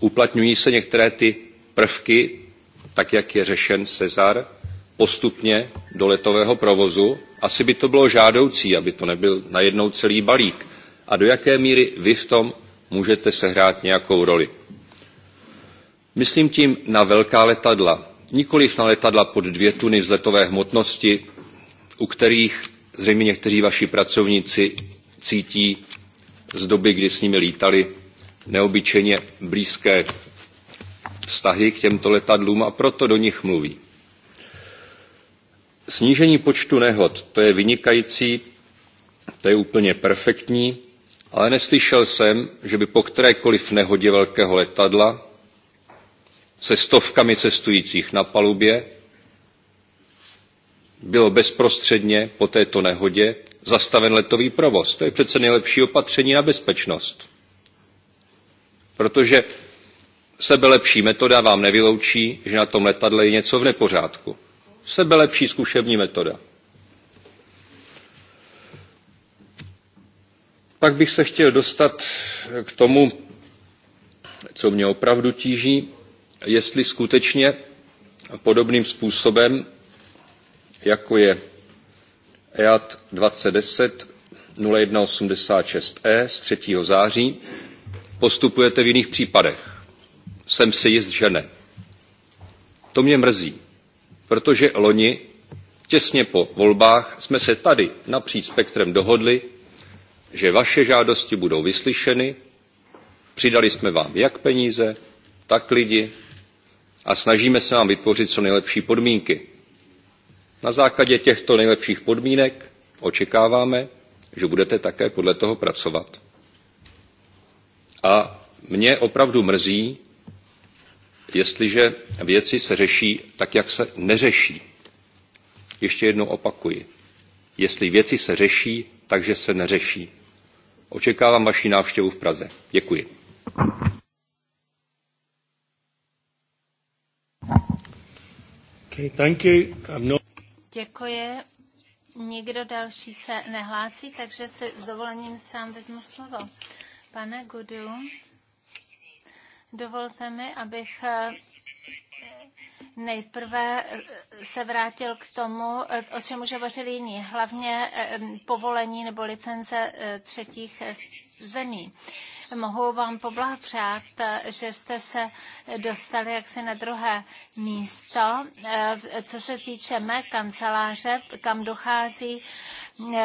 uplatňují se některé ty prvky, tak jak je řešen Cezar, postupně do letového provozu. Asi by to bylo žádoucí, aby to nebyl najednou celý balík. A do jaké míry vy v tom můžete sehrát nějakou roli? Myslím tím na velká letadla, nikoliv na letadla pod dvě tuny vzletové hmotnosti, u kterých zřejmě někteří vaši pracovníci cítí z doby, kdy s nimi lítali, neobyčejně blízké vztahy k těmto letadlům a proto do nich mluví. Snížení počtu nehod, to je vynikající, to je úplně perfektní, ale neslyšel jsem, že by po kterékoliv nehodě velkého letadla se stovkami cestujících na palubě bylo bezprostředně po této nehodě zastaven letový provoz. To je přece nejlepší opatření na bezpečnost. Protože sebelepší metoda vám nevyloučí, že na tom letadle je něco v nepořádku. Sebelepší zkušební metoda. Pak bych se chtěl dostat k tomu, co mě opravdu tíží, jestli skutečně podobným způsobem, jako je EAT 2010 0186E z 3. září, postupujete v jiných případech. Jsem si jist, že ne. To mě mrzí, protože loni, těsně po volbách, jsme se tady napříč spektrem dohodli, že vaše žádosti budou vyslyšeny, přidali jsme vám jak peníze, tak lidi, a snažíme se vám vytvořit co nejlepší podmínky. Na základě těchto nejlepších podmínek očekáváme, že budete také podle toho pracovat. A mě opravdu mrzí, jestliže věci se řeší tak, jak se neřeší. Ještě jednou opakuji. Jestli věci se řeší, takže se neřeší. Očekávám vaši návštěvu v Praze. Děkuji. Okay, thank you. I'm not... Děkuji. Nikdo další se nehlásí, takže si s dovolením sám vezmu slovo. Pane Gudu, dovolte mi, abych eh, Nejprve eh, se vrátil k tomu, eh, o čem už hovořili jiní, hlavně eh, povolení nebo licence třetích zemí. Mohu vám poblahopřát, že jste se dostali jaksi na druhé místo, co se týče mé kanceláře, kam dochází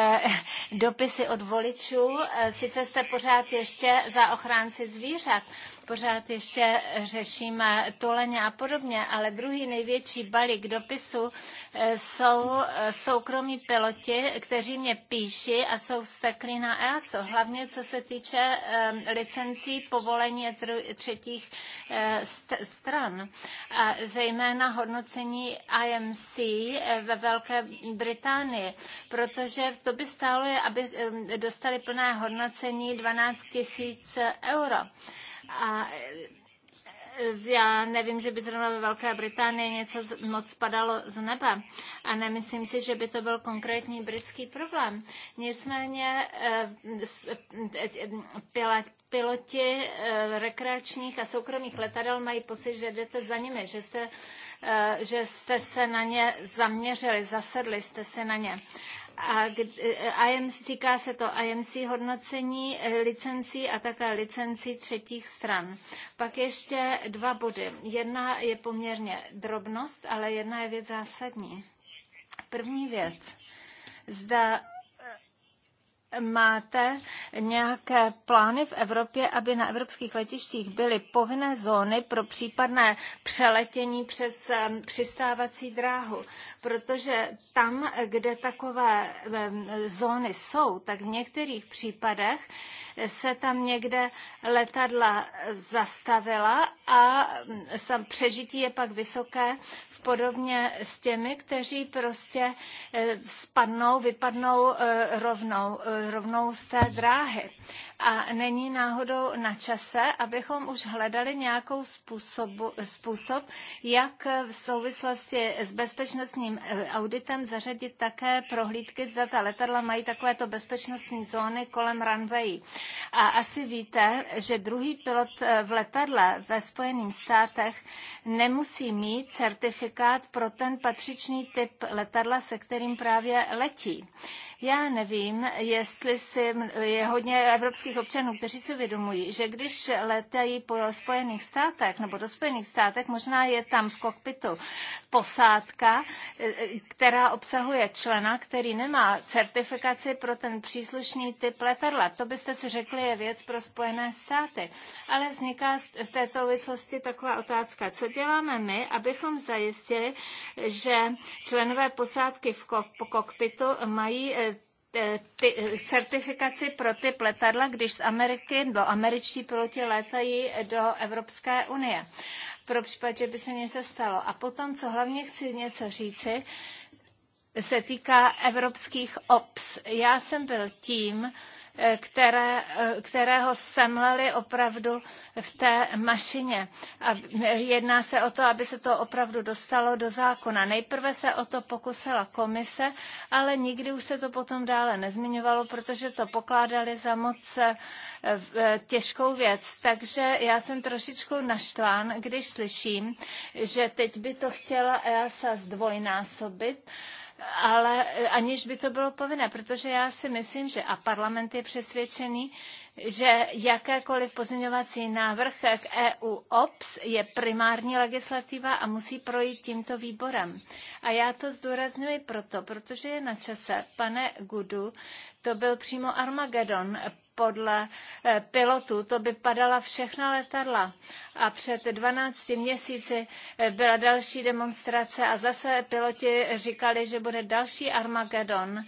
dopisy od voličů. Sice jste pořád ještě za ochránci zvířat, pořád ještě řešíme tuleně a podobně, ale druhý největší balík dopisů eh, jsou eh, soukromí piloti, kteří mě píší a jsou vstekli na EASO, hlavně co se týče eh, licencí povolení třetích stran a zejména hodnocení IMC ve Velké Británii, protože to by stálo, aby dostali plné hodnocení 12 000 euro. A eh, já nevím, že by zrovna ve Velké Británii něco moc spadalo z nebe a nemyslím si, že by to byl konkrétní britský problém. Nicméně eh, eh, piloti rekreačních a soukromých letadel mají pocit, že jdete za nimi, že jste, že jste se na ně zaměřili, zasedli jste se na ně. A IMC, eh, týká se to IMC hodnocení eh, licencí a také licencí třetích stran. Pak ještě dva body. Jedna je poměrně drobnost, ale jedna je věc zásadní. První věc. Zda máte nějaké plány v Evropě, aby na evropských letištích byly povinné zóny pro případné přeletění přes přistávací dráhu, protože tam, kde takové zóny jsou, tak v některých případech se tam někde letadla zastavila a sam přežití je pak vysoké v podobně s těmi, kteří prostě eh, spadnou, vypadnou eh, rovnou eh, rovnou z té dráhy. A není náhodou na čase, abychom už hledali nějakou způsobu, způsob, jak v souvislosti s bezpečnostním eh, auditem zařadit také prohlídky, zda ta letadla mají takovéto bezpečnostní zóny kolem runway. A asi víte, že druhý pilot eh, v letadle ve Spojených státech nemusí mít certifikát pro ten patřičný typ letadla, se kterým právě letí. Já nevím, jestli si je hodně evropských amerických občanů, kteří si vědomují, že když letají po Spojených státech nebo do Spojených státech, možná je tam v kokpitu posádka, která obsahuje člena, který nemá certifikaci pro ten příslušný typ letadla. To byste si řekli je věc pro Spojené státy. Ale vzniká z této souvislosti taková otázka. Co děláme my, abychom zajistili, že členové posádky v kokpitu mají eh, Eh, ty, eh, certifikaci pro ty letadla, když z Ameriky do američtí piloti létají do Evropské unie. Pro případ, že by se něco stalo. A potom, co hlavně chci něco říci, se týká evropských OPS. Já jsem byl tím, které, kterého semleli opravdu v té mašině. A jedná se o to, aby se to opravdu dostalo do zákona. Nejprve se o to pokusila komise, ale nikdy už se to potom dále nezmiňovalo, protože to pokládali za moc eh, eh, těžkou věc. Takže já jsem trošičku naštván, když slyším, že teď by to chtěla EASA zdvojnásobit, ale eh, aniž by to bylo povinné, protože já si myslím, že a parlament je přesvědčený, že jakékoliv pozměňovací návrh k EU OPS je primární legislativa a musí projít tímto výborem. A já to zdůrazňuji proto, protože je na čase, pane Gudu, to byl přímo Armagedon podle eh, pilotů. To by padala všechna letadla. A před 12 měsíci eh, byla další demonstrace a zase piloti říkali, že bude další Armagedon.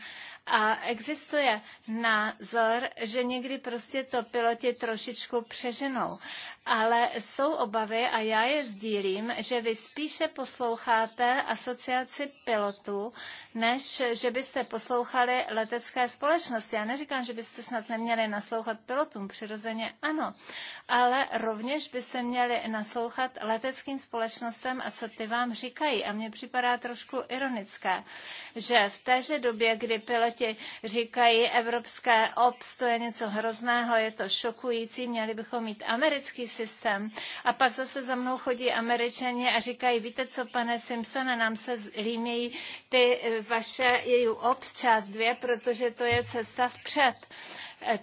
A existuje názor, že někdy prostě to piloti trošičku přeženou ale jsou obavy a já je sdílím, že vy spíše posloucháte asociaci pilotů, než že byste poslouchali letecké společnosti. Já neříkám, že byste snad neměli naslouchat pilotům, přirozeně ano, ale rovněž byste měli naslouchat leteckým společnostem a co ty vám říkají. A mně připadá trošku ironické, že v téže době, kdy piloti říkají evropské obs, to je něco hrozného, je to šokující, měli bychom mít americký systém. A pak zase za mnou chodí američané a říkají, víte co, pane Simpsone, nám se límějí ty e, vaše EU obs část dvě, protože to je cesta vpřed.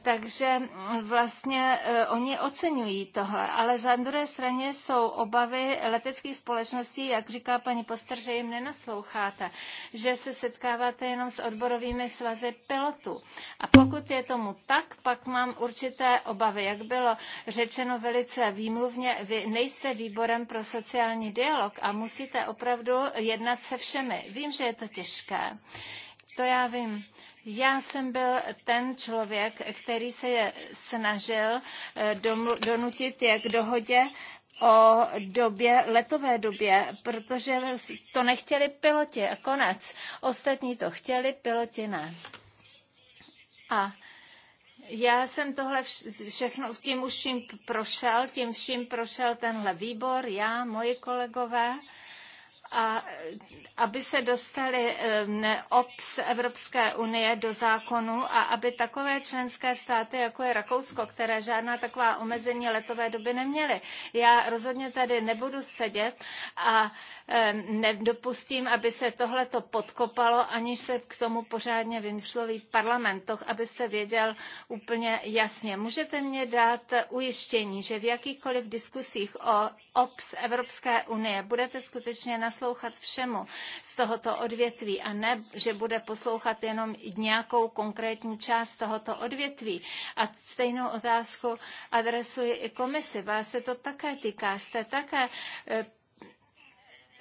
Takže vlastně e, oni oceňují tohle, ale za druhé straně jsou obavy leteckých společností, jak říká paní Poster, že jim nenasloucháte, že se setkáváte jenom s odborovými svazy pilotů. A pokud je tomu tak, pak mám určité obavy. Jak bylo řečeno velice výmluvně, vy nejste výborem pro sociální dialog a musíte opravdu jednat se všemi. Vím, že je to těžké to já vím. Já jsem byl ten člověk, který se je snažil eh, donutit je k dohodě o době, letové době, protože to nechtěli piloti a konec. Ostatní to chtěli, piloti ne. A já jsem tohle všechno, tím už vším prošel, tím vším prošel tenhle výbor, já, moji kolegové a aby se dostaly um, ops Evropské unie do zákonu a aby takové členské státy, jako je Rakousko, které žádná taková omezení letové doby neměly. Já rozhodně tady nebudu sedět a Ehm, nedopustím, aby se tohle to podkopalo, aniž se k tomu pořádně vymýšlový parlament, to, abyste věděl úplně jasně. Můžete mě dát ujištění, že v jakýchkoliv diskusích o OPS Evropské unie budete skutečně naslouchat všemu z tohoto odvětví a ne, že bude poslouchat jenom nějakou konkrétní část tohoto odvětví. A stejnou otázku adresuji i komisi. Vás se to také týká. Jste také eh,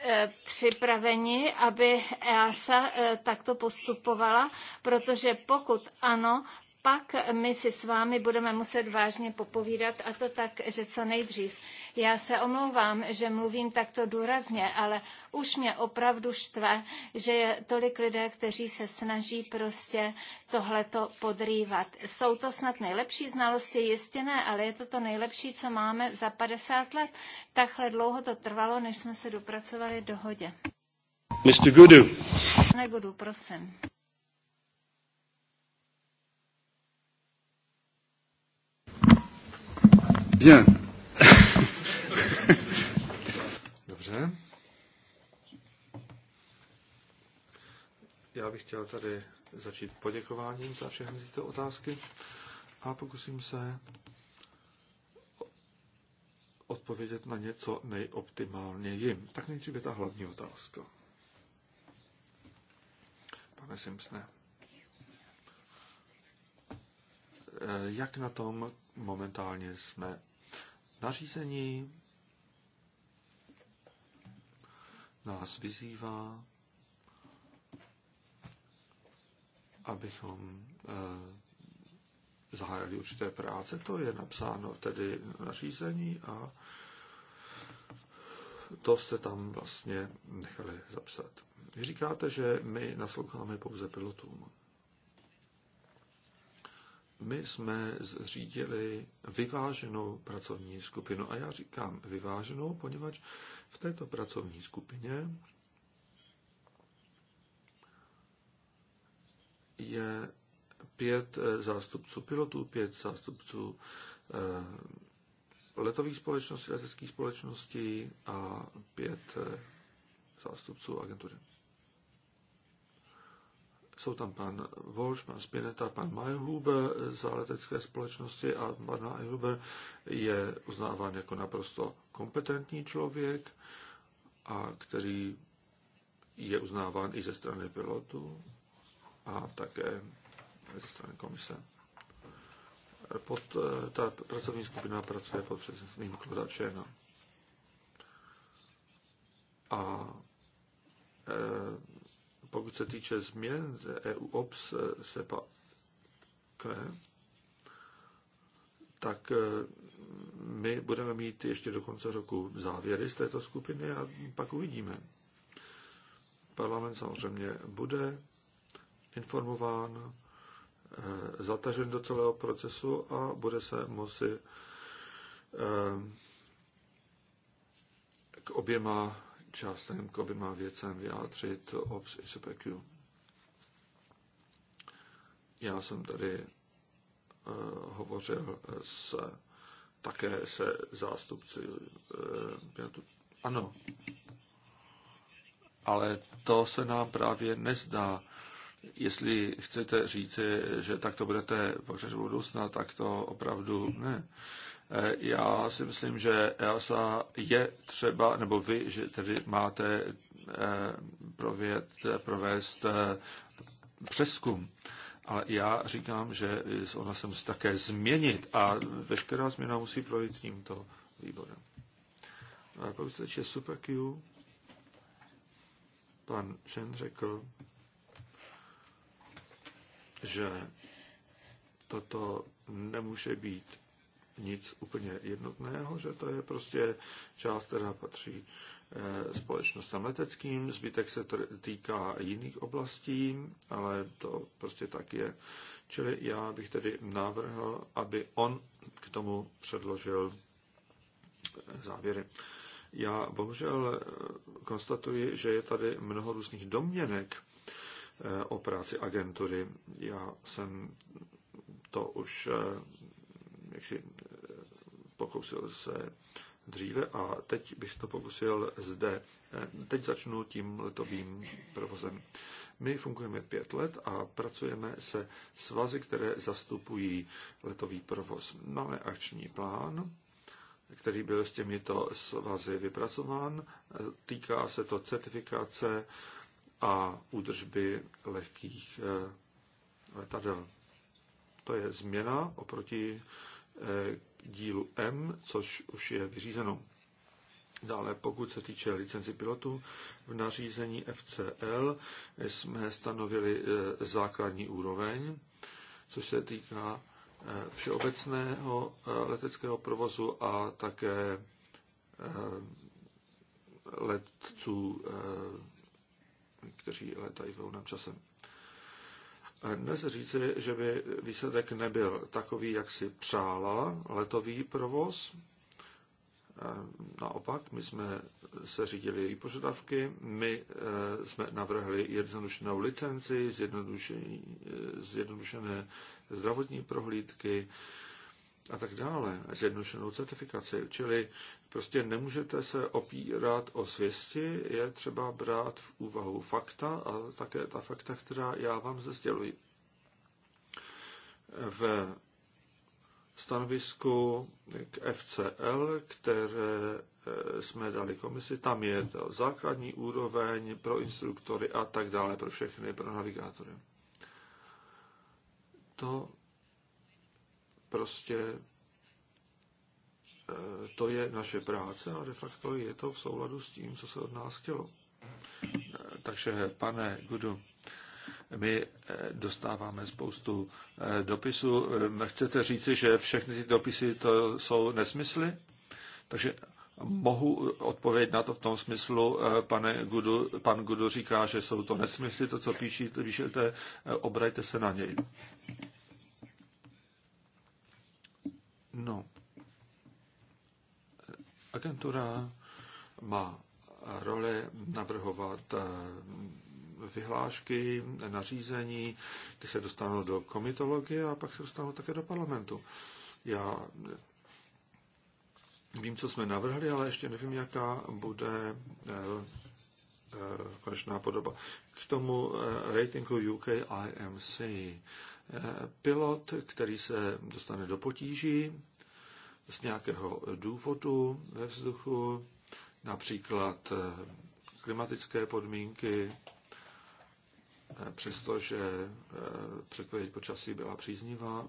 E, připraveni, aby EASA e, takto postupovala, protože pokud ano, pak my si s vámi budeme muset vážně popovídat a to tak, že co nejdřív. Já se omlouvám, že mluvím takto důrazně, ale už mě opravdu štve, že je tolik lidé, kteří se snaží prostě tohleto podrývat. Jsou to snad nejlepší znalosti, jistě ne, ale je to to nejlepší, co máme za 50 let. Takhle dlouho to trvalo, než jsme se dopracovali dohodě. Mr. Gudu. Pane Gudu, prosím. Bien. Dobře. Já bych chtěl tady začít poděkováním za všechny tyto otázky a pokusím se odpovědět na něco nejoptimálněji. Tak nejdříve ta hlavní otázka. Pane Simpsone, jak na tom momentálně jsme Nařízení nás vyzývá, abychom eh, zahájili určité práce. To je napsáno tedy nařízení a to jste tam vlastně nechali zapsat. Vy říkáte, že my nasloucháme pouze pilotům my jsme zřídili vyváženou pracovní skupinu. A já říkám vyváženou, poněvadž v této pracovní skupině je pět eh, zástupců pilotů, pět zástupců eh, letových společností, leteckých společností a pět eh, zástupců agentury. Jsou tam pan Volš, pan Spinetta, pan Mayhuber z letecké společnosti a pan Mayhuber je uznáván jako naprosto kompetentní člověk, a který je uznáván i ze strany pilotů a také ze strany komise. Pod, ta pracovní skupina pracuje pod předsednictvím Kloda Čena. A e, pokud se týče změn EU OPS e, SEPA K, tak e, my budeme mít ještě do konce roku závěry z této skupiny a pak uvidíme. Parlament samozřejmě bude informován, e, zatažen do celého procesu a bude se moci k oběma částem k oběma věcem vyjádřit obs i SPQ. Já jsem tady eh, hovořil s, také se zástupci Pirátů. Eh, ano, ale to se nám právě nezdá. Jestli chcete říci, že tak to budete pokračovat do budoucna, tak to opravdu ne. Eh, já si myslím, že EASA je třeba, nebo vy, že tedy máte eh, provět, eh, provést přeskum. Ale já říkám, že ona se musí také změnit a veškerá změna musí projít tímto výborem. Pokud se týče SuperQ, pan Šen řekl, že toto nemůže být nic úplně jednotného, že to je prostě část, která patří eh, společnostem leteckým, zbytek se týká jiných oblastí, ale to prostě tak je. Čili já bych tedy navrhl, aby on k tomu předložil eh, závěry. Já bohužel eh, konstatuji, že je tady mnoho různých domněnek o práci agentury. Já jsem to už jaksi pokusil se dříve a teď bych to pokusil zde. Teď začnu tím letovým provozem. My fungujeme pět let a pracujeme se svazy, které zastupují letový provoz. Máme akční plán, který byl s těmito svazy vypracován. Týká se to certifikace a údržby lehkých eh, letadel. To je změna oproti eh, dílu M, což už je vyřízeno. Dále, pokud se týče licenci pilotů, v nařízení FCL jsme stanovili e, základní úroveň, což se týká e, všeobecného e, leteckého provozu a také letců, kteří letají v volném čase. Dnes říci, že by výsledek nebyl takový, jak si přála letový provoz. Naopak, my jsme se řídili její požadavky, my e, jsme navrhli jednodušenou licenci, zjednodušené zdravotní prohlídky a tak dále, zjednodušenou certifikaci. Čili Prostě nemůžete se opírat o zvěsti, je třeba brát v úvahu fakta a také ta fakta, která já vám zde sděluji. V stanovisku k FCL, které eh, jsme dali komisi, tam je to základní úroveň pro instruktory a tak dále, pro všechny, pro navigátory. To prostě Eh, to je naše práce a de facto je to v souladu s tím, co se od nás chtělo. Eh, takže, pane Gudu, my eh, dostáváme spoustu dopisů. Chcete říci, že všechny ty dopisy to jsou nesmysly? Takže mohu odpovědět na to v tom smyslu, pane Gudu, pan Gudu říká, že jsou to nesmysly, to, co píšete, píšete obrajte se na něj. No. Agentura má roli navrhovat eh, vyhlášky, nařízení, ty se dostanou do komitologie a pak se dostanou také do parlamentu. Já vím, co jsme navrhli, ale ještě nevím, jaká bude eh, eh, konečná podoba. K tomu ratingu UK IMC. Pilot, který se dostane do potíží, z nějakého důvodu ve vzduchu, například eh, klimatické podmínky, eh, přestože eh, předpověď počasí byla příznivá.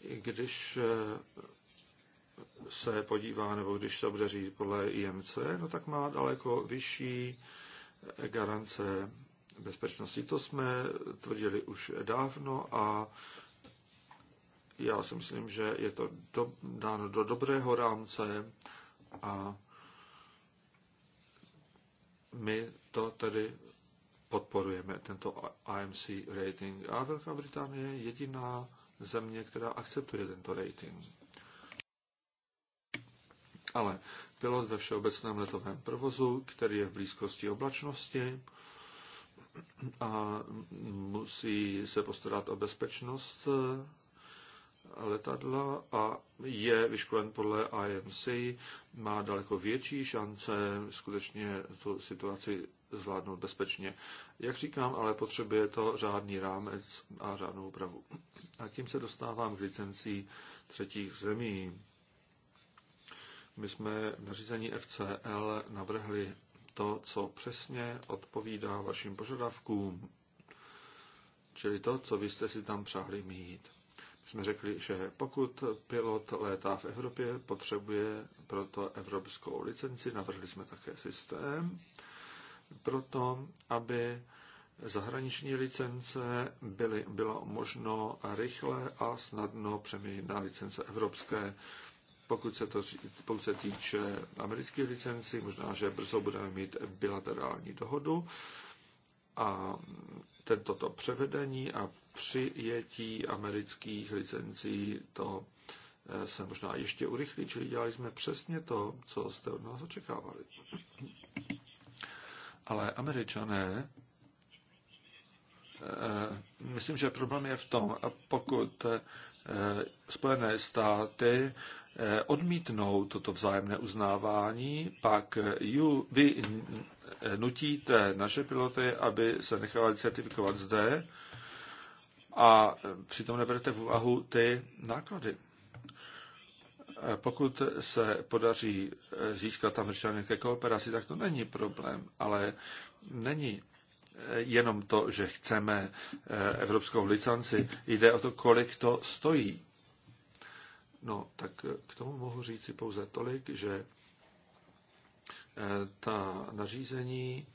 I když se podívá, nebo když se bude podle IMC, no tak má daleko vyšší garance bezpečnosti. To jsme tvrdili už dávno a já si myslím, že je to do, dáno do dobrého rámce a my to tedy podporujeme, tento IMC rating. A Velká Británie je jediná země, která akceptuje tento rating. Ale pilot ve všeobecném letovém provozu, který je v blízkosti oblačnosti a musí se postarat o bezpečnost letadla a je vyškolen podle IMC, má daleko větší šance skutečně tu situaci zvládnout bezpečně. Jak říkám, ale potřebuje to řádný rámec a řádnou úpravu. A tím se dostávám k licencí třetích zemí. My jsme nařízení FCL navrhli to, co přesně odpovídá vašim požadavkům, čili to, co vy jste si tam přáhli mít jsme řekli, že pokud pilot létá v Evropě, potřebuje proto evropskou licenci. Navrhli jsme také systém proto, aby zahraniční licence byly, bylo možno rychle a snadno přeměnit na licence evropské. Pokud se, to, pokud se týče amerických licencí, možná, že brzo budeme mít bilaterální dohodu a tento to převedení a přijetí amerických licencí to eh, se možná ještě urychlí, čili dělali jsme přesně to, co jste od nás očekávali. Ale američané, eh, myslím, že problém je v tom, pokud eh, Spojené státy odmítnou toto vzájemné uznávání, pak vy nutíte naše piloty, aby se nechali certifikovat zde, a přitom neberete v úvahu ty náklady. E, pokud se podaří e, získat tam ke kooperaci, tak to není problém, ale není e, jenom to, že chceme evropskou licenci, jde o to, kolik to stojí. No, tak k tomu mohu říci pouze tolik, že ta nařízení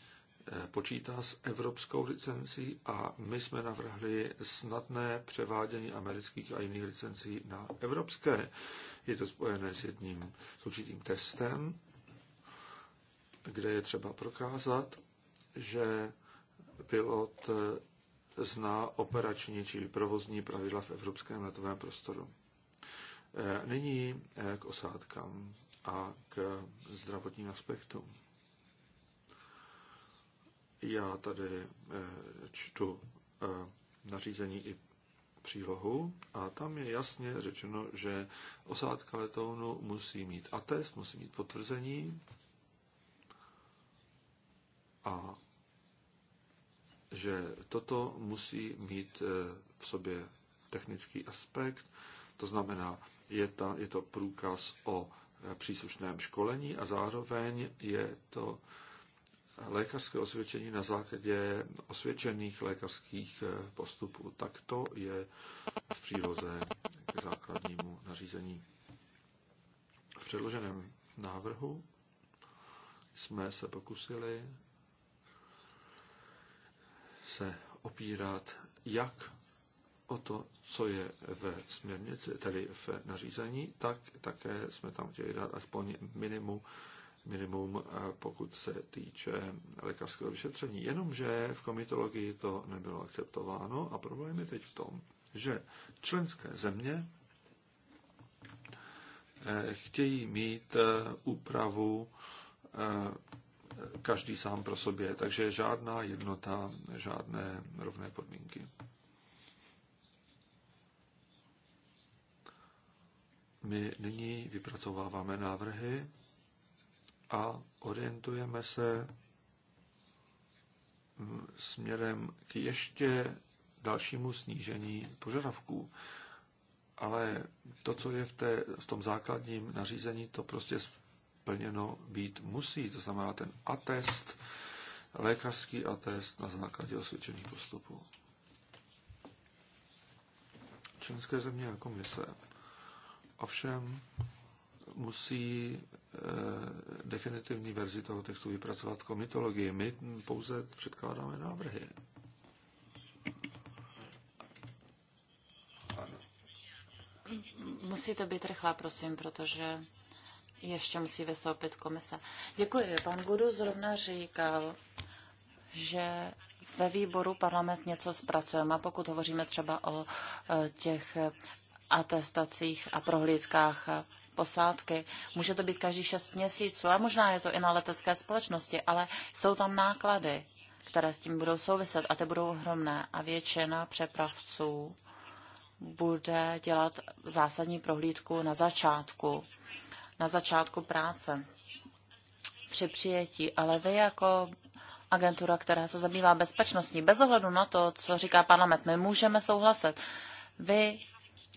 počítá s evropskou licencí a my jsme navrhli snadné převádění amerických a jiných licencí na evropské. Je to spojené s jedním s určitým testem, kde je třeba prokázat, že pilot zná operační či provozní pravidla v evropském letovém prostoru. E, nyní e, k osádkám a k zdravotním aspektům. Já tady eh, čtu eh, nařízení i přílohu a tam je jasně řečeno, že osádka letounu musí mít atest, musí mít potvrzení a že toto musí mít eh, v sobě technický aspekt, to znamená, je, ta, je to průkaz o příslušném školení a zároveň je to lékařské osvědčení na základě osvědčených lékařských eh, postupů. Tak to je v příloze k základnímu nařízení. V předloženém návrhu jsme se pokusili se opírat jak o to, co je ve směrnici, tedy v nařízení, tak také jsme tam chtěli dát aspoň minimum minimum, pokud se týče lékařského vyšetření. Jenomže v komitologii to nebylo akceptováno a problém je teď v tom, že členské země eh, chtějí mít eh, úpravu eh, každý sám pro sobě, takže žádná jednota, žádné rovné podmínky. My nyní vypracováváme návrhy a orientujeme se mm, směrem k ještě dalšímu snížení požadavků. Ale to, co je v, té, v tom základním nařízení, to prostě splněno být musí. To znamená ten atest, lékařský atest na základě osvědčených postupů. Členské země a komise ovšem musí Eh, definitivní verzi toho textu vypracovat komitologii. My pouze předkládáme návrhy. Musí to být rychlá, prosím, protože ještě musí vystoupit komise. Děkuji. Pan Gudu zrovna říkal, že ve výboru parlament něco zpracujeme, pokud hovoříme třeba o eh, těch atestacích a prohlídkách posádky. Může to být každý šest měsíců, a možná je to i na letecké společnosti, ale jsou tam náklady, které s tím budou souviset a ty budou ohromné. A většina přepravců bude dělat zásadní prohlídku na začátku, na začátku práce při přijetí, ale vy jako agentura, která se zabývá bezpečností, bez ohledu na to, co říká parlament, my můžeme souhlasit. Vy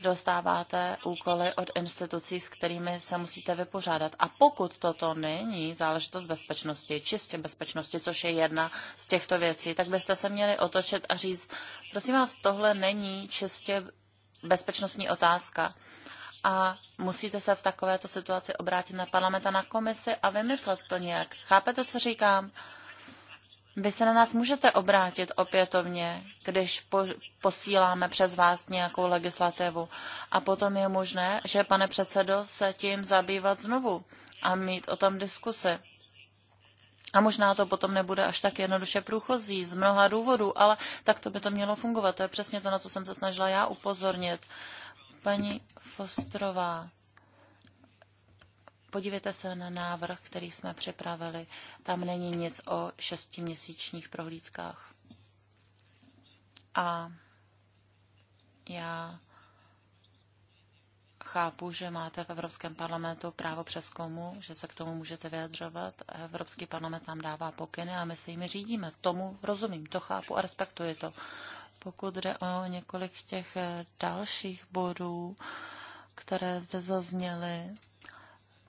dostáváte úkoly od institucí, s kterými se musíte vypořádat. A pokud toto není záležitost bezpečnosti, čistě bezpečnosti, což je jedna z těchto věcí, tak byste se měli otočit a říct, prosím vás, tohle není čistě bezpečnostní otázka. A musíte se v takovéto situaci obrátit na parlament a na komisi a vymyslet to nějak. Chápete, co říkám? Vy se na nás můžete obrátit opětovně, když po, posíláme přes vás nějakou legislativu. A potom je možné, že, pane předsedo, se tím zabývat znovu a mít o tom diskusy. A možná to potom nebude až tak jednoduše průchozí z mnoha důvodů, ale tak to by to mělo fungovat. To je přesně to, na co jsem se snažila já upozornit. Paní Fostrová, Podívejte se na návrh, který jsme připravili. Tam není nic o šestiměsíčních prohlídkách. A já chápu, že máte v Evropském parlamentu právo komu, že se k tomu můžete vyjadřovat. Evropský parlament nám dává pokyny a my se jimi řídíme. Tomu rozumím, to chápu a respektuji to. Pokud jde o několik těch dalších bodů, které zde zazněly,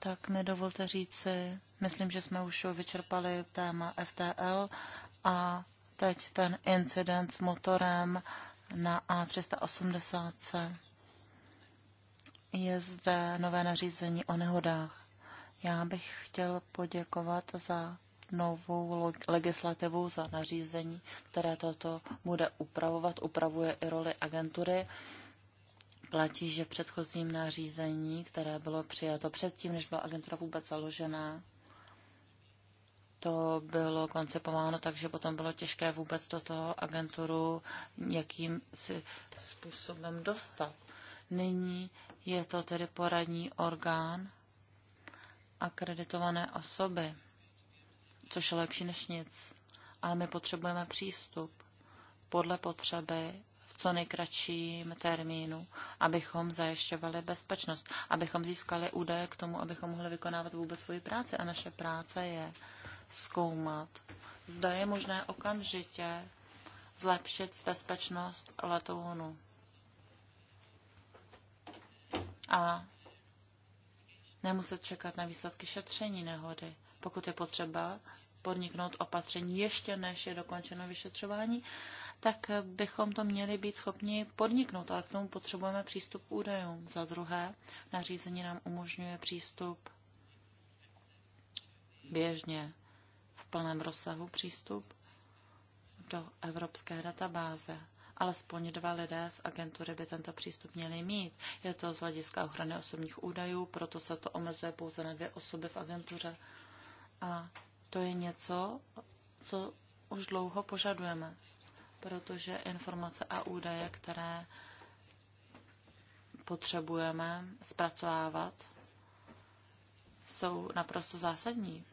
tak mi dovolte si, myslím, že jsme už vyčerpali téma FTL a teď ten incident s motorem na A380. Je zde nové nařízení o nehodách. Já bych chtěl poděkovat za novou legislativu, za nařízení, které toto bude upravovat. Upravuje i roli agentury platí, že v předchozím nařízení, které bylo přijato předtím, než byla agentura vůbec založena, to bylo koncipováno tak, že potom bylo těžké vůbec do toho agenturu nějakým si způsobem dostat. Nyní je to tedy poradní orgán akreditované osoby, což je lepší než nic. Ale my potřebujeme přístup podle potřeby co nejkratším termínu, abychom zajišťovali bezpečnost, abychom získali údaje k tomu, abychom mohli vykonávat vůbec svoji práci. A naše práce je zkoumat, zda je možné okamžitě zlepšit bezpečnost letounu. A nemuset čekat na výsledky šetření nehody. Pokud je potřeba podniknout opatření ještě než je dokončeno vyšetřování tak bychom to měli být schopni podniknout, ale k tomu potřebujeme přístup k údajům. Za druhé, nařízení nám umožňuje přístup běžně v plném rozsahu přístup do evropské databáze. Alespoň dva lidé z agentury by tento přístup měli mít. Je to z hlediska ochrany osobních údajů, proto se to omezuje pouze na dvě osoby v agentuře. A to je něco, co už dlouho požadujeme protože informace a údaje, které potřebujeme zpracovávat, jsou naprosto zásadní.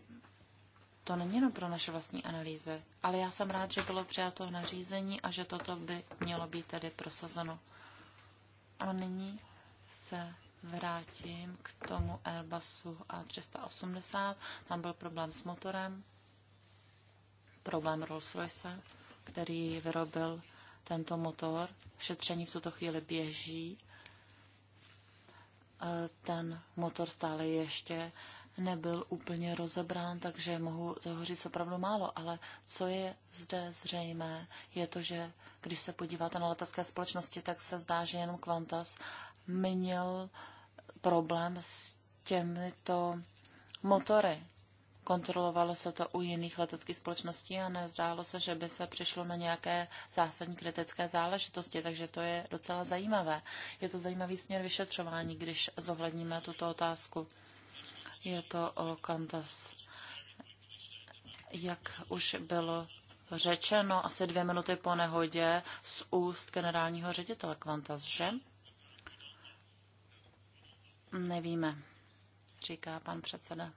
To není jenom pro naše vlastní analýzy, ale já jsem rád, že bylo přijato nařízení a že toto by mělo být tedy prosazeno. A nyní se vrátím k tomu Airbusu A380. Tam byl problém s motorem, problém Rolls-Royce který vyrobil tento motor. Šetření v tuto chvíli běží. E, ten motor stále ještě nebyl úplně rozebrán, takže mohu toho říct opravdu málo, ale co je zde zřejmé, je to, že když se podíváte na letecké společnosti, tak se zdá, že jenom Qantas měl problém s těmito motory. Kontrolovalo se to u jiných leteckých společností a nezdálo se, že by se přišlo na nějaké zásadní kritické záležitosti, takže to je docela zajímavé. Je to zajímavý směr vyšetřování, když zohledníme tuto otázku. Je to o Kantas. Jak už bylo řečeno asi dvě minuty po nehodě z úst generálního ředitele Kvantas, že? Nevíme, říká pan předseda.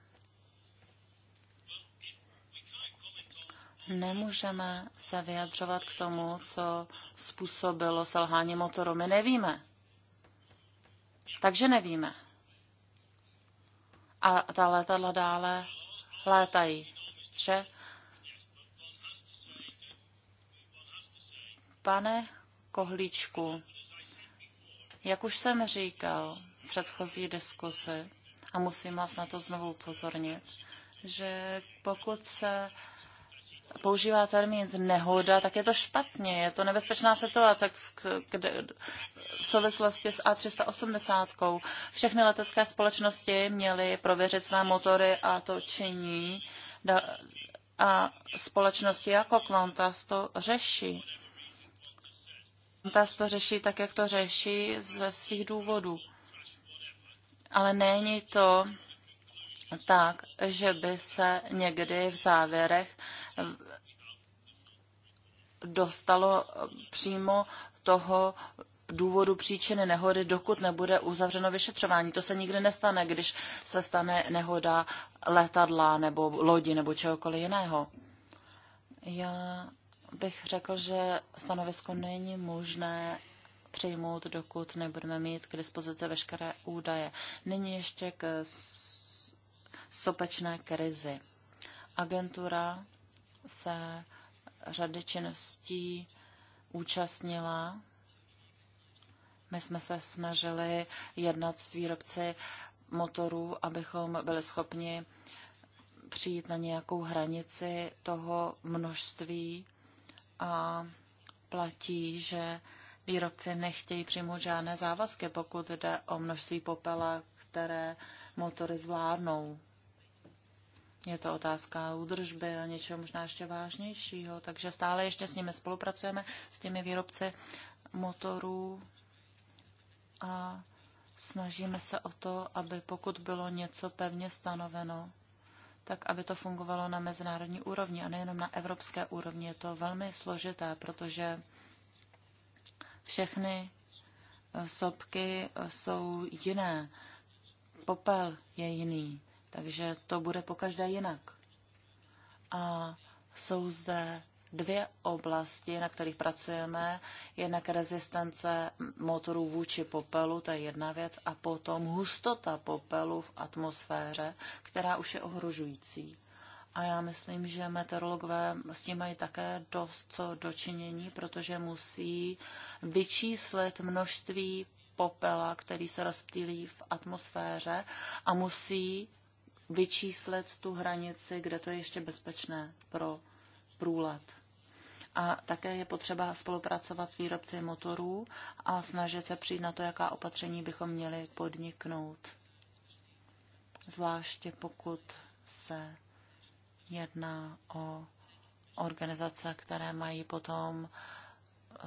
nemůžeme se vyjadřovat k tomu, co způsobilo selhání motoru. My nevíme. Takže nevíme. A ta letadla dále létají, že? Pane Kohlíčku, jak už jsem říkal v předchozí diskusi, a musím vás na to znovu upozornit, že pokud se používá termín nehoda, tak je to špatně. Je to nebezpečná situace k, kde, v souvislosti s A380. Všechny letecké společnosti měly prověřit své motory a to činí. A společnosti jako Qantas to řeší. Qantas to řeší tak, jak to řeší ze svých důvodů. Ale není to tak, že by se někdy v závěrech dostalo přímo toho důvodu příčiny nehody, dokud nebude uzavřeno vyšetřování. To se nikdy nestane, když se stane nehoda letadla nebo lodi nebo čehokoliv jiného. Já bych řekl, že stanovisko není možné přijmout, dokud nebudeme mít k dispozici veškeré údaje. Nyní ještě k sopečné krizi. Agentura se řady činností účastnila. My jsme se snažili jednat s výrobci motorů, abychom byli schopni přijít na nějakou hranici toho množství a platí, že výrobci nechtějí přijmout žádné závazky, pokud jde o množství popela, které motory zvládnou. Je to otázka údržby a něčeho možná ještě vážnějšího, takže stále ještě s nimi spolupracujeme, s těmi výrobci motorů a snažíme se o to, aby pokud bylo něco pevně stanoveno, tak aby to fungovalo na mezinárodní úrovni a nejenom na evropské úrovni. Je to velmi složité, protože všechny sopky jsou jiné, popel je jiný takže to bude pokaždé jinak. A jsou zde dvě oblasti, na kterých pracujeme. Jednak rezistence motorů vůči popelu, to je jedna věc, a potom hustota popelu v atmosféře, která už je ohrožující. A já myslím, že meteorologové s tím mají také dost co dočinění, protože musí vyčíslit množství popela, který se rozptýlí v atmosféře a musí vyčíslet tu hranici, kde to je ještě bezpečné pro průlet. A také je potřeba spolupracovat s výrobci motorů a snažit se přijít na to, jaká opatření bychom měli podniknout. Zvláště pokud se jedná o organizace, které mají potom eh,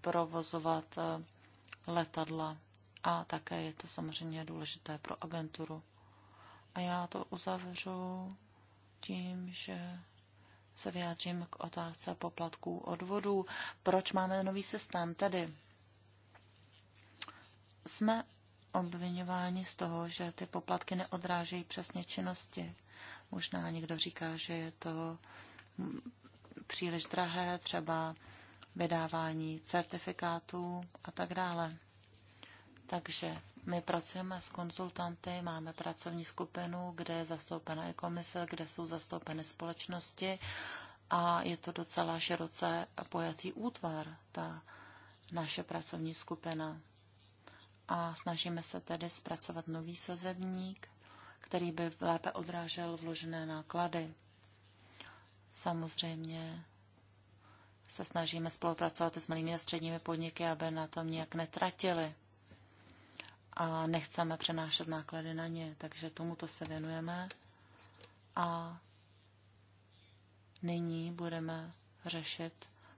provozovat eh, letadla. A také je to samozřejmě důležité pro agenturu. A já to uzavřu tím, že se vyjádřím k otázce poplatků odvodů. Proč máme nový systém? Tedy jsme obvinováni z toho, že ty poplatky neodrážejí přesně činnosti. Možná někdo říká, že je to příliš drahé, třeba vydávání certifikátů a tak dále. Takže my pracujeme s konzultanty, máme pracovní skupinu, kde je zastoupena i komise, kde jsou zastoupeny společnosti a je to docela široce pojatý útvar, ta naše pracovní skupina. A snažíme se tedy zpracovat nový sazebník, který by lépe odrážel vložené náklady. Samozřejmě se snažíme spolupracovat s malými a středními podniky, aby na tom nějak netratili a nechceme přenášet náklady na ně, takže tomuto se věnujeme a nyní budeme řešit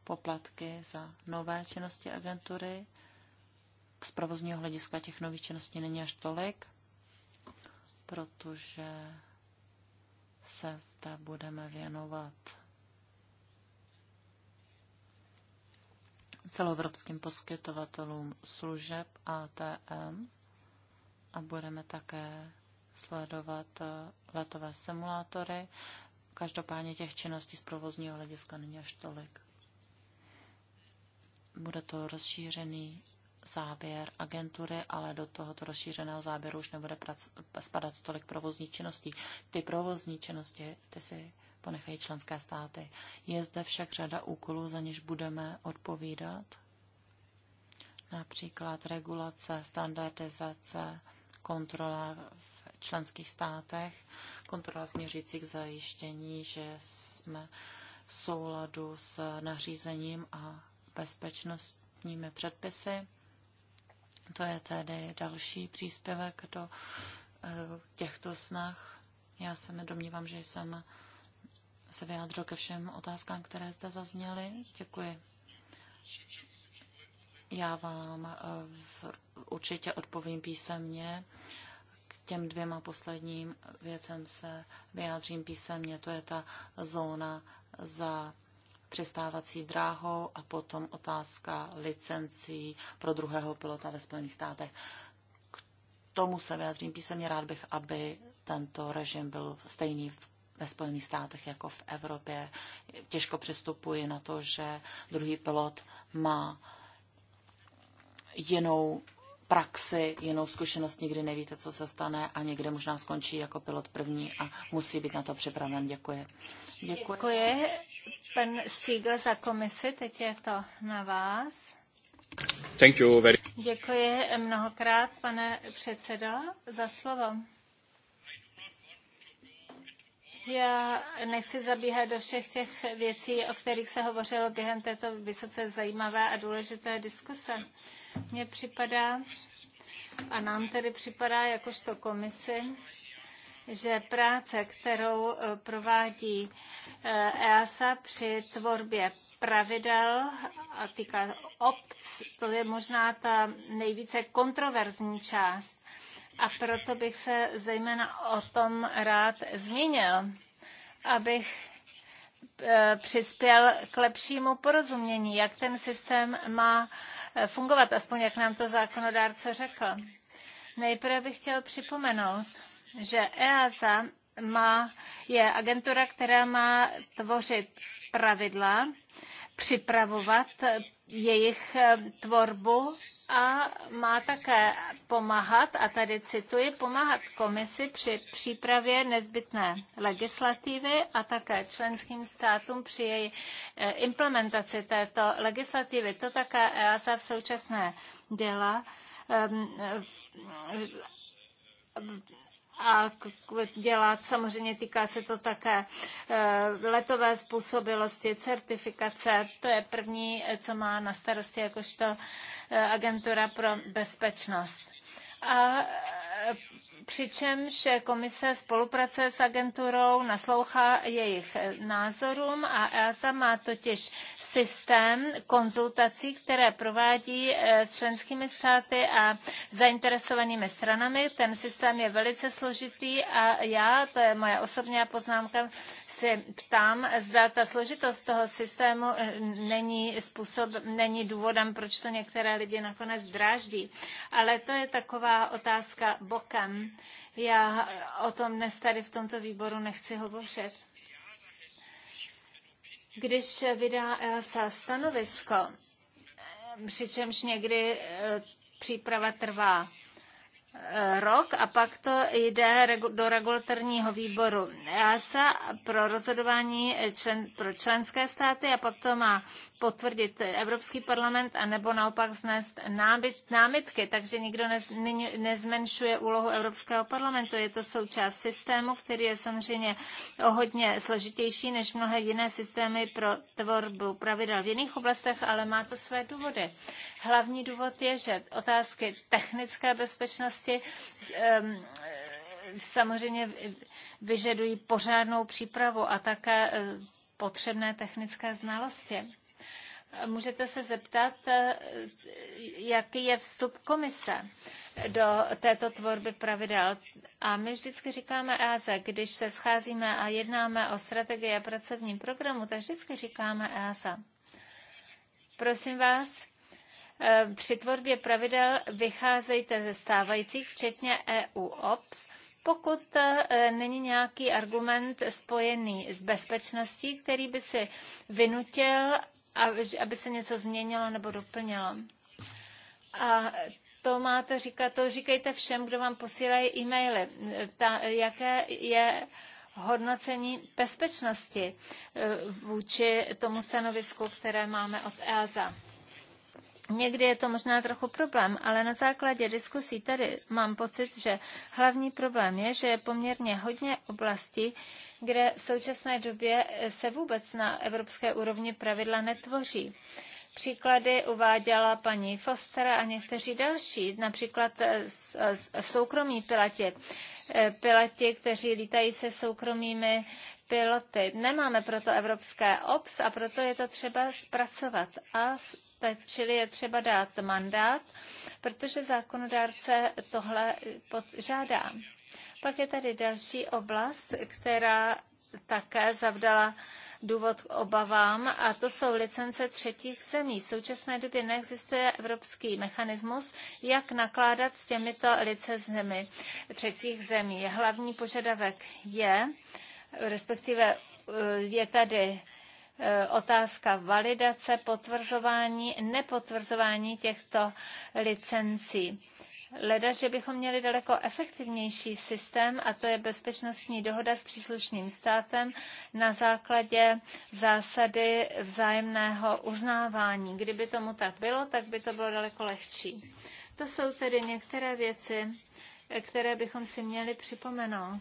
poplatky za nové činnosti agentury. Z provozního hlediska těch nových činností není až tolik, protože se zde budeme věnovat celoevropským poskytovatelům služeb ATM a budeme také sledovat eh, letové simulátory. Každopádně těch činností z provozního hlediska není až tolik. Bude to rozšířený záběr agentury, ale do tohoto rozšířeného záběru už nebude spadat tolik provozní činností. Ty provozní činnosti, ty si ponechají členské státy. Je zde však řada úkolů, za něž budeme odpovídat, například regulace, standardizace, kontrola v členských státech, kontrola směřící k zajištění, že jsme v souladu s nařízením a bezpečnostními předpisy. To je tedy další příspěvek do eh, těchto snah. Já se nedomnívám, že jsem se vyjádřil ke všem otázkám, které zde zazněly. Děkuji. Já vám eh, určitě odpovím písemně. K těm dvěma posledním věcem se vyjádřím písemně. To je ta zóna za přistávací dráhou a potom otázka licencí pro druhého pilota ve Spojených státech. K tomu se vyjádřím písemně. Rád bych, aby tento režim byl stejný v ve Spojených státech jako v Evropě. Těžko přistupuji na to, že druhý pilot má jinou praxi, jinou zkušenost, nikdy nevíte, co se stane a někde možná skončí jako pilot první a musí být na to připraven. Děkuji. Děkuji. Děkuji. Pan Siegel za komisi, teď je to na vás. Thank you very... Děkuji mnohokrát, pane předsedo, za slovo. Já nechci zabíhat do všech těch věcí, o kterých se hovořilo během této vysoce zajímavé a důležité diskuse mně připadá, a nám tedy připadá jakožto komisi, že práce, kterou eh, provádí EASA eh, e při tvorbě pravidel a týká obc, to je možná ta nejvíce kontroverzní část. A proto bych se zejména o tom rád zmínil, abych eh, přispěl k lepšímu porozumění, jak ten systém má fungovat, aspoň jak nám to zákonodárce řekl. Nejprve bych chtěl připomenout, že EASA má, je agentura, která má tvořit pravidla, připravovat jejich eh, tvorbu a má také pomáhat, a tady cituji, pomáhat komisi při přípravě nezbytné legislativy a také členským státům při její eh, implementaci této legislativy. To také EASA v současné dělá. Um, ehm, a dělat. Samozřejmě týká se to také eh, letové způsobilosti, certifikace. To je první, co má na starosti jakožto eh, agentura pro bezpečnost. A přičemž komise spolupracuje s agenturou, naslouchá jejich názorům a EASA má totiž systém konzultací, které provádí e, s členskými státy a zainteresovanými stranami. Ten systém je velice složitý a já, to je moje osobní poznámka, si ptám, zda ta složitost toho systému e, není, způsob, není důvodem, proč to některé lidi nakonec dráždí. Ale to je taková otázka bokem. Já o tom dnes tady v tomto výboru nechci hovořit. Když vydá se stanovisko, přičemž někdy eh, příprava trvá rok a pak to jde do regulatorního výboru EASA pro rozhodování člen, pro členské státy a pak to má potvrdit Evropský parlament a nebo naopak znést nábyt, námitky, takže nikdo nez, nezmenšuje úlohu Evropského parlamentu. Je to součást systému, který je samozřejmě o hodně složitější než mnohé jiné systémy pro tvorbu pravidel v jiných oblastech, ale má to své důvody. Hlavní důvod je, že otázky technické bezpečnosti oblasti ehm, samozřejmě vyžadují pořádnou přípravu a také eh, potřebné technické znalosti. Můžete se zeptat, eh, jaký je vstup komise do této tvorby pravidel. A my vždycky říkáme EASA, když se scházíme a jednáme o strategii a pracovním programu, tak vždycky říkáme EASA. Prosím vás, Eh, při tvorbě pravidel vycházejte ze stávajících, včetně EU OPS, pokud eh, není nějaký argument spojený s bezpečností, který by si vynutil, aby se něco změnilo nebo doplnilo. A to máte říkat, to říkejte všem, kdo vám posílají e-maily, ta, jaké je hodnocení bezpečnosti eh, vůči tomu stanovisku, které máme od EASA. Někdy je to možná trochu problém, ale na základě diskusí tady mám pocit, že hlavní problém je, že je poměrně hodně oblastí, kde v současné době se vůbec na evropské úrovni pravidla netvoří. Příklady uváděla paní Foster a někteří další, například eh, soukromí piloti. Eh, piloti, kteří lítají se soukromými piloty. Nemáme proto evropské OPS a proto je to třeba zpracovat. A čili je třeba dát mandát, protože zákonodárce tohle žádá. Pak je tady další oblast, která také zavdala důvod k obavám a to jsou licence třetích zemí. V současné době neexistuje evropský mechanismus, jak nakládat s těmito licencemi třetích zemí. Hlavní požadavek je, respektive eh, je tady E, otázka validace, potvrzování, nepotvrzování těchto licencí. Leda, že bychom měli daleko efektivnější systém, a to je bezpečnostní dohoda s příslušným státem na základě zásady vzájemného uznávání. Kdyby tomu tak bylo, tak by to bylo daleko lehčí. To jsou tedy některé věci, které bychom si měli připomenout.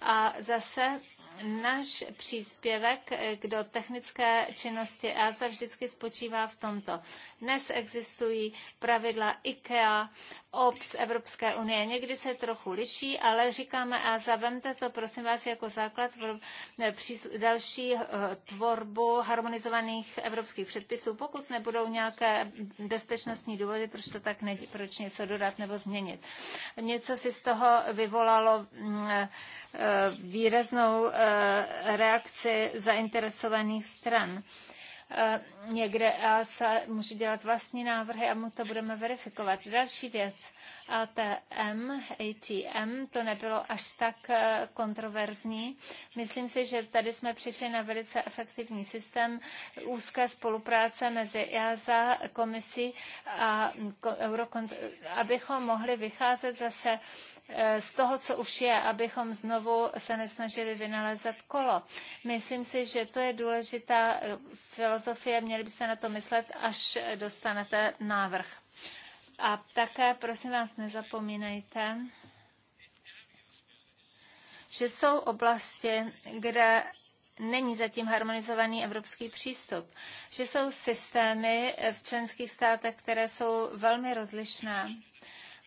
A zase náš příspěvek eh, do technické činnosti EASA vždycky spočívá v tomto. Dnes existují pravidla IKEA obs Evropské unie. Někdy se trochu liší, ale říkáme a zavemte to, prosím vás, jako základ pro eh, další eh, tvorbu harmonizovaných evropských předpisů, pokud nebudou nějaké bezpečnostní důvody, proč to tak ne, proč něco dodat nebo změnit. Něco si z toho vyvolalo mm, eh, výraznou reakci zainteresovaných stran. Eh, někde a může dělat vlastní návrhy a my to budeme verifikovat. Další věc ATM, ATM, to nebylo až tak eh, kontroverzní. Myslím si, že tady jsme přišli na velice efektivní systém úzké spolupráce mezi EASA, komisí a mm, Eurokont, abychom mohli vycházet zase eh, z toho, co už je, abychom znovu se nesnažili vynalézat kolo. Myslím si, že to je důležitá eh, filozofie, měli byste na to myslet, až dostanete návrh. A také, prosím vás, nezapomínejte, že jsou oblasti, kde není zatím harmonizovaný evropský přístup, že jsou systémy v členských státech, které jsou velmi rozlišné.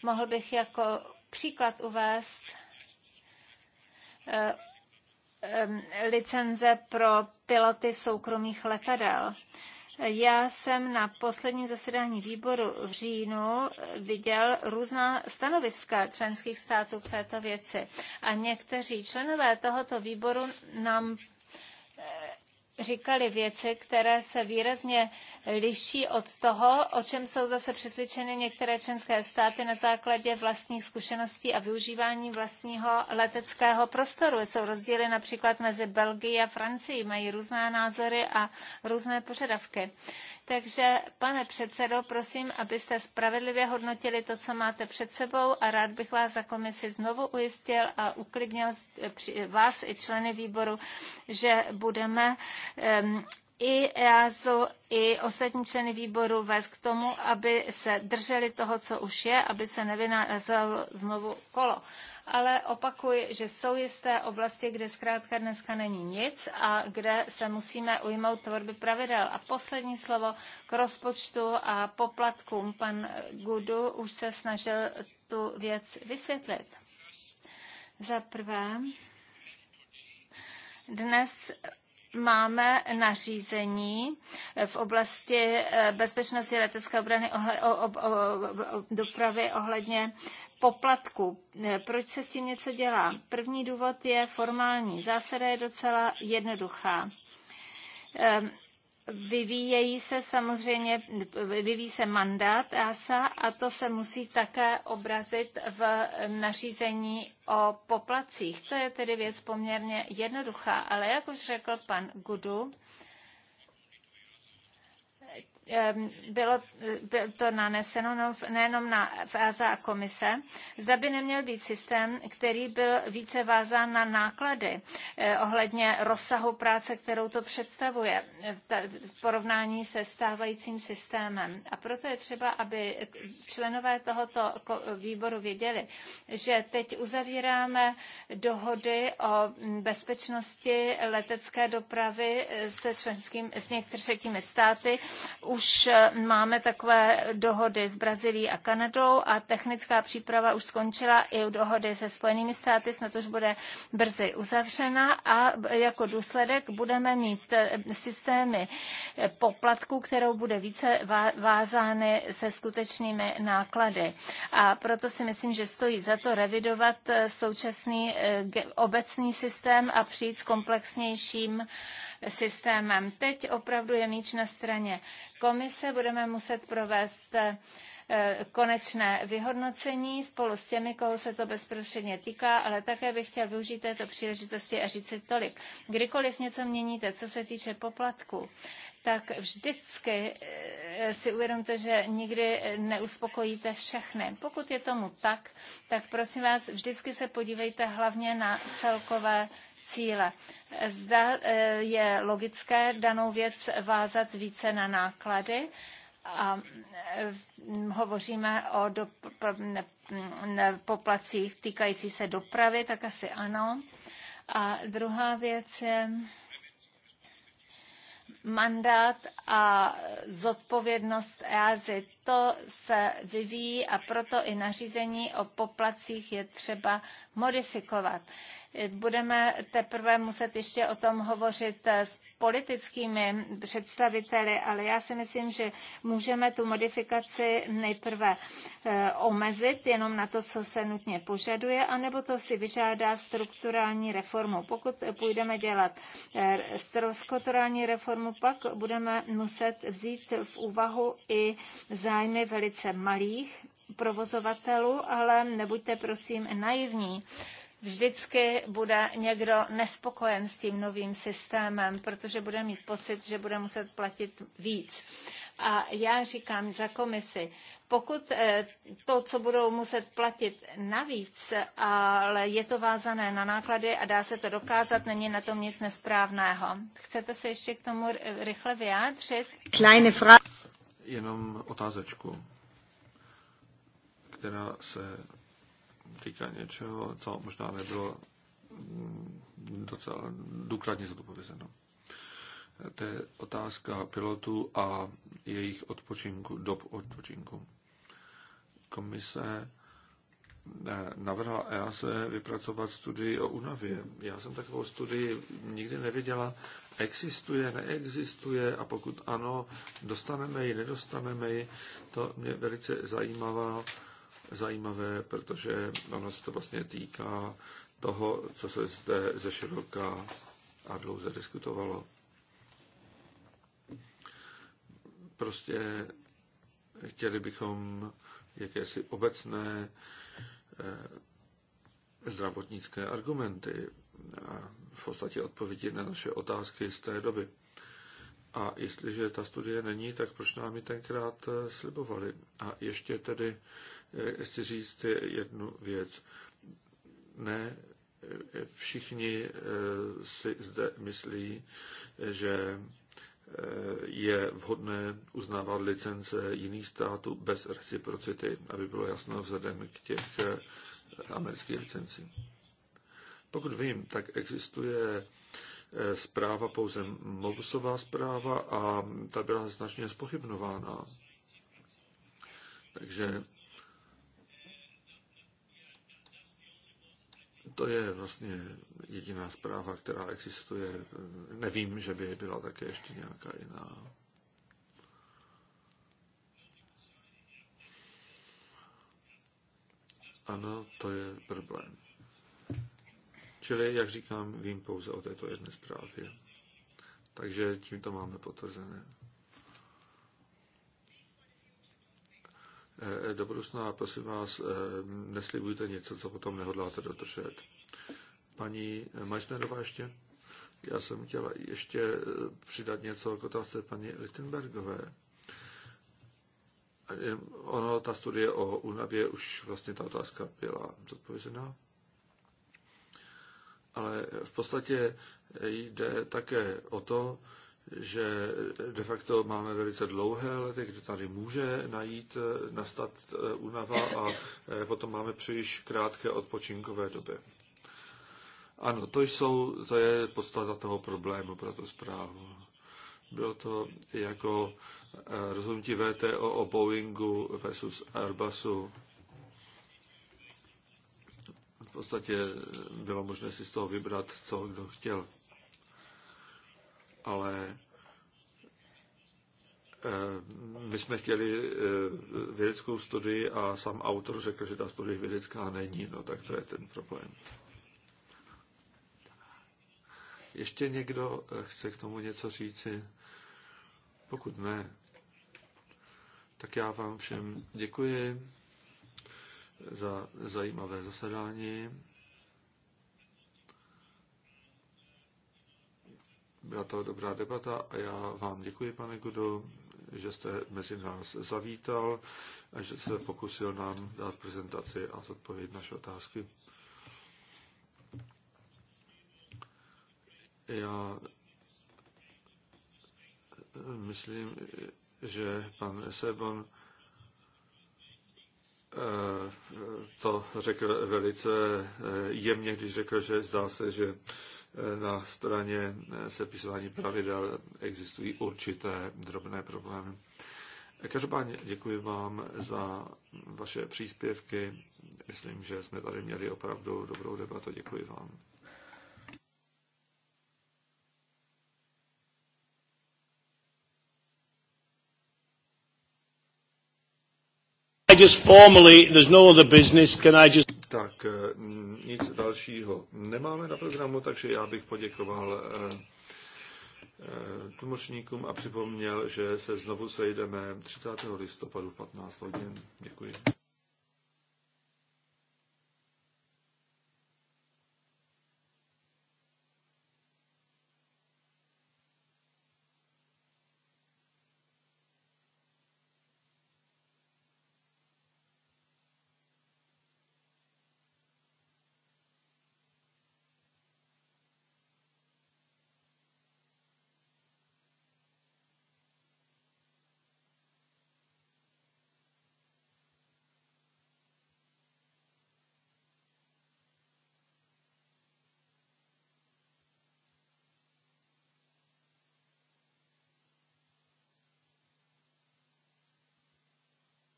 Mohl bych jako příklad uvést eh, eh, licenze pro piloty soukromých letadel. Já jsem na posledním zasedání výboru v říjnu viděl různá stanoviska členských států k této věci a někteří členové tohoto výboru nám říkali věci, které se výrazně liší od toho, o čem jsou zase přesvědčeny některé členské státy na základě vlastních zkušeností a využívání vlastního leteckého prostoru. Jsou rozdíly například mezi Belgií a Francií, mají různé názory a různé požadavky. Takže, pane předsedo, prosím, abyste spravedlivě hodnotili to, co máte před sebou a rád bych vás za komisi znovu ujistil a uklidnil vás i členy výboru, že budeme um, i EASO, i ostatní členy výboru vést k tomu, aby se drželi toho, co už je, aby se nevynázalo znovu kolo ale opakuji, že jsou jisté oblasti, kde zkrátka dneska není nic a kde se musíme ujmout tvorby pravidel. A poslední slovo k rozpočtu a poplatkům. Pan Gudu už se snažil tu věc vysvětlit. Za prvé, dnes máme nařízení v oblasti eh, bezpečnosti letecké obrany ohled, o, o, o, o, dopravy ohledně poplatku. Eh, proč se s tím něco dělá? První důvod je formální. Zásada je docela jednoduchá ehm, Vyvíjejí se samozřejmě, vyvíjí se mandát ASA a to se musí také obrazit v nařízení o poplacích. To je tedy věc poměrně jednoduchá, ale jak už řekl pan Gudu, Ehm, bylo eh, to naneseno no, nejenom na fáza a komise, zda by neměl být systém, který byl více vázán na náklady eh, ohledně rozsahu práce, kterou to představuje eh, v porovnání se stávajícím systémem. A proto je třeba, aby členové tohoto výboru věděli, že teď uzavíráme dohody o mm, bezpečnosti letecké dopravy se členským, s některými státy, už eh, máme takové dohody s Brazílií a Kanadou a technická příprava už skončila i u dohody se Spojenými státy, snad už bude brzy uzavřena a jako důsledek budeme mít eh, systémy eh, poplatků, kterou bude více vázány se skutečnými náklady. A proto si myslím, že stojí za to revidovat současný obecný systém a přijít s komplexnějším systémem. Teď opravdu je míč na straně komise, budeme muset provést eh, konečné vyhodnocení spolu s těmi, koho se to bezprostředně týká, ale také bych chtěl využít této příležitosti a říct si tolik. Kdykoliv něco měníte, co se týče poplatku, tak vždycky eh, si uvědomte, že nikdy eh, neuspokojíte všechny. Pokud je tomu tak, tak prosím vás, vždycky se podívejte hlavně na celkové cíle. Zda eh, je logické danou věc vázat více na náklady a eh, hovoříme o do, mm, poplacích týkající se dopravy, tak asi ano. A druhá věc je mandát a zodpovědnost EASY. To se vyvíjí a proto i nařízení o poplacích je třeba modifikovat. Budeme teprve muset ještě o tom hovořit eh, s politickými představiteli, ale já si myslím, že můžeme tu modifikaci nejprve eh, omezit jenom na to, co se nutně požaduje, anebo to si vyžádá strukturální reformu. Pokud půjdeme dělat eh, strukturální reformu, pak budeme muset vzít v úvahu i zájmy velice malých provozovatelů, ale nebuďte prosím naivní vždycky bude někdo nespokojen s tím novým systémem, protože bude mít pocit, že bude muset platit víc. A já říkám za komisi, pokud eh, to, co budou muset platit navíc, ale je to vázané na náklady a dá se to dokázat, není na tom nic nesprávného. Chcete se ještě k tomu rychle vyjádřit? Kleine Fra- Jenom otázečku, která se týká něčeho, co možná nebylo mm, docela důkladně zodpovězeno. To je otázka pilotů a jejich odpočinku, dob odpočinku. Komise eh, navrhla EASE e vypracovat studii o únavě. Já jsem takovou studii nikdy neviděla. Existuje, neexistuje a pokud ano, dostaneme ji, nedostaneme ji, to mě velice zajímalo zajímavé, protože ono se to vlastně týká toho, co se zde ze široka a dlouze diskutovalo. Prostě chtěli bychom jakési obecné eh, zdravotnické argumenty a v podstatě odpovědi na naše otázky z té doby. A jestliže ta studie není, tak proč nám ji tenkrát eh, slibovali? A ještě tedy Eh, chci říct jednu věc. Ne, eh, všichni eh, si zde myslí, že je vhodné uznávat licence jiných států bez reciprocity, aby bylo jasno vzhledem k těch amerických licencí. Pokud vím, tak existuje zpráva pouze Mobusová zpráva a ta byla značně spochybnována. Takže To je vlastně jediná zpráva, která existuje. Nevím, že by byla také ještě nějaká jiná. Ano, to je problém. Čili, jak říkám, vím pouze o této jedné zprávě. Takže tímto máme potvrzené Eh, do budoucna a prosím vás, eh, neslibujte něco, co potom nehodláte dodržet. Paní Majsnerová ještě? Já jsem chtěla ještě eh, přidat něco k otázce paní Littenbergové. Ono, ta studie o únavě, už vlastně ta otázka byla zodpovězená. Ale v podstatě jde také o to, že de facto máme velice dlouhé lety, kdy tady může najít, eh, nastat eh, únava a eh, potom máme příliš krátké odpočinkové doby. Ano, to, jsou, to je podstata toho problému pro tu zprávu. Bylo to jako rozhodnutí VTO o Boeingu versus Airbusu. V podstatě bylo možné si z toho vybrat, co kdo chtěl ale eh, my jsme chtěli eh, vědeckou studii a sám autor řekl, že ta studie vědecká není, no tak to je ten problém. Ještě někdo eh, chce k tomu něco říci? Pokud ne, tak já vám všem děkuji za zajímavé zasedání. Byla to dobrá debata a já vám děkuji, pane Gudo, že jste mezi nás zavítal a že se pokusil nám dát prezentaci a zodpovědět naše otázky. Já myslím, že pan Sebon eh, to řekl velice eh, jemně, když řekl, že zdá se, že na straně sepisování pravidel existují určité drobné problémy. Každopádně děkuji vám za vaše příspěvky. Myslím, že jsme tady měli opravdu dobrou debatu. Děkuji vám. I just formally, there's no other business, can I just... Tak eh, nic dalšího nemáme na programu, takže já bych poděkoval eh, eh, tlumočníkům a připomněl, že se znovu sejdeme 30. listopadu v 15 hodin. Děkuji.